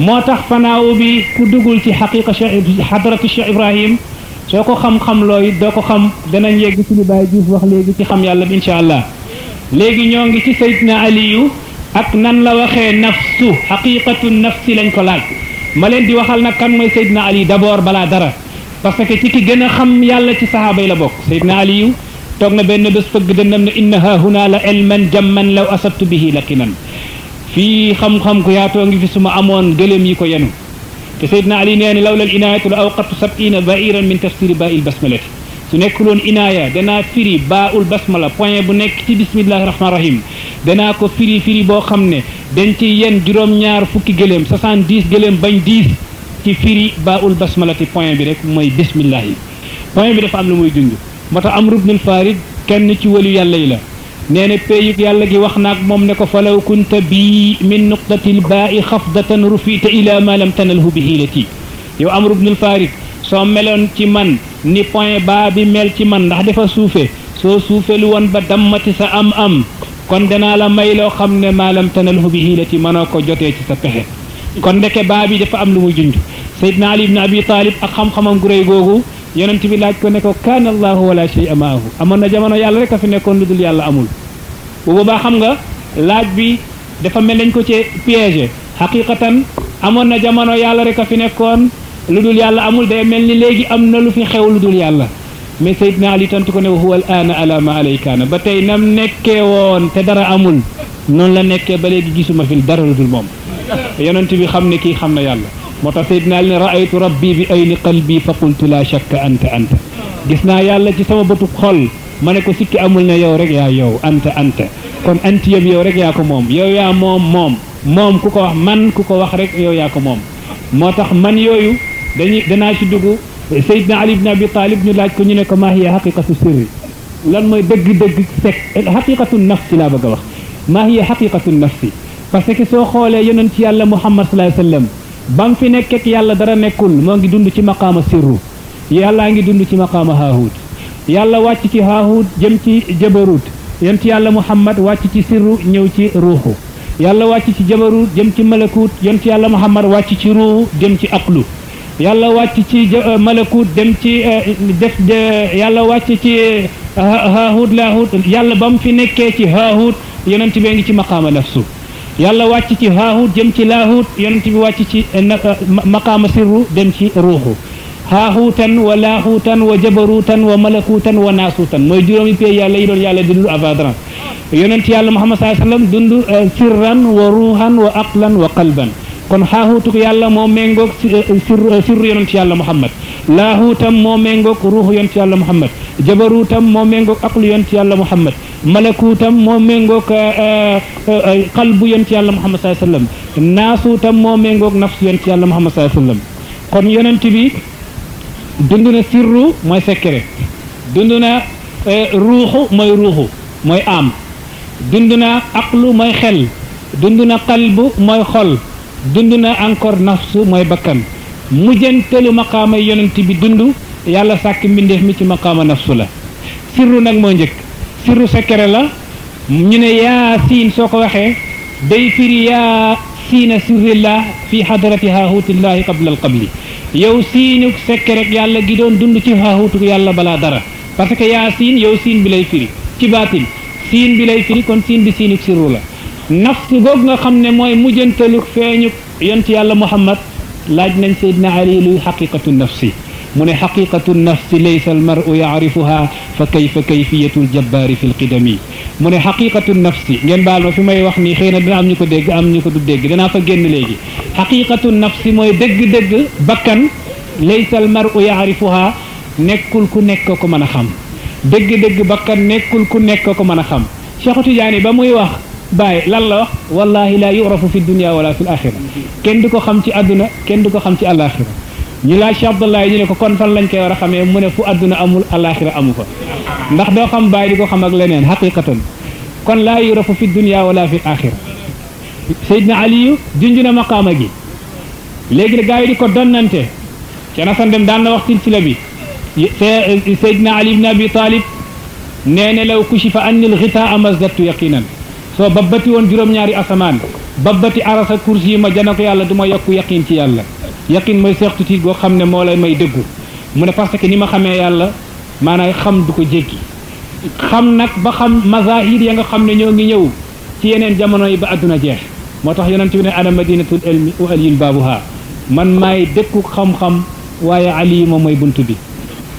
moo tax fanaaw bi ku duggul ci xaqiqa cheikh xadratu cheikh ibrahim soo ko xam-xam looy doo ko xam danañ yegg suñu bàyyi Juuf wax léegi ci xam yàlla bi incha allah léegi ñoo ngi ci sayidna aliyu ak nan la waxee nafsu xaqiqatu nafsi lañ ko laaj ma leen di waxal nag kan mooy sayidna ali d'abord balaa dara parce que ci ki gën a xam yàlla ci sahaaba yi la bokk sayidna aliyu toog na benn bés fëgg na ne inna hahuna la ilman jamman law asabtu bihi laqinan fii xam-xam ku yaatoo ngi fi ma amoon gëléem yi ko yenu te Seydina Ali nee na lawla al inaayatu la awqatu sab'ina ba'iran min tafsiri baa il basmalati su nekkuloon inaaya danaa firi baa ul basmala point bu nekk ci bismillahi rahmaani rahim danaa ko firi firi boo xam ne dañ ci yenn juróom-ñaar fukki gëléem 70 gëléem bañ 10 ci firi baa ul basmalati point bi rek mooy bismillah yi point bi def am lu muy junj moo tax Amru bnul Farid kenn ci wëlu yàlla la nee na péyug yàlla gi wax naag moom ne ko falaw kunta bii min nuqtatil baa'i xafdatan rufita ila ma lam tanalhu bi hiilati yow amru bnul farid soo meloon ci man ni point baa bi mel ci man ndax dafa suufe soo suufe lu woon ba dammati sa am am kon danaa la may loo xam ne ma lam tanalhu bi hiilati mënoo ko jotee ci sa pexe kon ndeke baa bi dafa am lu muy saydna ali ibn abi taalib ak xam-xamam gu réy googu yonent bi laaj ko ne ko kaana allahu wala shay'a maahu amoon na jamono yàlla rek a fi nekkoon lu dul yàlla amul bu boobaa xam nga laaj bi dafa mel nañ ko ci piège xaqiqatan amoon na jamono yàlla rek a fi nekkoon lu dul yàlla amul day mel ni léegi am na lu fi xew lu dul yàlla mais Seydina Ali tontu ko ne wa huwa al aana ala ma alaykaana ba tey nam nekkee woon te dara amul noonu la nekkee ba léegi gisuma fi dara lu dul moom yonent bi xam ne kii xam na yàlla moo tax Seydina Ali ne raaytu rabbi bi ayni qalbi fa qultu la shakka anta anta gis naa yàlla ci sama bëtu xol ma ne ko sikki amul ne yow rek yaa yow anta anta kon anti yëpp yow rek yaa ko moom yow yaa moom moom moom ku ko wax man ku ko wax rek yow yaa ko moom moo tax man yooyu dañuy danaa ci dugg Seydina Ali ibn Abi Talib ñu laaj ko ñu ne ko maa hiya xaqiqatu sirri lan mooy dëgg-dëgg sek xaqiqatu nafsi laa bëgg a wax maa hiya xaqiqatu nafsi parce que soo xoolee yonent ci yàlla Muhammad sallallahu alayhi wa sallam ba mu fi nekk yàlla dara nekkul moo ngi dund ci maqaama sirru yàllaa ngi dund ci maqaama haahut yàlla wàcc ci haahut jëm ci jabarut jëm ci yàlla muhammad wàcc ci sirru ñëw ci ruuxu yàlla wàcc ci jabarut jëm ci malakut jëm ci yàlla muhammad wàcc ci ruuxu jëm ci aqlu yàlla wàcc ci euh, malakut dem ci euh, def yàlla wàcc ci euh, haahut laahut yàlla ba mu fi nekkee ci yeneen ci bee ngi ci maqaama nafsu yàlla wàcc ci haahut jëm ci laahut yonent bi wàcc ci eh, maqaama sirru dem ci ruuxu haahuutan wa laahuutan wa jabaruutan wa malakuutan wa naasuutan mooy juróomi pay yàlla yi doon yàlla dund avant yonent yàlla muhammad saa sallam dund eh, sirran wa ruuhan wa aqlan wa qalban kon haahuutuk yàlla moo méngoog eh, sirru yonent yàlla muhammad laahuutam moo méngoog ruuxu yonent yàlla muhammad jabaruutam moo méngoog aqlu yonent yàlla muhammad malakuutam moo méngoog euh, euh, euh, qalbu yonent yàlla muhammad saai sallam naasuutam moo méngoog nafsu yonent yàlla muhammad saai sallam kon yonent bi dund na sirru mooy secret dund na ruuxu mooy mooy am dund na aqlu mooy xel dund na qalbu mooy xol dund na encore nafsu mooy bakkan mujjantelu maqaama yonent bi dund yàlla sàkk mbindeef mi ci maqaama nafsu la sirru nag moo njëkk siru sekere la ñu ne yaa siin soo ko waxee day firi yaa siina sirrillah fi xadarati haahuutillaahi qabla al qabli yow siinuk sekkerek yàlla gi doon dund ci haahuutuk yàlla balaa dara parce que yaa siin yow siin bi lay firi ci baatin siin bi lay firi kon siin bi siinuk sirru la nafs googu nga xam ne mooy mujjantaluk feeñuk yont yàlla muhammad laaj nañ seydina ali luy xaqiqatu nafsi mu ne xaqiqatu nafsi laysa almaru yaarifuha fa kayfa kayfiyatu aljabbaari fi lqidami mu ne xaqiqatu nafsi ngeen baal ma fi may wax nii xëy na dina am ñu ko dégg am ñu ko du dégg danaa fa génn léegi xaqiqatu nafsi mooy dégg dëgg bakkan laysa almaru yaarifuha nekkul ku nekk ko mën a xam dëgg-dëgg bakkan nekkul ku nekk ko mën a xam Cheikh Tidiane ba muy wax Baye lan la wax wallahi laa yurafu fi dunia wala fi l axira kenn xam ci àdduna kenn du ko xam ci àlaxira ñu laaj Cheikh Abdoulaye ñu ne ko kon fan lañ koy war a xamee mu ne fu àdduna amul alaxira amu fa ndax doo xam bàyyi di ko xam ak leneen xaqiqatan kon laa yurafu fi dunia wala fi axira Seydina Aliyu junju na maqaama gi léegi ne gaa yi di ko donnante Cheikh Assane Deme daan na wax silsila bi Seydina Ali ibn Abi Talib nee ne law kushifa anni l-ghitaa mazdattu yaqinan soo babbati woon juróom-ñaari asamaan babbati arasa kursi yi ma jana ko yàlla du ma yokku yaqiin ci yàlla yaqin mooy certitude goo xam ne moo lay may dëggu mu ne parce que ni ma xamee yàlla maanaam xam du ko jéggi xam nag ba xam mazahir ya nga xam ne ñoo ngi ñëw ci yeneen jamono yi ba adduna jeex moo tax yonent bi ne ana madinatul ilmi wa aliyun baabuha man maay dëkku xam-xam waaye aliyu moom mooy bunt bi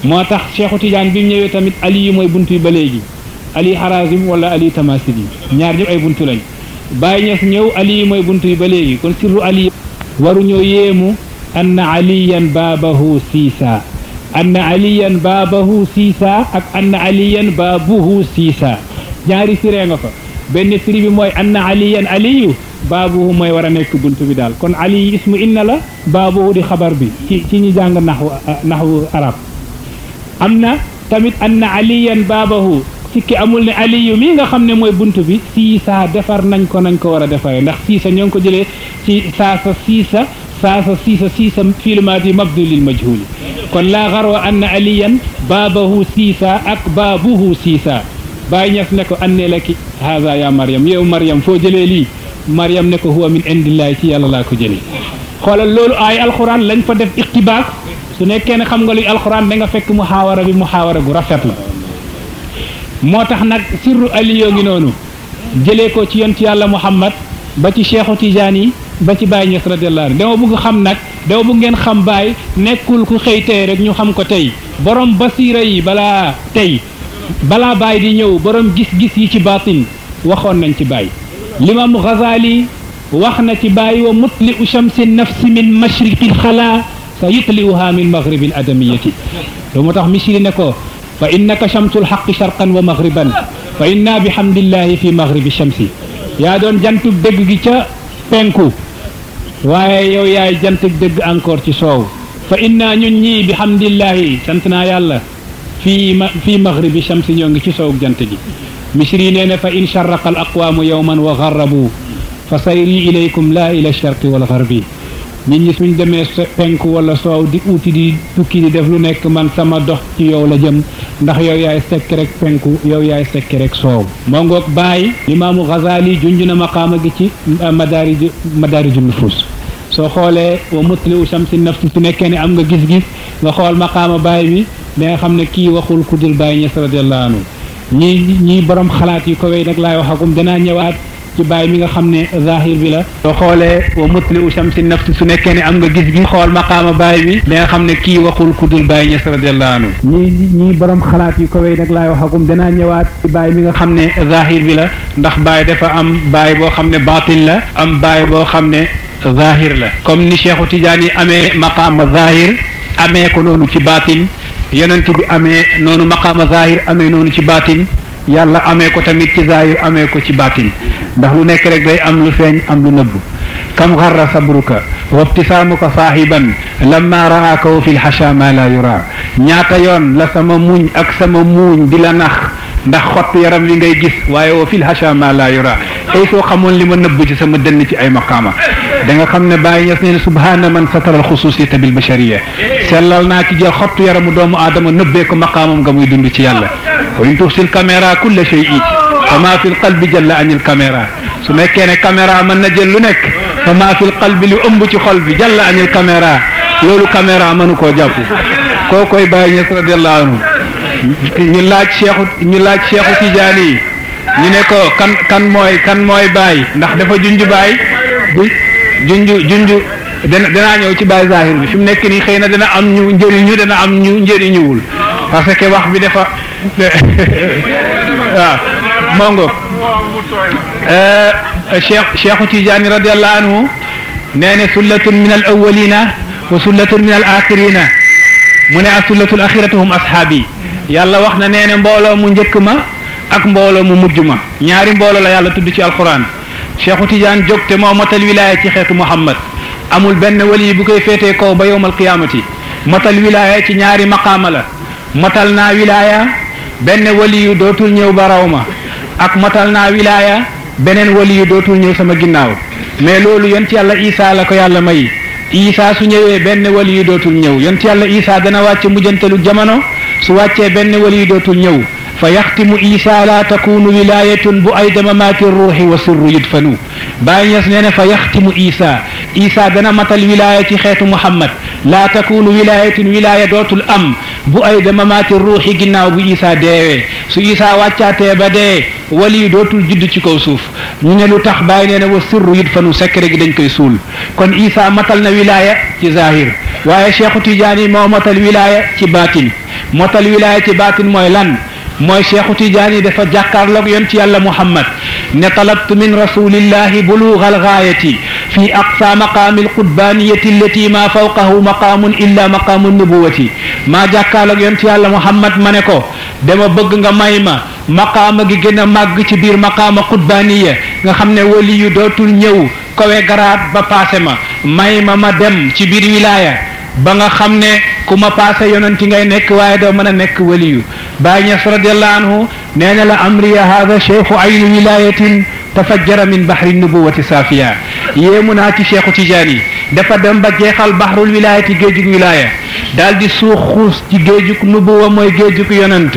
moo tax Cheikhu Tidiane bi ñëwee tamit aliyu mooy bunt bi ba léegi ali harazim wala ali tamasib yi ñaar ñëpp ay buntu lañ bàyyi ñëw aliyu bunt bi ba léegi anna aliyan baabahu siisa anna aliyan baabahu siisa ak anna aliyan baabuhu siisa ñaari siree nga fa benn siri bi mooy anna aliyan aliyu baabuhu mooy war a nekk bunt bi daal kon ali ismu inna la baabuhu di xabar bi ci ci ñu jàng naxwu naxwu arab am na tamit anna aliyan baabahu sikki amul ne aliyu mii nga xam ne mooy bunt bi siisa defar nañ ko nañ ko war a defaree ndax siisa ñoo ngi ko jële ci saasa siisa فاف سيس سيس في الماضي مبذول المجهول kon laa xaroo anna aliyan baabahu siisa ak baabuhu siisa bàyyi ñas ne ko annee la ki haza ya mariam yow mariam foo jëlee lii mariam ne ko huwa min indillahi ci yàlla laa ko jëlee xoolal loolu ay alxuraan lañ fa def iqtibaas su nekkee ne xam nga luy alxuraan da nga fekk muhaawara bi muhaawara gu rafet la moo tax nag sirru aliyoo ngi noonu jëlee ko ci yonent yàlla muhammad ba ci cheikhu tijaani ba ci Baye Niass radiyallahu anhu dama bëgg xam nag dama bëgg ngeen xam Baye nekkul ku xëy tey rek ñu xam ko tey borom basiira yi balaa tey balaa Baye di ñëw borom gis-gis yi ci baatin waxoon nañ ci Baye limam Ghazali wax na ci Baye wa mutliu shamsi nafsi min mashriqil xalaa sa yutliuha min maghribil adamiyati lu mu tax mi misiri ne ko fa innaka shamsul xaqi sharqan wa maghriban fa inna bihamdillahi fi maghribi shamsi yaa doon jantub dëgg gi ca penku waaye yow yaay jant dëgg encore ci soow fa inna ñun ñii bi hamdillahi sant naa yàlla fii ma fii maghribi shamsi ñoo ngi ci soow jant gi misri nee na fa in charraqa al aqwaamu yowman wa garrabu fa sayri ilaykum laa ila charqi wal garbi nit ñi suñ demee penku wala soow di uuti di tukki di def lu nekk man sama dox ci yow la jëm ndax yow yaay sekk rek penku yow yaay sekk rek soow moo ngoog bàyyi limaamu Ghazali junj na maqaama gi ci madaariju madaariju nufus soo xoolee wa mutliu shamsi nafsi su nekkee ne am nga gis-gis nga xool maqaama baay bi da nga xam ne kii waxul kudul baay ñes radiallahu anhu ñi ñi borom xalaat yu ko wéy nag laay waxagum danaa ñëwaat ci baay mi nga xam ne zahir bi la soo xoolee wa mutliu shamsi nafsi su nekkee ne am nga gis xool maqaama baay bi da nga xam ne kii waxul kudul baay ñes radiallahu anhu ñi ñi borom xalaat yu ko wéy laay waxagum danaa ñëwaat baay mi nga xam ne zahir bi la ndax baay dafa am baay boo xam ne baatin la am baay boo xam ne zahir la comme ni Cheikhu Tidiane amee maqaama zahir amee ko noonu ci baatin yonent bi amee noonu maqaama zahir amee noonu ci baatin yàlla amee ko tamit ci zahir amee ko ci baatin ndax lu nekk rek day am lu feeñ am lu nëbb kam xarra sabruka wabtisaamuka saahiban lamma raaka wa fil xasha ma la yura ñaata yoon la sama muñ ak sama muuñ di la nax ndax xott yaram wi ngay gis waaye wa fil xasha ma la yura tey soo xamoon li ma nëbb ci sama dënn ci ay maqaama da nga xam ne bàyyi ñes neen subhaana man satara alxususiyata bil bashariya sellal naa ki jël doomu aadama nëbbee ko maqaamam nga muy dund ci yàlla wa in tuxsil caméra kulla shay i fa maa fi su nekkee ne caméra mën na jël lu nekk fa maa fi ëmb ci xol bi jalla anil caméra loolu caméra mënu koo jàpp koo koy bàyyi ñes ñu laaj cheikhu ñu laaj ñu ne kan kan mooy kan mooy bàyyi ndax dafa junj bàyyi junj junj dana danaa ñëw ci bàyyi zahir bi fi mu nekk nii xëy na dana am ñu njëriñu dana am ñu njëriñuwul parce que wax bi dafa <laughs> waaw mongo euh, cheikh cheikhu tijaani radiallahu anhu nee ne sullatun min al awalina wa sullatun min al mu ne ak sullatul axiratu hum ashaabi yàlla wax na nee ne mbooloo mu njëkk ma ak mbooloo mu mujj ma ñaari mbooloo la yàlla tudd ci alquran Cheikhu Tidiane jóg te moo matal wilaaya ci xeetu Muhammad amul benn wali bu koy féetee kaw ba yowmal qiyaamati matal wilaaya ci ñaari maqaama la matal naa wilaaya benn wali dootul ñëw ba raw ma ak matal naa wilaaya beneen wali yu dootul ñëw sama ginnaaw mais loolu yonent yàlla Isaa la ko yàlla may Isaa su ñëwee benn wali yu dootul ñëw yonent yàlla Isaa dana wàcce mujjantalu jamono su wàccee benn wali yu dootul ñëw فيختم عيسى لا تكون ولاية بأيد ممات الروح والسر يدفن باين يسنين فيختم عيسى عيسى دنا متى الولاية خيت محمد لا تكون ولاية ولاية دوت الأم بأيد ممات الروح جناو بعيسى ديوي سو عيسى واتشاتي بدي wali dootul judd ci kaw suuf ñu ne lu tax bàyyi nee na wa sirru yit fanu secret gi dañ koy suul kon isa matal na wilaya ci zahir waaye cheikhu tidiane moo matal wilaya ci baatin matal wilaya ci baatin mooy lan mooy cheikhu tijaani dafa jàkkaarloog yoon ci yàlla muhammad ne talabtu min rasulillahi buluga algaayati fi aqsa maqaami alqudbaaniyati allati ma fawqahu maqaamun illa maqaamu nubuwati maa jàkkaarloog yoon ci yàlla muhammad ma ne ko dama bëgg nga may ma maqaama gi gën a màgg ci biir maqaama qudbaaniya nga xam ne wali yu dootul ñëw kawe garaat ba paase ma may ma ma dem ci biir wilaaya ba nga xam ne ku ma paase yonanti ngay nekk waaye doo mën a nekk waliyu Baay Ñas radiyallahu anhu nee na la amriya haada cheikhu ayni wilayatin tafajjara min bahri nubuwati saafiya yéemu naa ci cheikhu Tijaani dafa dem ba jeexal bahrul wilayati géejug wilaya daal di suux xuus ci géejug nubuwa mooy géejug yonant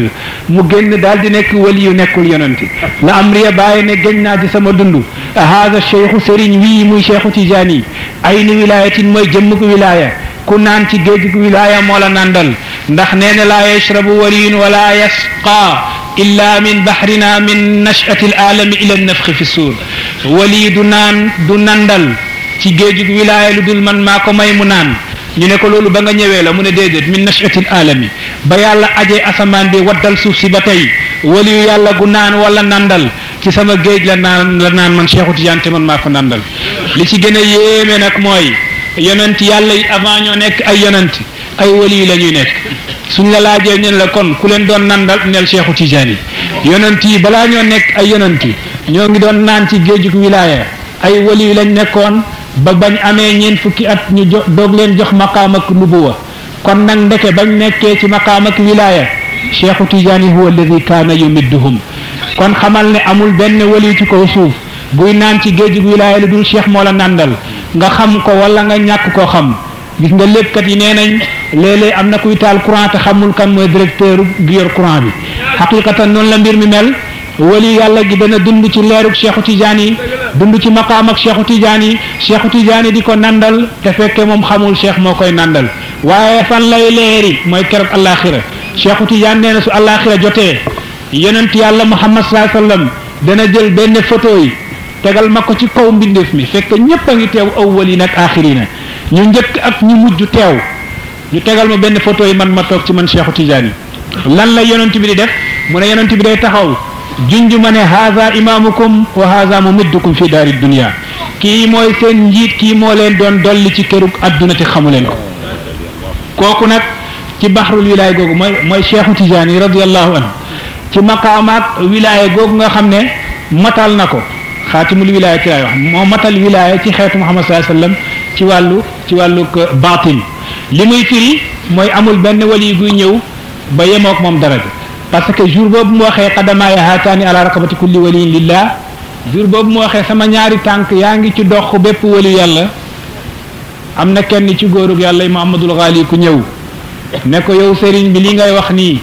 mu génn daal di nekk wali yu nekkul yonant la amriya bàyyi ne géñ naa ci sama a haada cheikhu sëriñ wii muy cheikhu Tijaani ayni wilayatin mooy jëmmug wilaya ku naan ci géejug wilaya moo la nandal ndax nee na laa yashrabu waliyun wala yasqa illa min bahrina min nachati l alami ila nafxi fi suur wali du naan du nandal ci géejug wilaaya lu dul man maa ko may mu naan ñu ne ko loolu ba nga ñëwee la mu ne déedéet min nachati l alami ba yàlla ajee asamaan bi waddal suuf si ba tey waliyu yàlla gu naan wala nandal ci sama géej la naan la naan man Cheikhu Tidiane te man maa ko nandal li ci gën a yéeme nag mooy yonent yàlla yi avant ñoo nekk ay yonent ay wali la ñuy nekk suñ la laajee la kon ku leen doon nandal neel Cheikhu Tijaani yonent yi balaa ñoo nekk ay yonent ñoo ngi doon naan ci géejug wilaaya ay wali lañ nekkoon ba bañ amee ñeent fukki at ñu jo doog leen jox maqaam ak wa kon nag ndeke ba nekkee ci maqaam ak wilaaya Cheikhu Tijaani huwa alladi kaana yumidduhum kon xamal ne amul benn wali ci kaw suuf buy naan ci géejug wilaaya lu dul cheikh moo la nàndal nga xam ko walla nga ñàkk koo xam léeg-léeg am na kuy taal courant te xamul kan mooy directeur bi yor courant bi xaqiqatan noonu la mbir mi mel wali yàlla gi dana dund ci leerug Cheikhu Tidiane yi dund ci maqaam ak Cheikhu Tidiane yi Cheikhu Tidiane di ko nandal te fekke moom xamul cheikh moo koy nandal waaye fan lay leeri mooy keroog àllaaxira Cheikhu Tidiane nee na su àllaaxira jotee yonent yàlla Muhammad sallallahu alayhi wasallam dana jël benn photo yi tegal ma ko ci kaw mbindeef mi fekk ñépp a ngi teew awwal yi nag na ñu njëkk ak ñu mujj teew ñu tegal ma benn photo yi man ma toog ci man Cheikhu Tidiane lan la yonent bi di def mu ne yonent bi day taxaw junj ma ne haza imaamukum wa haza mumiddukum fi daari dunia kii mooy seen njiit kii moo leen doon dolli ci kërug adduna te xamu leen ko kooku nag ci baxrul wilaay googu mooy mooy Cheikhu Tidiane radiallahu anhu ci maqaamaat wilaay googu nga xam ne matal na ko xaatimul wilaaya ci laay wax moo matal wilaaya ci xeetu Muhammad sallallahu alayhi wasallam ci wàllu ci wàllu euh, baatin li muy firi mooy amul benn wali buy ñëw ba yemook moom dara bi parce que jour boobu mu waxee xadamaaya haataani ala rakabati kulli waliin lillah jour boobu mu waxee sama ñaari tànk yaa ngi ci dox bépp wali yàlla am na kenn ci góorug yàlla yi Muhammadul Xaali ku ñëw ne ko yow sëriñ bi li ngay wax nii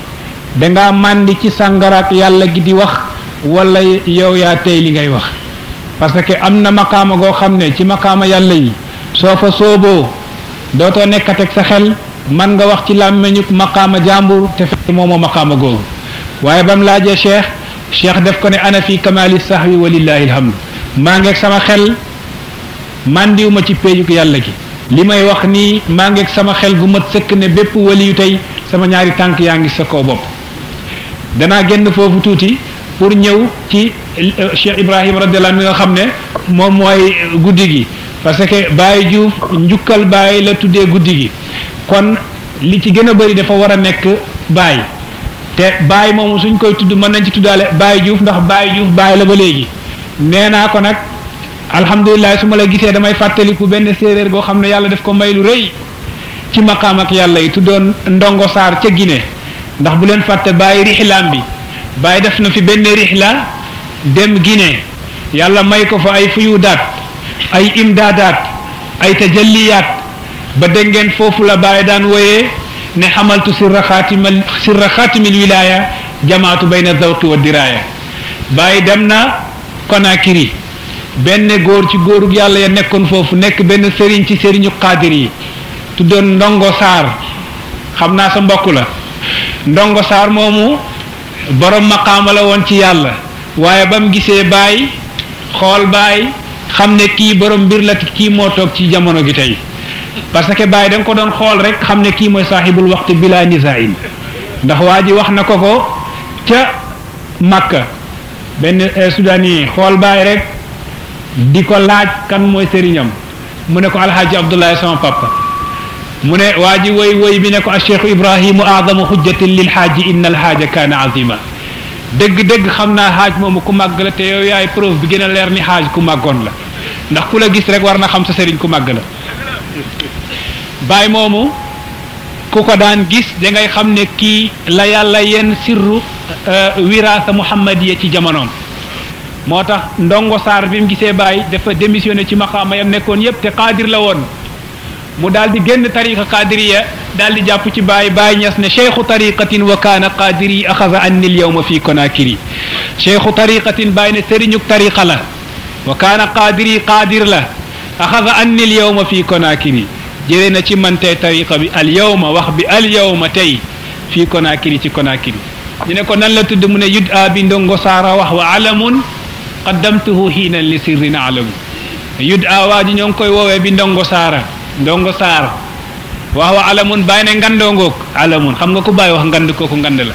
dangaa màndi ci sàngaraak yàlla gi di wax walla yow yaa tey li ngay wax parce que am na maqaama goo xam ne ci maqaama yàlla yi soo fa sooboo dootoo nekkateeg sa xel man nga wax ci làmmeñu maqaama jàmbur te fekk moomoo maqaama googu waaye ba mu laajee cheikh cheikh def ko ne ana fi kamali sahwi walillahi alhamdu maa ngeeg sama xel mandiw ma ci péejuk yàlla gi li may wax nii maa ngeeg sama xel gu mat sëkk ne bépp wali tey sama ñaari tànk yaa ngi sa ko bopp danaa génn foofu tuuti pour ñëw ci cheikh ibrahima radiallahu anhu nga xam ne moom mooy guddi gi parce que Baye Diouf njukkal Baye la tuddee guddi gi kon li ci gën a bëri dafa war a nekk Baye te Baye moomu suñ koy tudd mën nañ ci tuddaale bàyyi Diouf ndax bàyyi Diouf Baye la ba léegi nee naa ko nag alhamdulilah su ma la gisee damay fàttaliku benn séeréer boo xam ne yàlla def ko may lu rëy ci maqaam ak yàlla yi tuddoon Ndongo Saar ca gine ndax bu leen fàtte Baye rixilaam bi Baye def na fi benn la dem gine yàlla may ko fa ay fuyudaat ay imdaadaat ay tajalliyaat ba dégg ngeen foofu la bàyyi daan woyee ne xamaltu sirra xaatima sirra xaatimil wilaaya jamaatu bayna zawqi wa diraaya bàyyi dem na Conakry benn góor ci góorug yàlla ya nekkoon foofu nekk benn sëriñ ci sëriñu xaadir yi tuddoon ndongo saar xam naa sa mbokk la ndongo saar moomu borom maqaama la woon ci yàlla waaye ba gisee baay xool baay xam ne kii borom mbir la kii moo toog ci jamono gi tey parce que bàyyi da ko doon xool rek xam ne kii mooy saaxibul waxtu bila nisain ndax waa ji wax na ko ko ca Makka benn eh, Sudani xool bàyyi rek di ko laaj kan mooy sëriñam mu ne ko alxaaji Abdoulaye sama papa mu ne waa ji woy woy bi ne ko acheikhu ibrahimu aadamu xujjatin lil xaaji inna alxaaja kaana azima dëgg-dëgg xam naa xaaj moomu ku màgg la te yow yaay preuve bi gën a leer ni xaaj ku màggoon la ndax ku la gis rek war na xam sa seriñ ku màgg la baay moomu ku ko daan gis da ngay xam ne kii la yàlla yenn sirru euh, wiraasa muhammadiya ci jamonoom moo tax ndongo saar bi mu gisee baay dafa démissionné ci maqaama yam nekkoon yépp te qaadir la woon mu daal di génn tariqa qaadiriya daal di jàpp ci baay baay ñas ne cheikhu tariqatin wa kaana qaadiri axasa anni l yowma fi konakiri cheikhu tariqatin baay ne sëriñuk tariqa la wa kaana qaadiri qaadir la axada anni al fii konaakiri jëlee na ci man tey tariqa bi al wax bi al yawma tey fii konaakiri ci konaakiri ñu ne ko nan la tudd mu ne yud a bi ndongo saara wax wa alamun qaddamtuhu hiinan li sirrin alamu yud a waa ji ñoo koy woowee bi ndongo saara ndongo saara wax wa alamun bàyyi ne ngandongook alamun xam nga ku bàyyi wax ngand kooku ngand la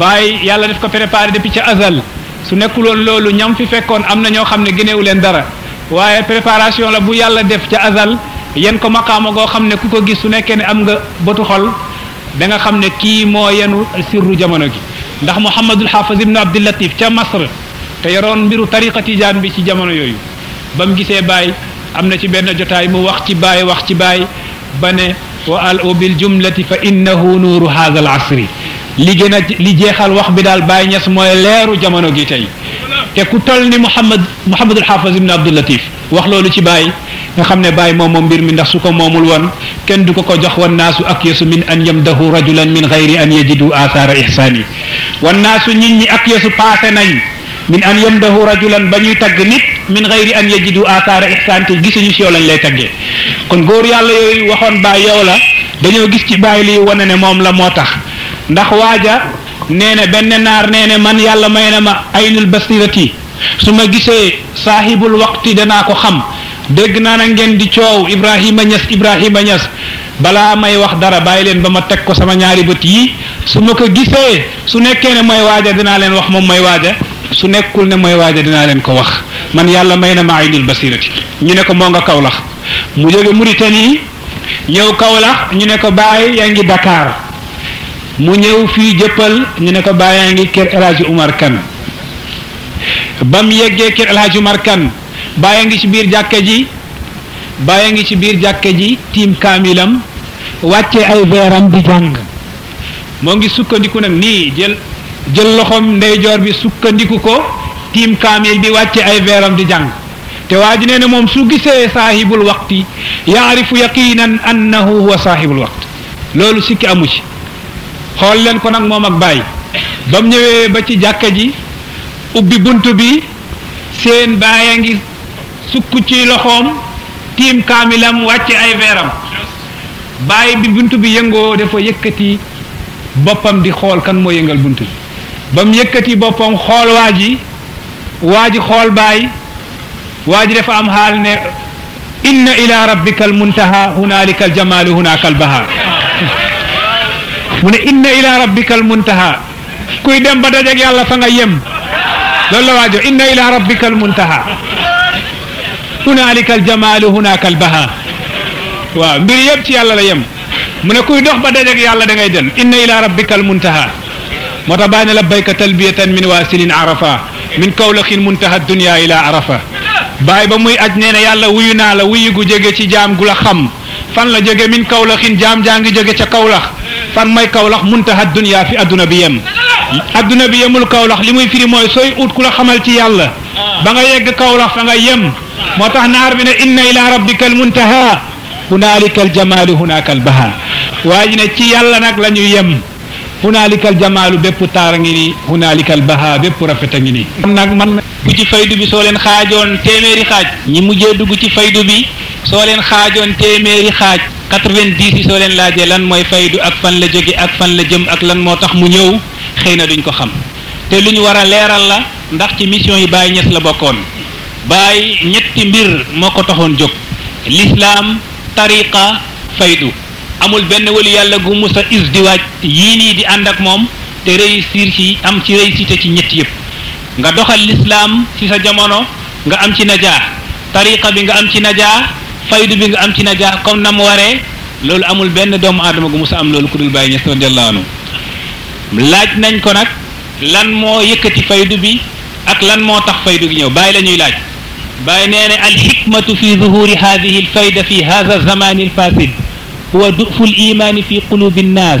bàyyi yàlla def ko préparé depuis ca azal su nekkuloon loolu ñam fi fekkoon am na ñoo xam ne génnewu leen dara waaye préparation la bu yàlla def ca azal yen ko maqaama goo xam ne ku ko gis su nekkee ne am nga bëtu xol da nga xam ne kii moo yenu sirru jamono gi ndax Muhammadul Hafiz ibnu Abdillatif ca Masr te yoroon mbiru tariqa tijaan bi ci jamono yooyu ba mu gisee baay am na ci benn jotaay mu wax ci baay wax ci baay ba ne wa al u bil jumlati fa innahu nuuru haazal asri li gën a li jeexal wax bi daal bàyyi ñas mooy leeru jamono gi tey te ku toll ni Mouhamad Mouhamadul Hafiz ibn Abdul Latif wax loolu ci bàyyi nga xam ne Baye moom moom mbir mi ndax su ko moomul woon kenn du ko ko jox wan naasu ak yesu min an yamdahu rajulan min gayri an yajidu athara ihsani wan naasu nit ñi ak yesu paase nañ min an yamdahu rajulan ba ñuy tagg nit min gayri an yajidu athara ihsan te gisuñu si yow lañ lay taggee kon góor yàlla yooyu waxoon Baye yow la dañoo gis ci Baye lii wane ne moom la moo tax ndax waaja nee na benn naar nee na man yàlla may na ma aynul basirati su ma gisee saahibul waqti danaa ko xam dégg naa na ngeen di coow Ibrahima Niass Ibrahima Niass balaa may wax dara bàyyi leen ba ma teg ko sama ñaari bët yi su ma ko gisee su nekkee ne mooy waaja dinaa leen wax moom mooy waaja su nekkul ne mooy waaja dinaa leen ko wax man yàlla may na ma aynul basirati ñu ne ko moo nga Kaolack mu jóge nii ñëw Kaolack ñu ne ko bàyyi yaa ngi Dakar mu ñëw fii jëppal ñu ne ko bàyyee ngi kër El Hadj Umar Kan ba ngi ci biir jàkka ji bàyyaa ngi ci biir jàkka ji tiim kaamilam wàcce ay veeram di jàng moo ngi sukkandiku nag nii jël jël loxoom ndeyjoor bi sukkandiku ko tiim kaamil bi wàcce ay veeram di jàng te waa ji nee na moom su gisee saahibul waqti yaarifu yaqinan annahu huwa saahibul waqti loolu sikki amu ci xool leen ko nag moom ak baay ba ñëwee ba ci jàkka ji ubbi bunt bi seen baay a ngi sukk ci loxoom tiim kaamilam wàcce ay veeram baay bi bunt bi yëngoo dafa yëkkati boppam di xool kan moo yëngal bunt bi ba mu yëkkati boppam xool waa ji waa ji xool baay waa ji dafa am xaal ne inna ila rabbika almuntaha hunalika aljamaalu hunaka albahaar mu ne inna ila rabbikal muntaha kuy dem ba dajeg yàlla fa nga yem loolu la waajo inna ila rabbikal muntaha hunaalikal jamaalu hunaakal baha waaw mbir yëpp ci yàlla la yem mu ne kuy dox ba dajeg yàlla da ngay dem inna ila rabbikal muntaha moo tax bàyyi ne labbayka talbiyatan min waasilin arafa min kawlaxin muntaha dunya ila arafa bàyyi ba muy aj nee na yàlla wuyu naa la wuyu gu jóge ci jaam gu la xam fan la jóge min kawlaxin jaam jaa ngi jóge ca kawlax fan mooy kawlax muntaha dunya fi adduna bi yem adduna bi yemul kawlax li muy firi mooy sooy ut ku la xamal ci yàlla ba nga yegg kawlax fa nga yem moo tax naar bi ne inna ila rabbika al muntaha hunaalika al jamaalu hunaaka al baha waa ji ne ci yàlla nag la ñu yem hunaalika al jamaalu bépp taar ngi ni hunaalika al baha bépp rafet a ngi ni nag man dugg ci faydu bi soo leen xaajoon téeméeri xaaj ñi mujjee dugg ci faydu bi soo xaajoon téeméeri quatre-vingt-dix yi soo leen laajee lan mooy faydu ak fan la jóge ak fan la jëm ak lan moo tax mu ñëw xëy na duñ ko xam te lu ñu war a leeral la ndax ci mission yi bàyyi Ñas la bokkoon Baay ñetti mbir moo ko taxoon jóg lislaam tariqa faydu amul benn walu yàlla gu mus a isdiwaaj yii nii di ànd ak moom te réussir ci am ci réussite ci ñett yëpp nga doxal lislaam ci sa jamono nga am ci najaa tariqa bi nga am ci najaa faydu bi nga am ci najaax comme na mu waree loolu amul benn doomu aadama gu musa am loolu ku dul Baay Ñas radiyallahu anhu laaj nañ ko nag lan moo yëkkati faydu bi ak lan moo tax faydu gi ñëw Baay la ñuy laaj Baay nee ne al hikmatu fi zuhuri hadihi al fayda fi hadha zamani al fasid huwa dufu al imani fi qulubi nnaas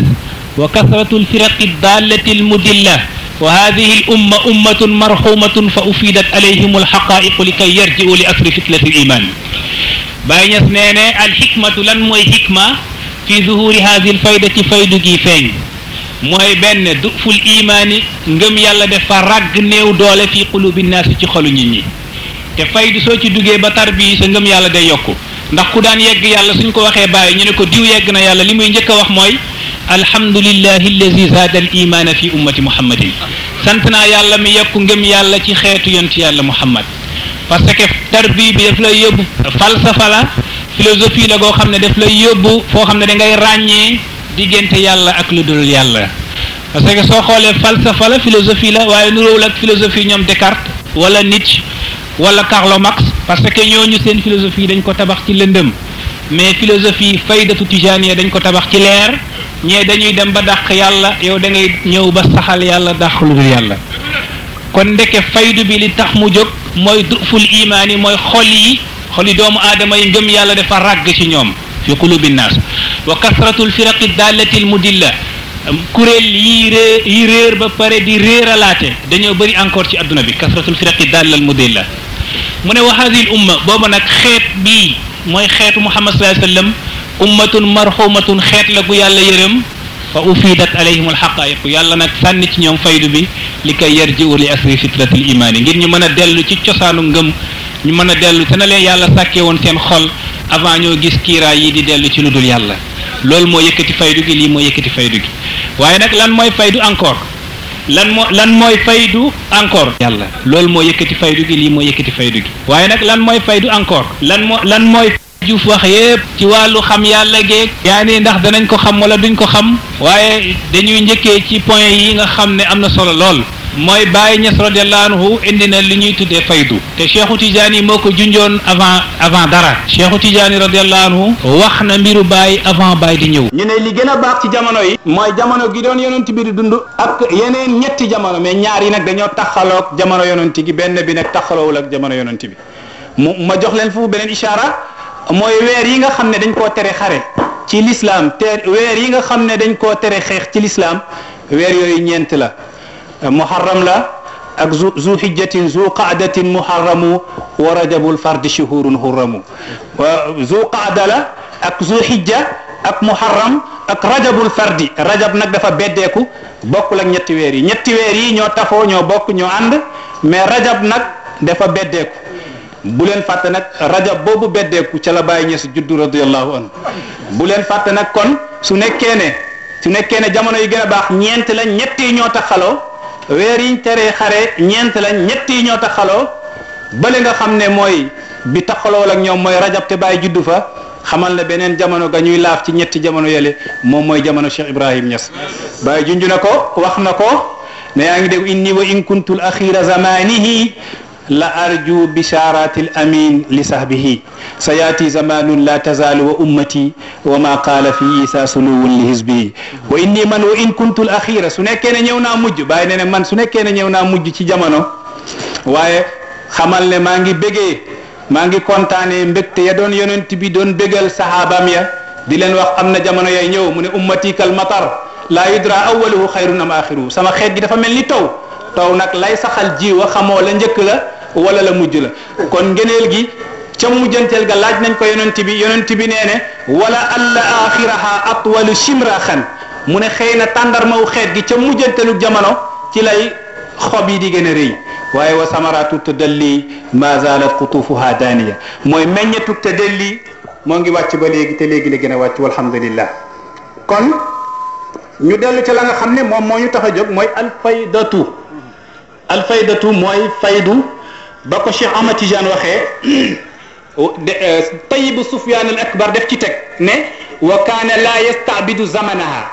wa kasratu al firaqi dallati al mudilla wa hadihi al umma ummatun marhumatun fa ufidat alayhim al haqaiqu likay yarji'u li asri fitlati al iman Baay Ñas nee ne alxikmatu lan mooy xikma fi zuhuri haazil fayda ci faydu gi feeñ mooy benn duful imaani ngëm yàlla def dafa ràgg néew doole fi qulubi naas ci xolu nit ñi te faydu soo ci duggee ba tarbi sa ngëm yàlla day yokk ndax ku daan yegg yàlla suñ ko waxee bàyyi ñu ne ko diw yegg na yàlla li muy njëkk a wax mooy alhamdulillahi allazi zaada al imaana fi ummati muhammadin sant naa yàlla mi yokku ngëm yàlla ci xeetu yonti yàlla muhammad parce que tarbi bi daf lay yóbbu falsafa la philosophie la goo xam ne daf lay yóbbu foo xam ne da ngay ràññee diggante yàlla ak lu dul yàlla parce que soo xoolee falsafa la philosophie la waaye nuróowul ak philosophie ñoom Descartes wala Nietzsche wala Carlo parce que ñooñu seen philosophie dañ ko tabax ci lëndëm mais philosophie faydatu tijaaniya dañ ko tabax ci leer ñee dañuy dem ba dàq yàlla yow da ngay ñëw ba saxal yàlla dàq lu dul yàlla kon mooy duful imaan mooy xol yi xoli doomu aadama yi ngëm yàlla dafa ràgg ci ñoom fi qulubi nnaas wa kasratul firaqi dallatil mudilla kuréel yi réer yi réer ba pare di réeralaate dañoo bëri encore ci àdduna bi kasratul firaqi dallal mudilla mu ne wa hadhihi l umma boobu nag xeet bii mooy xeetu muhammad sallallahu alayhi wa sallam xeet la yàlla yërëm fa ufidat alayhim alxaqaayiqu yàlla nag sànni ci ñoom faydu bi li kay yarjiu li asri fitratil imaani ngir ñu mën a dellu ci cosaanu ngëm ñu mën a dellu te na leen yàlla sàkkee woon seen xol avant ñoo gis kiiraay yi di dellu ci lu dul yàlla loolu mooy yëkkati faydu gi lii moo yëkkati faydu gi waaye nag lan mooy faydu encore lan moo lan mooy faydu encore yàlla loolu moo yëkkati faydu gi lii moo yëkkati faydu gi lan mooy Diouf wax yépp ci wàllu xam yàlla géeg yaa ni ndax danañ ko xam wala duñ ko xam waaye dañuy njëkkee ci point yi nga xam ne am na solo lool mooy bàyyi Baye Niass radiyallahu anhu indi na li ñuy tuddee faydu te Cheikhu Tidiane moo ko junjoon avant avant dara Cheikhu Tidiane radiyallahu anhu wax na mbiru Baye avant bàyyi di ñëw. ñu ne li gën a baax ci jamono yi. mooy jamono gi doon yonent bi di dund. ak yeneen ñetti jamono mais ñaar yi nag dañoo taxaloog jamono yonent gi benn bi nag taxaloowul ak jamono yonent bi mu mooy weer yi nga xam ne dañ koo tere xare ci lislaam te weer yi nga xam ne dañ koo tere xeex ci lislaam weer yooyu ñeent la muharram la ak zu zu xijjatin zu qaadatin muharramu wa rajabul fardi shuhurun hurramu zu qaada la ak zu xijja ak muharram ak rajabul fardi rajab nag dafa beddeeku bokkul ak ñetti weer yi ñetti weer yi ñoo tafoo ñoo bokk ñoo ànd mais rajab nag dafa beddeeku bu leen fàtte nag rajab boobu beddeeku ca la bàyyi ñees juddu radiyallahu anhu bu leen fàtte nag kon su nekkee ne su nekkee ne jamono yu gën a baax ñeent la ñett yi ñoo taxaloo weer yiñ teree xare ñeent la ñett yi ñoo taxaloo bale nga xam ne mooy bi taxaloo ak ñoom mooy rajab te bàyyi juddu fa xamal na beneen jamono ga ñuy laaf ci ñetti jamono yële moom mooy jamono Cheikh Ibrahim Niass bàyyi junj na ko wax na ko ne yaa ngi dégg inni wa in kuntul axira la arju bishaaraati l amin li sahbihi sayaati zamanun la tazaalu wa ummati wa ma qaala fi isa suluwun li hisbihi wa inni man wa in kuntu l axira su nekkee ne ñëw naa mujj bàyyi ne ne man su nekkee ne ñëw naa mujj ci jamono waaye xamal ne maa ngi bégee maa ngi kontaane mbégte ya doon yonent bi doon bégal sahaabam ya di leen wax am na jamono yay ñëw mu ne ummati kal matar laa yudra awaluhu xayrun am axiruhu sama xeet gi dafa mel ni taw taw nag lay saxal jiwa xamoo la wala la mujj la kon ngëneel gi ca mujjanteel ga laaj nañ ko yonent bi yonent bi nee ne wala alla axiraha atwalu shimraxan mu ne xëy na tàndarmaw xeet gi ca mujjantelu jamono ci lay xob yi di gën a rëy waaye wa samaratu tadalli ma zalat qutufuha daniya mooy meññetu tadalli moo ngi wàcc ba léegi te léegi la gën a wàcc walhamdulillah kon ñu dellu ca la nga xam ne moom moo ñu tax a jóg mooy alfaydatu alfaydatu mooy faydu ba ko Cheikh Ahmad Tidiane waxee euh, tayibu Sufyaan al akbar def ci teg ne wa kaana laa yastaabidu zamanaha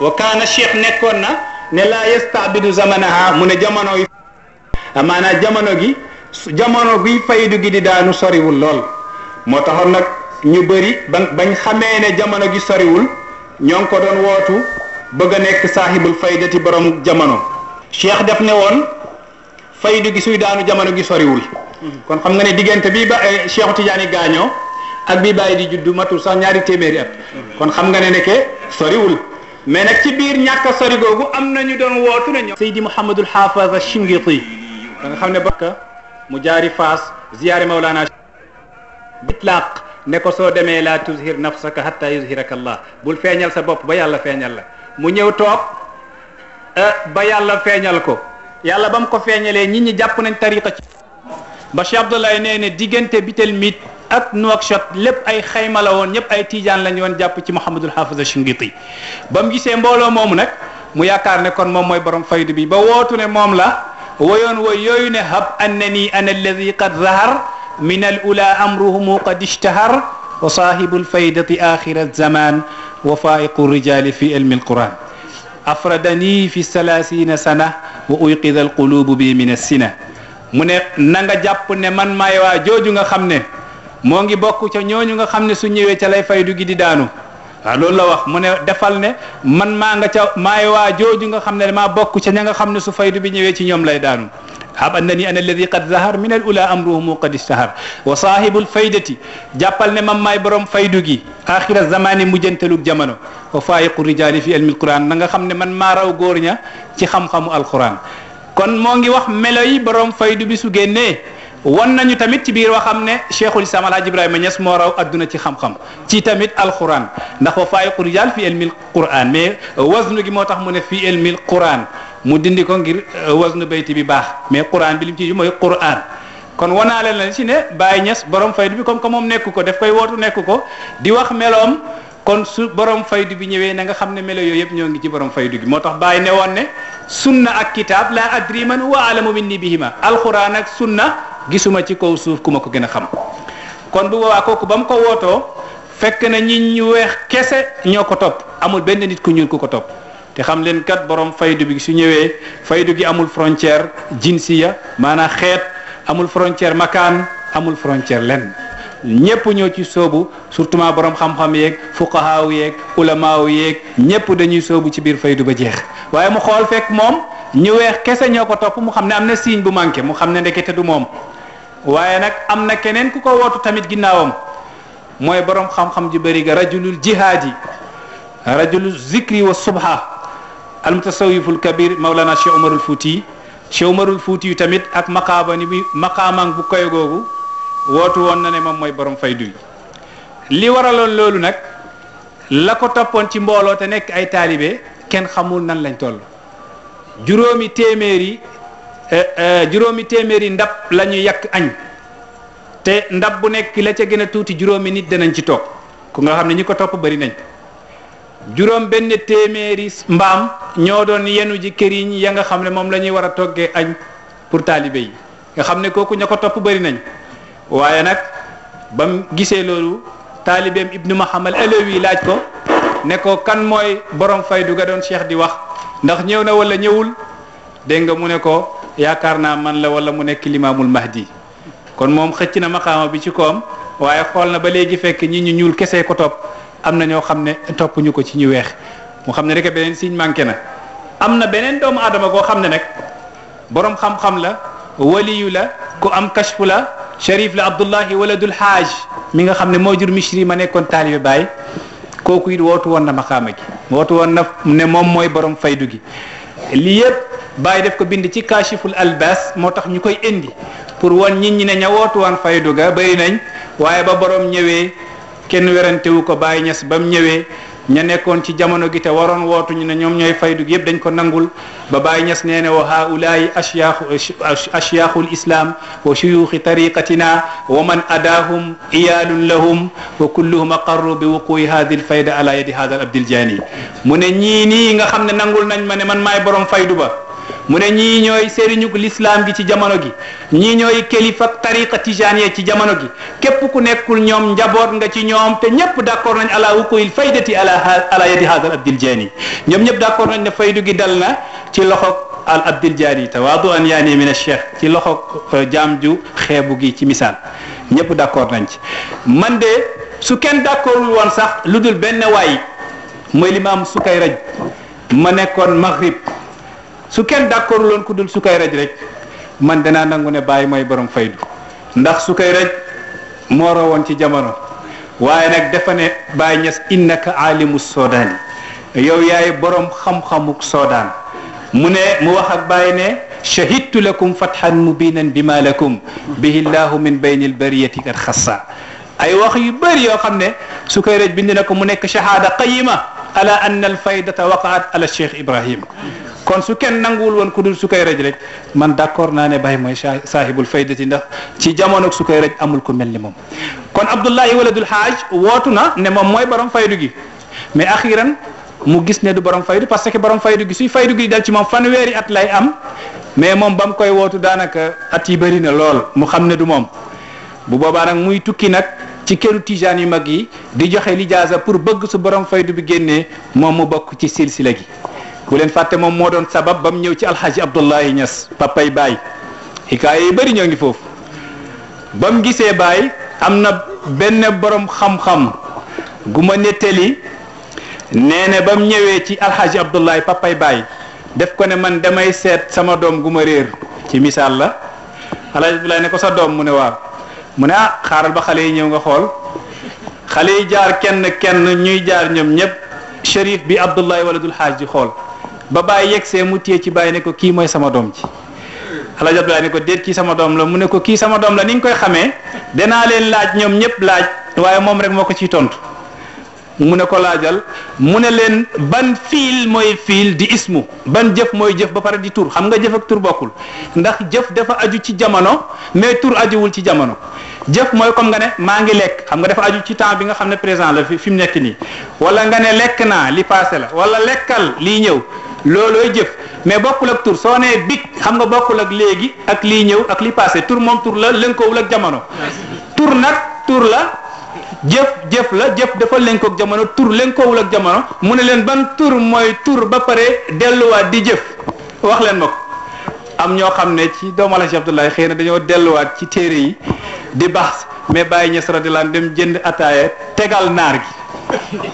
wa kaana cheikh nekkoon na ne laa yastaabidu zamanaha mu ne jamono yi maanaam jamono gi jamono gi faydu gi di daanu soriwul lool moo taxoon nag ñu bëri ba bañ xamee ne jamono gi soriwul ñoo ngi ko doon wootu bëgg a nekk saahibul faydati borom jamono cheikh def ne woon faydu gi suy daanu jamono gi soriwul kon xam nga ne diggante bii ba eh, Cheikhu Tidiane gaañoo ak bii ba di juddu matul sax ñaari téeméeri at kon xam nga ne ne ke soriwul mais nag ci biir ñàkk a sori googu am na ñu doon wootu na ñoom Seydi Mouhamadul Haafaz Ashingiti da nga xam ne bakka mu jaari Faas ziyaare Mawlana bitlaq ne ko soo demee laa tuzhir nafsaka hatta yuzhiraka Allah bul feeñal sa bopp ba yàlla feeñal la mu ñëw toog eh, ba yàlla feeñal ko yàlla ba mu ko feeñalee nit ñi jàpp nañ tariqa ci ba Cheikh Abdoulaye nee ne diggante Bitelmit ak Nouakchott lépp ay xayma la woon ñëpp ay tijaan lañu woon jàpp ci Mouhamadul Hafiz Shingiti ba mu gisee mbooloo moomu nag mu yaakaar ne kon moom mooy borom faydu bi ba wootu ne moom la woyoon woy yooyu ne hab annani ana alladi qad zahar min al ula amruhumu qad ishtahar wa saahibul faydati axira zaman wa faayiqu rijali fi ilmi alquran afradani fi salasina wa uyqida al qulubu bi min as-sina mu ne na nga jàpp ne man maay waa jooju nga xam ne moo ngi bokk ca ñooñu nga xam ne su ñëwee ca lay faydu gi di daanu waaw loolu la wax mu ne defal ne man maa nga ca maay waa jooju nga xam ne damaa bokk ca ña nga xam ne su faydu bi ñëwee ci ñoom lay daanu hab annani ana alladi qad zahar min al ula amruhumu qad istahar wa saahibul faydati jàppal ne man maay borom faydu gi axira zamani mujjantelug jamono wa faayiqu rijaali fi ilmi alquran na nga xam ne man maa raw góor ña ci xam-xamu alquran kon moo ngi wax melo yi borom faydu bi su génnee wan nañu tamit ci biir xam ne cheikhul islam alhaji ibrahima ñes moo raw adduna ci xam-xam ci tamit alquran ndax o faayiqu rijaal fi ilmi alquran mais waznu gi moo tax mu ne fi ilmi alquran mu dindi ko ngir euh, wasnu bayti bi baax mais quran bi lim ci yu mooy quran kon leen la si ne baay Niass borom faydu bi comme que moom nekku ko def koy wootu nekku ko di wax meloom kon su borom faydu bi ñëwee na nga xam ne melo yooyu yëpp ñoo ngi ci borom faydu bi moo tax Baye ne woon ne sunna ak kitaab laa adri man wa alamu minni bihima alquran ak sunna gisuma ci kaw suuf ku ma ko gën a xam kon bu boobaa kooku ba mu ko wootoo fekk na ñi ñu weex kese ñoo ko topp amul benn nit ku ñuul ku ko topp. te xam leen kat borom faydu bi su ñëwee faydu gi amul frontière jinsiya maanaam xeet amul frontière makaan amul frontière leen ñëpp ñëw ci soobu surtout boroom borom xam-xam yeeg fuqahaaw yeeg ulamaaw yeeg ñëpp dañuy soobu ci biir faydu ba jeex waaye mu xool fekk moom ñu weex kese ñoo ko topp mu xam ne am na signe bu manqué mu xam ne ndekete du moom waaye nag am na keneen ku ko wootu tamit ginnaawam mooy borom xam-xam ju bëri ga rajulul jihaadi rajulul zikri almutasawiful kabir Maulana Cheikh Umarul fuuti Cheikh Umarul fuuti tamit ak maqaama bi maqaamaang bu koy googu wootu woon na ne moom mooy borom fay yi li waraloon loolu nag la ko toppoon ci mbooloo te nekk ay taalibe kenn xamul nan lañ toll juróomi téeméeri eh, eh, juróomi téeméeri ndab la ñu yàq añ te ndab bu nekk la ca gën a tuuti juróomi nit danañ ci toog ku nga xam ne ñi ko topp bari nañ. juróom benn téeméeri mbaam ñoo doon yenu ji këriñ ya nga xam ne moom lañuy ñuy war a toggee añ pour taalibe yi nga xam ne kooku ña ko topp bari nañ waaye nag bam gisee loolu taalibeem ibnu mahamal alawi laaj ko ne ko kan mooy borom faydu ga doon cheikh di wax ndax ñëw na wala ñëwul dégg nga mu ne ko yaakaar naa man la wala mu nekk limaamul mahdi kon moom xëcc na maqaama bi ci koom waaye xool na ba léegi fekk ñi ñu ñuul kese ko topp am na ñoo xam ne topp ñu ko ci ñu weex mu xam ne rek beneen signe manqué na am na beneen doomu aadama koo xam ne nag boroom xam-xam la waliyu la ku am kashfu la sharif la abdullahi waladul haaj mi nga xam ne moo jur misri ma nekkoon taalibe baay kooku it wootu woon na maqaama gi wootu woon na ne moom mooy boroom faydu gi lii yëpp bàyyi def ko bind ci kaashiful albas moo tax ñu koy indi pour won ñi ñi ne ña wootu wan faydu ga bëri nañ waaye ba borom ñëwee kenn werantewu ko Baye Niass ba mu ñëwee ña nekkoon ci jamono gi te waroon wootuñu ne ñoom ñooy faydu gi yëpp dañ ko nangul ba Baye Niass nee ne wa haulayi ashyaahu ashyaahu lislam wa shuyuxi tariqatina wa man adaahum iyaalun lahum wa kulluhum aqarru bi wuquyi hadi lfayda ala yadi hada al abdiljani mu ne ñii nii nga xam ne nangul nañ ma ne man maay borom faydu ba mu ne ñii ñooy sëriñug lislaam gi ci jamono gi ñii ñooy kilifa tariqa tijaaniya ci jamono gi képp ku nekkul ñoom njaboot nga ci ñoom te ñëpp d'accord nañ ala wukoyil faydati ala ala yadi haadal abdil jaani ñoom ñëpp d'accord nañ ne faydu gi dal na ci loxo al abdil jaani tawaadu an yaani min cheikh ci loxo euh, jaam ju xeebu gi ci misaal ñëpp d'accord nañ ci man de su kenn d'accordul woon sax lu dul benn waay mooy limaam sukay raj ma nekkoon maghrib su kenn d'accord loon ku dul Sukayraj rek man danaa nangu ne bàyyi mooy borom faydu ndax Sukayraj moo rawoon ci jamono waaye nag dafa ne Baay Ñas innaka alimu Soodaan yow yaay borom xam-xamuk Soodaan mu ne mu ak Baay ne shahidtu lakum fathan mubinan bima lakum bihi llahu min bayni albariyati kat xasa ay wax yu bëri yoo xam ne Sukayraj bind na ko mu nekk shahada qayima ala anna alfaydata waqaat ala Cheikh Ibrahim kon su kenn nanguwul woon ku dul sukay rëj rek man d'accord naa ne Baye mooy saahibul faydati ndax ci jamono sukay rek amul ku mel ni moom kon Abdullahi waladul Haaj wootu na ne moom mooy borom faydu gi mais axiran mu gis ne du borom faydu parce que borom faydu gi suy faydu gi dal ci moom fanweeri at lay am mais moom ba koy wootu daanaka at yi bëri na lool mu xam ne du moom bu boobaa nag muy tukki nag ci këru tijaan yu mag yi di joxe lijaasa pour bëgg su borom faydu bi génnee moom mu bokk ci silsila gi. bu leen fàtte moom moo doon sabab ba mu ñëw ci alxaaji Abdullahi ñas papay baay xikaaya yi bari ñoo ngi foofu ba mu gisee baay am na benn boroom xam-xam gu ma nettali nee ba mu ñëwee ci alxaaji Abdullahi papay baay def ko ne man damay seet sama doom gu ma réer ci misaal la alxaaji Abdullahi ne ko sa doom mu ne waaw mu ne ah xaaral ba xale yi ñëw nga xool xale yi jaar kenn kenn ñuy jaar ñoom ñëpp shérif bi Abdullahi waladul xaaj di xool. ba bàyyi yegsee mu téye ci bàyyi ne ko kii mooy sama doom ci ji alaaj Abdoulaye ne ko déet kii sama doom la mu ne ko kii sama doom la ni nga koy xamee danaa leen laaj ñoom ñëpp laaj waaye moom rek moo ko ciy tontu mu ne ko laajal mu ne leen ban fiil mooy fiil di ismu ban jëf mooy jëf ba pare di tur xam nga jëf ak tur bokkul ndax jëf dafa aju ci jamono mais tur ajuwul ci jamono jëf mooy comme nga ne maa ngi lekk xam nga dafa aju ci temps bi nga xam ne présent la fi mu nekk nii wala nga lekk naa li passé la wala lekkal lii ñëw loolooy jëf mais bokkul ak tur soo nee big xam nga bokkul ak léegi ak lii ñëw ak li passé tur moom tur la lënkoowul ak jamono tur nag tur la jëf jëf la jëf dafa lënkoog jamono tur lënkoowul ak jamono mu ne leen ban tur mooy tur ba pare delluwaat di jëf wax leen ma ko am ñoo xam ne ci doomu Alaaji Abdoulaye xëy na dañoo delluwaat ci téere yi di baax mais bàyyi ñes radilan dem jënd ataaya tegal naar gi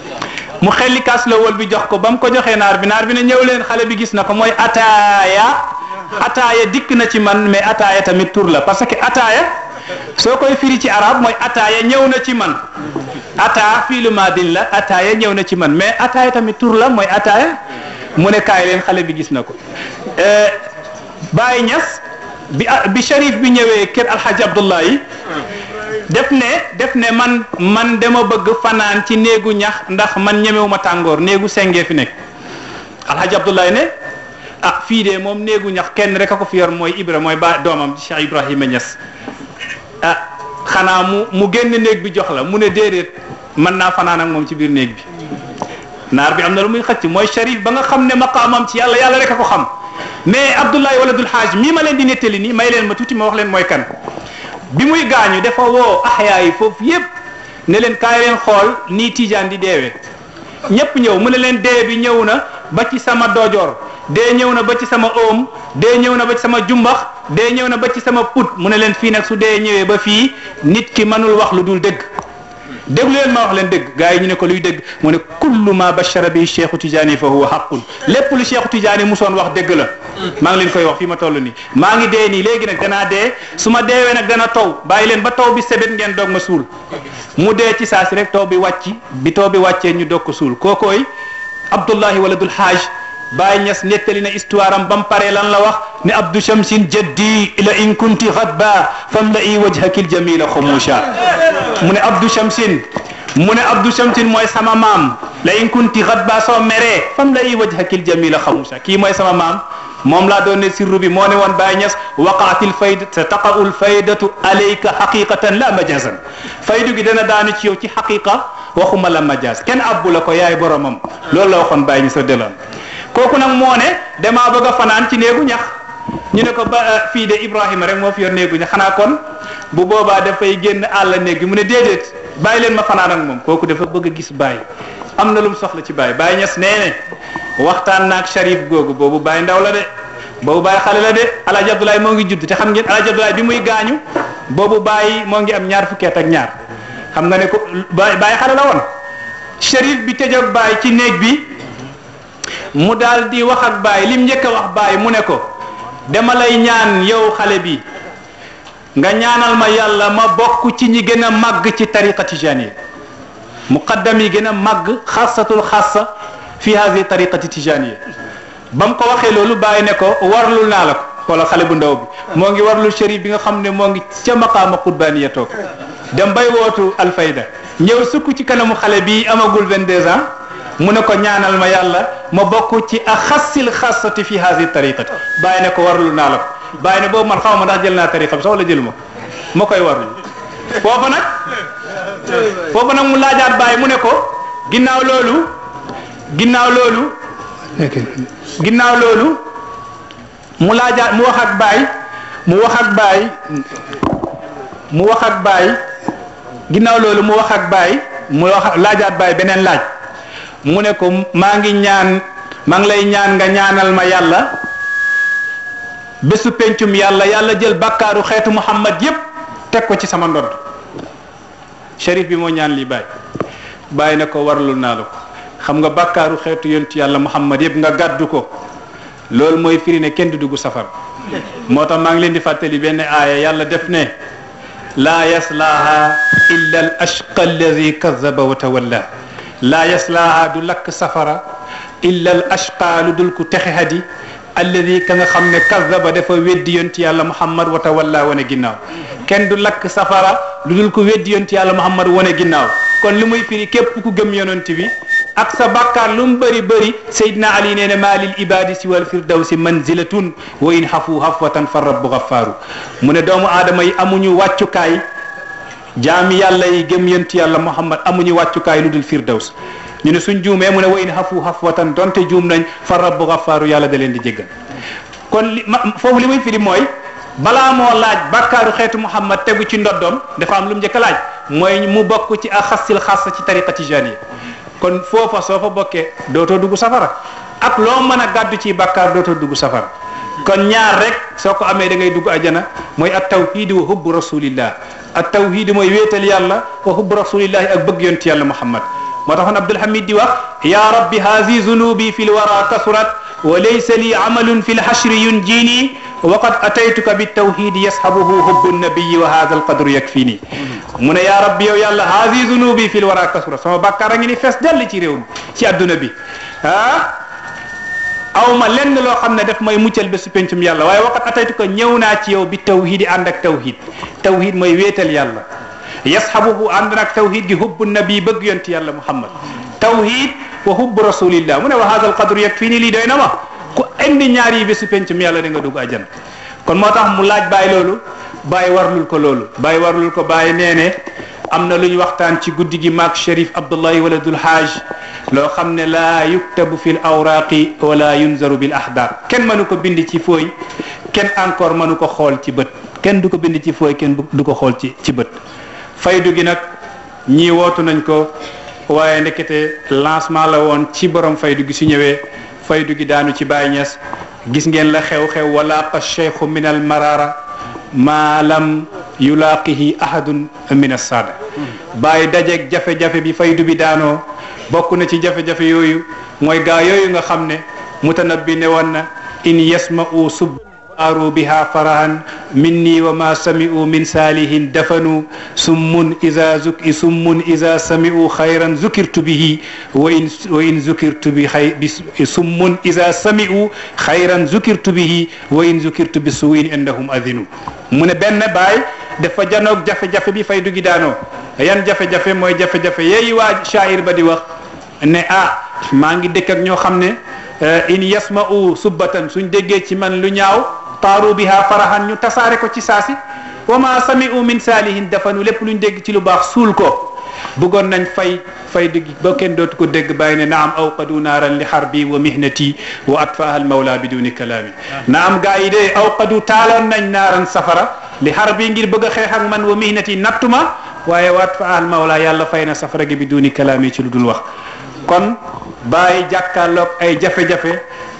mu xelli kaas la wol bi jox ko ba mu ko joxee naar bi naar bi ne ñëw leen xale bi gis na ko mooy ataaya ataaya dikk na ci man mais ataaya tamit tur la parce que ataaya soo koy firi ci arab mooy ataaya ñëw na ci man ataa fii lu maadin la ataaya ñëw na ci man mais ataaya tamit tur la mooy ataaya mu ne kaay leen xale bi gis na ko euh, Baye Niass bi bi Cherif bi ñëwee kër Alhaji Abdullahi def ne def ne man man dama bëgg fanaan ci néegu ñax ndax man ñemewuma tàngoor néegu sengee fi nekk alxaji abdullahi ne ah fii de moom néegu ñax kenn rek a ko fi yor mooy ibra mooy ba doomam Cheikh Ibrahima Niass ah xanaa mu mu génn néeg bi jox la mu ne déedéet man naa fanaan ak moom ci biir néeg bi naar bi am na lu muy xëcc mooy sharif ba nga xam ne ma maqaamam ci yàlla yàlla rek a ko xam mais abdullahi wala dul xaaj mii ma leen di nettali nii may leen ma ma wax leen mooy kan bi muy gaañu dafa woo axyaa yi foofu yépp ne leen kaay leen xool nii tijaan di deewee ñépp ñëw mu ne leen dee bi ñëw na ba ci sama dojoor dee ñëw na ba ci sama oom dee ñëw na ba ci sama jumbax dee ñëw na ba ci sama put mu ne leen fii nag su dee ñëwee ba fii nit ki mënul wax lu dul dëgg déglu leen ma wax leen dégg gaa yi ñu ne ko luy dégg mu ne kullu ma bashara bi cheikhu tijaani fa huwa haqqun lépp lu cheikhu tijaani musoon wax dégg la maa ngi leen koy wax fii ma toll nii maa ngi dee nii léegi nag danaa dee su ma deewee nag dana taw bàyyi leen ba taw bi sebet ngeen dog ma suul mu dee ci saa si rek taw bi wàcc bi taw bi wàccee ñu dog ko suul ko kookooy abdullahi waladul haaj Baay Ñas nettali na histoire am bam paree lan la wax ne abdu shamsin jaddi ila in kunti xadba fam la i wajhakil jamila xumusha mu ne abdu shamsin mu ne abdu shamsin mooy sama maam la in kunti xadba soo meree fam la i wajhakil jamila xumusha kii mooy sama maam moom laa doon ne sirru bi moo ne woon Baay Ñas waqaatil fayda sa taqaul faydatu alayka xaqiqatan la majazan faydu gi dana daanu ci yow ci xaqiqa waxuma la majaz kenn abbu la ko yaay boromam loolu la waxoon Baay Ñas kooku nag moo ne damaa bëgg a fanaan ci néegu ñax ñu ne ko ba euh, fii de Ibrahima rek moo fi yor néegu ñax xanaa kon bu boobaa dafay génn àll néeg bi mu ne déedéet bàyyi leen ma fanaan ak moom kooku dafa bëgg a gis bàyyi am na lu mu soxla ci bàyyi bàyyi ñes nee ne waxtaan naa Sharif googu boobu bàyyi ndaw la de boobu bàyyi xale la de El Hadj Abdoulaye moo ngi judd te xam ngeen El Hadj bi muy gaañu boobu bàyyi moo ngi am ñaar fukkeet ak ñaar xam nga ne ko bàyyi xale la ci néeg bi. mu daal di wax ak baay lim njëkk a wax baay mu ne ko dama lay ñaan yow xale bi nga ñaanal ma yàlla ma bokk ci ñi gën a màgg ci tariqa tijaniya muqaddam yi gën a màgg xaasatul xaasa fi hadi tariqati tijaniya ba mu ko waxee loolu bàyyi ne ko warlul naa la ko wala xale bu ndaw bi moo ngi warlu chérif bi nga xam ne moo ngi ca maqaama qurbaaniya toog dem bay wootu alfayda ñëw sukk ci kanamu xale bi amagul 22 ans mu ne ko ñaanal ma yàlla ma bokk ci a xasil xasati fi haasi tariqati bàyyi ne ko warlu naa la ko bàyyi ne boobu man xaw ma ndax jël naa tariqa bi sax wala jël ma ma koy warlu foofa nag foofa nag mu laajaat bàyyi mu ne ko ginnaaw loolu ginnaaw loolu ginnaaw loolu mu laajaat mu wax ak bàyyi mu wax ak bàyyi mu wax ak bàyyi ginnaaw loolu mu wax ak bàyyi mu wax laajaat bàyyi beneen laaj mu ne ko maa ngi ñaan maa ngi lay ñaan nga ñaanal ma yàlla bésu pencum yàlla yàlla jël bakkaaru xeetu muhammad yépp teg ko ci sama ndodd shérif bi moo ñaan li bàyyi bàyyi na ko warlul naa la ko xam nga bakkaaru xeetu yontu yàlla muhammad yépp nga gàddu ko loolu mooy firine kenn du dugg safar moo tax maa ngi leen di fàttali benn aaya yàlla def ne laa yaslaaha illa al ashqa alladi kazaba wa laa yaslaaha du lakk safara illa al ashqa dul ku texe hadi alladi ka nga xam ne kazzaba dafa weddi yonti yàlla muhammad wa tawalla wone ginnaaw ken du lakk safara lu dul ko weddi yonti yàlla muhammad wane ginnaaw kon lu muy firi képp ku gëm yonent bi ak sa bàkkaar lu bari bëri bëri Seydina Ali nee na li lil ibaadi si wal firdawsi manzilatun wa in xafu xafwatan fa rabbu gaffaaru mu ne doomu aadama yi amuñu wàccukaay jaami yàlla yi gëm yent yàlla muhammad amuñu wàccukaay lu dul firdaws ñu ne suñ juumee mu ne wa in xafu xafwatan donte juum nañ fa rabbu xafaaru yàlla da leen di jéggal kon li ma foofu li muy firi mooy balaa moo laaj bàkkaaru xeetu muhammad tegu ci ndoddoom dafa am lu mu njëkk a laaj mooy mu bokk ci axasil xaasa ci tariqa tijaaniya kon foofa soo fa bokkee dooto dugg safara ak loo mën a gàddu ci bàkkaar dootoo dugg safara kon ñaar rek soo ko amee da ngay dugg ajana mooy at tawhid wa hubbu rasulillah ak tawhid mooy wéetal yàlla wa hubbu rasulillahi ak bëgg yonent yàlla muhammad moo taxoon Abdul Hamid di wax ya rabbi hazi zunubi fi lwara kasurat wa laysa li amalun fi lhashri yunjini wa qad ataytuka bitawhidi yashabuhu hubbu nnabiyi wa hadha alqadru yakfini mu ne ya rabbi yow yàlla hazi zunubi fi lwara kasurat sama bàkkaar a ngi ni fees dell ci réew mi ci adduna bi ah aw ma lenn loo xam ne daf may muccal bésu pencum yàlla waaye waqat ataytu ko ñëw naa ci yow bi tawhid yi ànd ak tawhid tawhid mooy wéetal yàlla yashabuhu ànd nag tawhid gi hubbu nabi bëgg yonti yàlla muhammad tawhid wa hubbu rasulillah mu ne wa hadha al qadru yakfini lii doy na ma ku indi ñaar yi bésu pencum yàlla da nga dugg àjjana kon moo tax mu laaj bàyyi loolu bàyyi warlul ko loolu bàyyi warlul ko bàyyi nee ne am na lu ñu waxtaan ci guddi gi maag Cherif Abdullahi wala Haaj loo xam ne laa yuktabu fil awraaqi wala yunzaru bil ahdaar kenn mënu ko bind ci fooy kenn encore mënu ko xool ci bët kenn du ko bind ci fooy kenn du ko xool ci ci bët faydu gi nag ñii wootu nañ ko waaye ndekete lancement la woon ci borom faydu gi su ñëwee faydu gi daanu ci Baay Ñas gis ngeen la xew-xew wala pa cheikhu min al marara maa lam yulaaqihi ahadun min assaada bàyyi dajeeg jafe-jafe bi faydu bi daanoo bokk na ci jafe-jafe yooyu mooy gaa yooyu nga xam ne mutanabbi ne woon na in yasma'u sub aaru biha farahan minni wa ma sami'u min saalihin dafanu summun iza zuk summun iza sami'u xayran zukirtu bihi wa in wa in zukirtu bi xay summun iza sami'u xayran zukirtu bihi wa in zukirtu bi suwin indahum adinu mu ne benn baay dafa janoog jafe-jafe bi fay dugi daanoo yan jafe-jafe mooy jafe-jafe yeeyi waa shaa'ir ba di wax ne ah maa ngi dëkk ñoo xam ne eh, in yasma'u subbatan suñ déggee ci man lu ñaaw taaru biha farahan ñu tasaare ko ci saasi wa ma sami'u min saalihin dafanu lépp luñ dégg ci lu baax suul ko bëggoon nañ fay fay dëgg ba kenn dootu ko dégg bàyyi ne naam awqadu naaran li harbi wa mihnati wa atfaaha al mawla biduni kalaami naam gaa yi de awqadu taaloon nañ naaran safara li harbi ngir bëgg a xeex ak man wa mihnati nattuma waaye wa atfaaha al mawla yàlla fay na safara gi biduni kalaami ci lu dul wax kon bàyyi jàkkaarloog ay jafe-jafe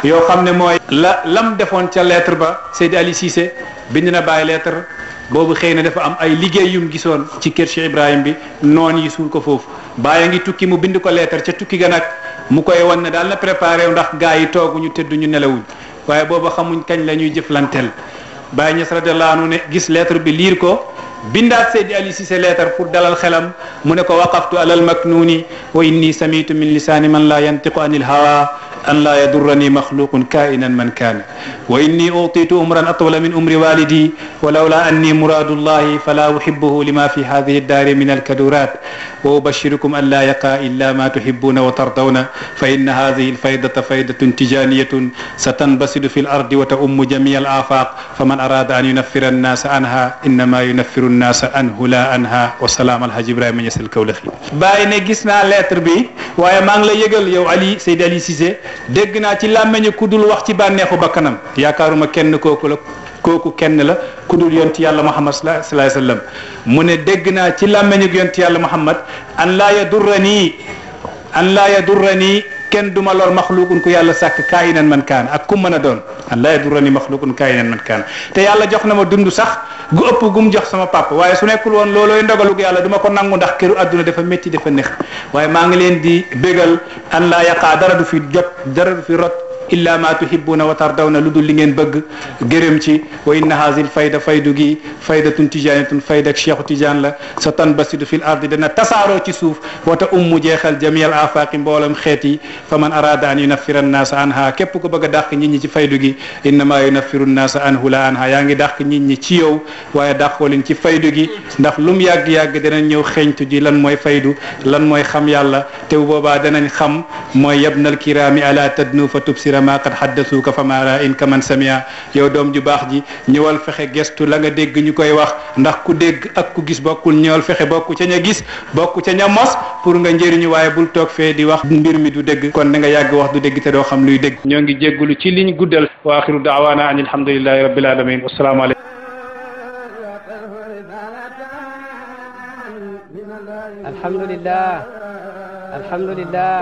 yoo xam ne mooy la lam defoon ca lettre ba Seydi Ali Cissé bind na baay lettre boobu xëy na dafa am ay liggéey yum gisoon ci kër Cheikh Ibrahim bi noon yi suul ko foofu bàyyi ngi tukki mu bind ko lettre ca tukki ga nag mu koy wan ne daal na wu ndax gaa yi tooguñu tëdduñu nelawuñ waaye booba xamuñ kañ la ñuy jëflanteel Baye Niass radiyallahu anhu ne gis lettre bi liir ko bindaat Seydi Ali Cissé lettre pour dalal xelam mu ne ko waqaftu alal maknuni wa inni samitu min lisani man la yantiqu anil hawa an laa yadurrani maxluqun kainan man kaana wa inni utitu umran atwala min umri walidi wa lawla anni muraadu llahi fala uhibuhu lima fi hadihi daari min alkadurat wa ubashirukum an laa yaqa illa ma tuhibbuuna wa tardawna fa inna hadihi alfaydata faydatun tijaniyatun satanbasidu fi lardi wa taummu jamia alafaq faman arada an yunaffira annaasa anha innama yunaffiru annaasa anhu la anha wa salaam alhaji ibrahima ñesel kawlaxi bàyyi ne gis naa lettre bi waaye maa ngi la yëgal yow ali Seydi Ali Cissé dégg naa ci làmmeñu ku dul wax ci bànneexu ba kanam yaakaaruma kenn kooku la kooku kenn la ku dul yonti yàlla muhammad sallallahu alayhi wasallam mu ne dégg naa ci làmmeñu yonti yàlla muhammad an laa yadurrani an laa yadurrani kenn du ma lor maxluukun ku yàlla sàkk kaayinan man kaan ak kum mën a doon an laa yadurrani maxluukun kaayinan man kaan te yàlla jox na ma dund sax gu ëpp gu mu jox sama papa waaye su nekkul woon loolooy ndogalug yàlla du ma ko nangu ndax këru adduna dafa métti dafa neex waaye maa ngi leen di bégal an laa yaqaa dara du fi jot dara du fi rot illa ma tuhibbuuna wa tardawna lu dul li ngeen bëgg gërëm ci wa inna haazil fayda faydu gi faydatun tijaaniyatun fayda ak cheikhu tijaan la sa tanbasidu fil ardi dana tasaaroo ci suuf wata ummu jeexal jamial afaqi mboolem xeet yi fa man arada an yunaffira annaasa anha képp ko bëgg a dàq nit ñi ci faydu gi innama yunaffiru nnaasa anhu la anha yaa ngi dàq nit ñi ci yow waaye dàqoo leen ci faydu gi ndax lum yàgg-yàgg danañ ñëw xeñtu ji lan mooy faydu lan mooy xam yàlla te boobaa danañ xam mooy yabnal kiraami ala kathira ma qad haddasuuka fa ma ra in ka man samia yow doom ju baax ji ñëwal fexe gestu la nga dégg ñu koy wax ndax ku dégg ak ku gis bokkul ñëwal fexe bokk ca ña gis bokk ca ña mos pour nga njëriñu waaye bul toog fee di wax mbir mi du dégg kon da nga yàgg wax du dégg te doo xam luy dégg ñoo ngi jéggulu ci liñ guddal wa axiru daawaana an alhamdulillahi rabbil alamin wassalaamu aleykum alhamdulillah alhamdulillah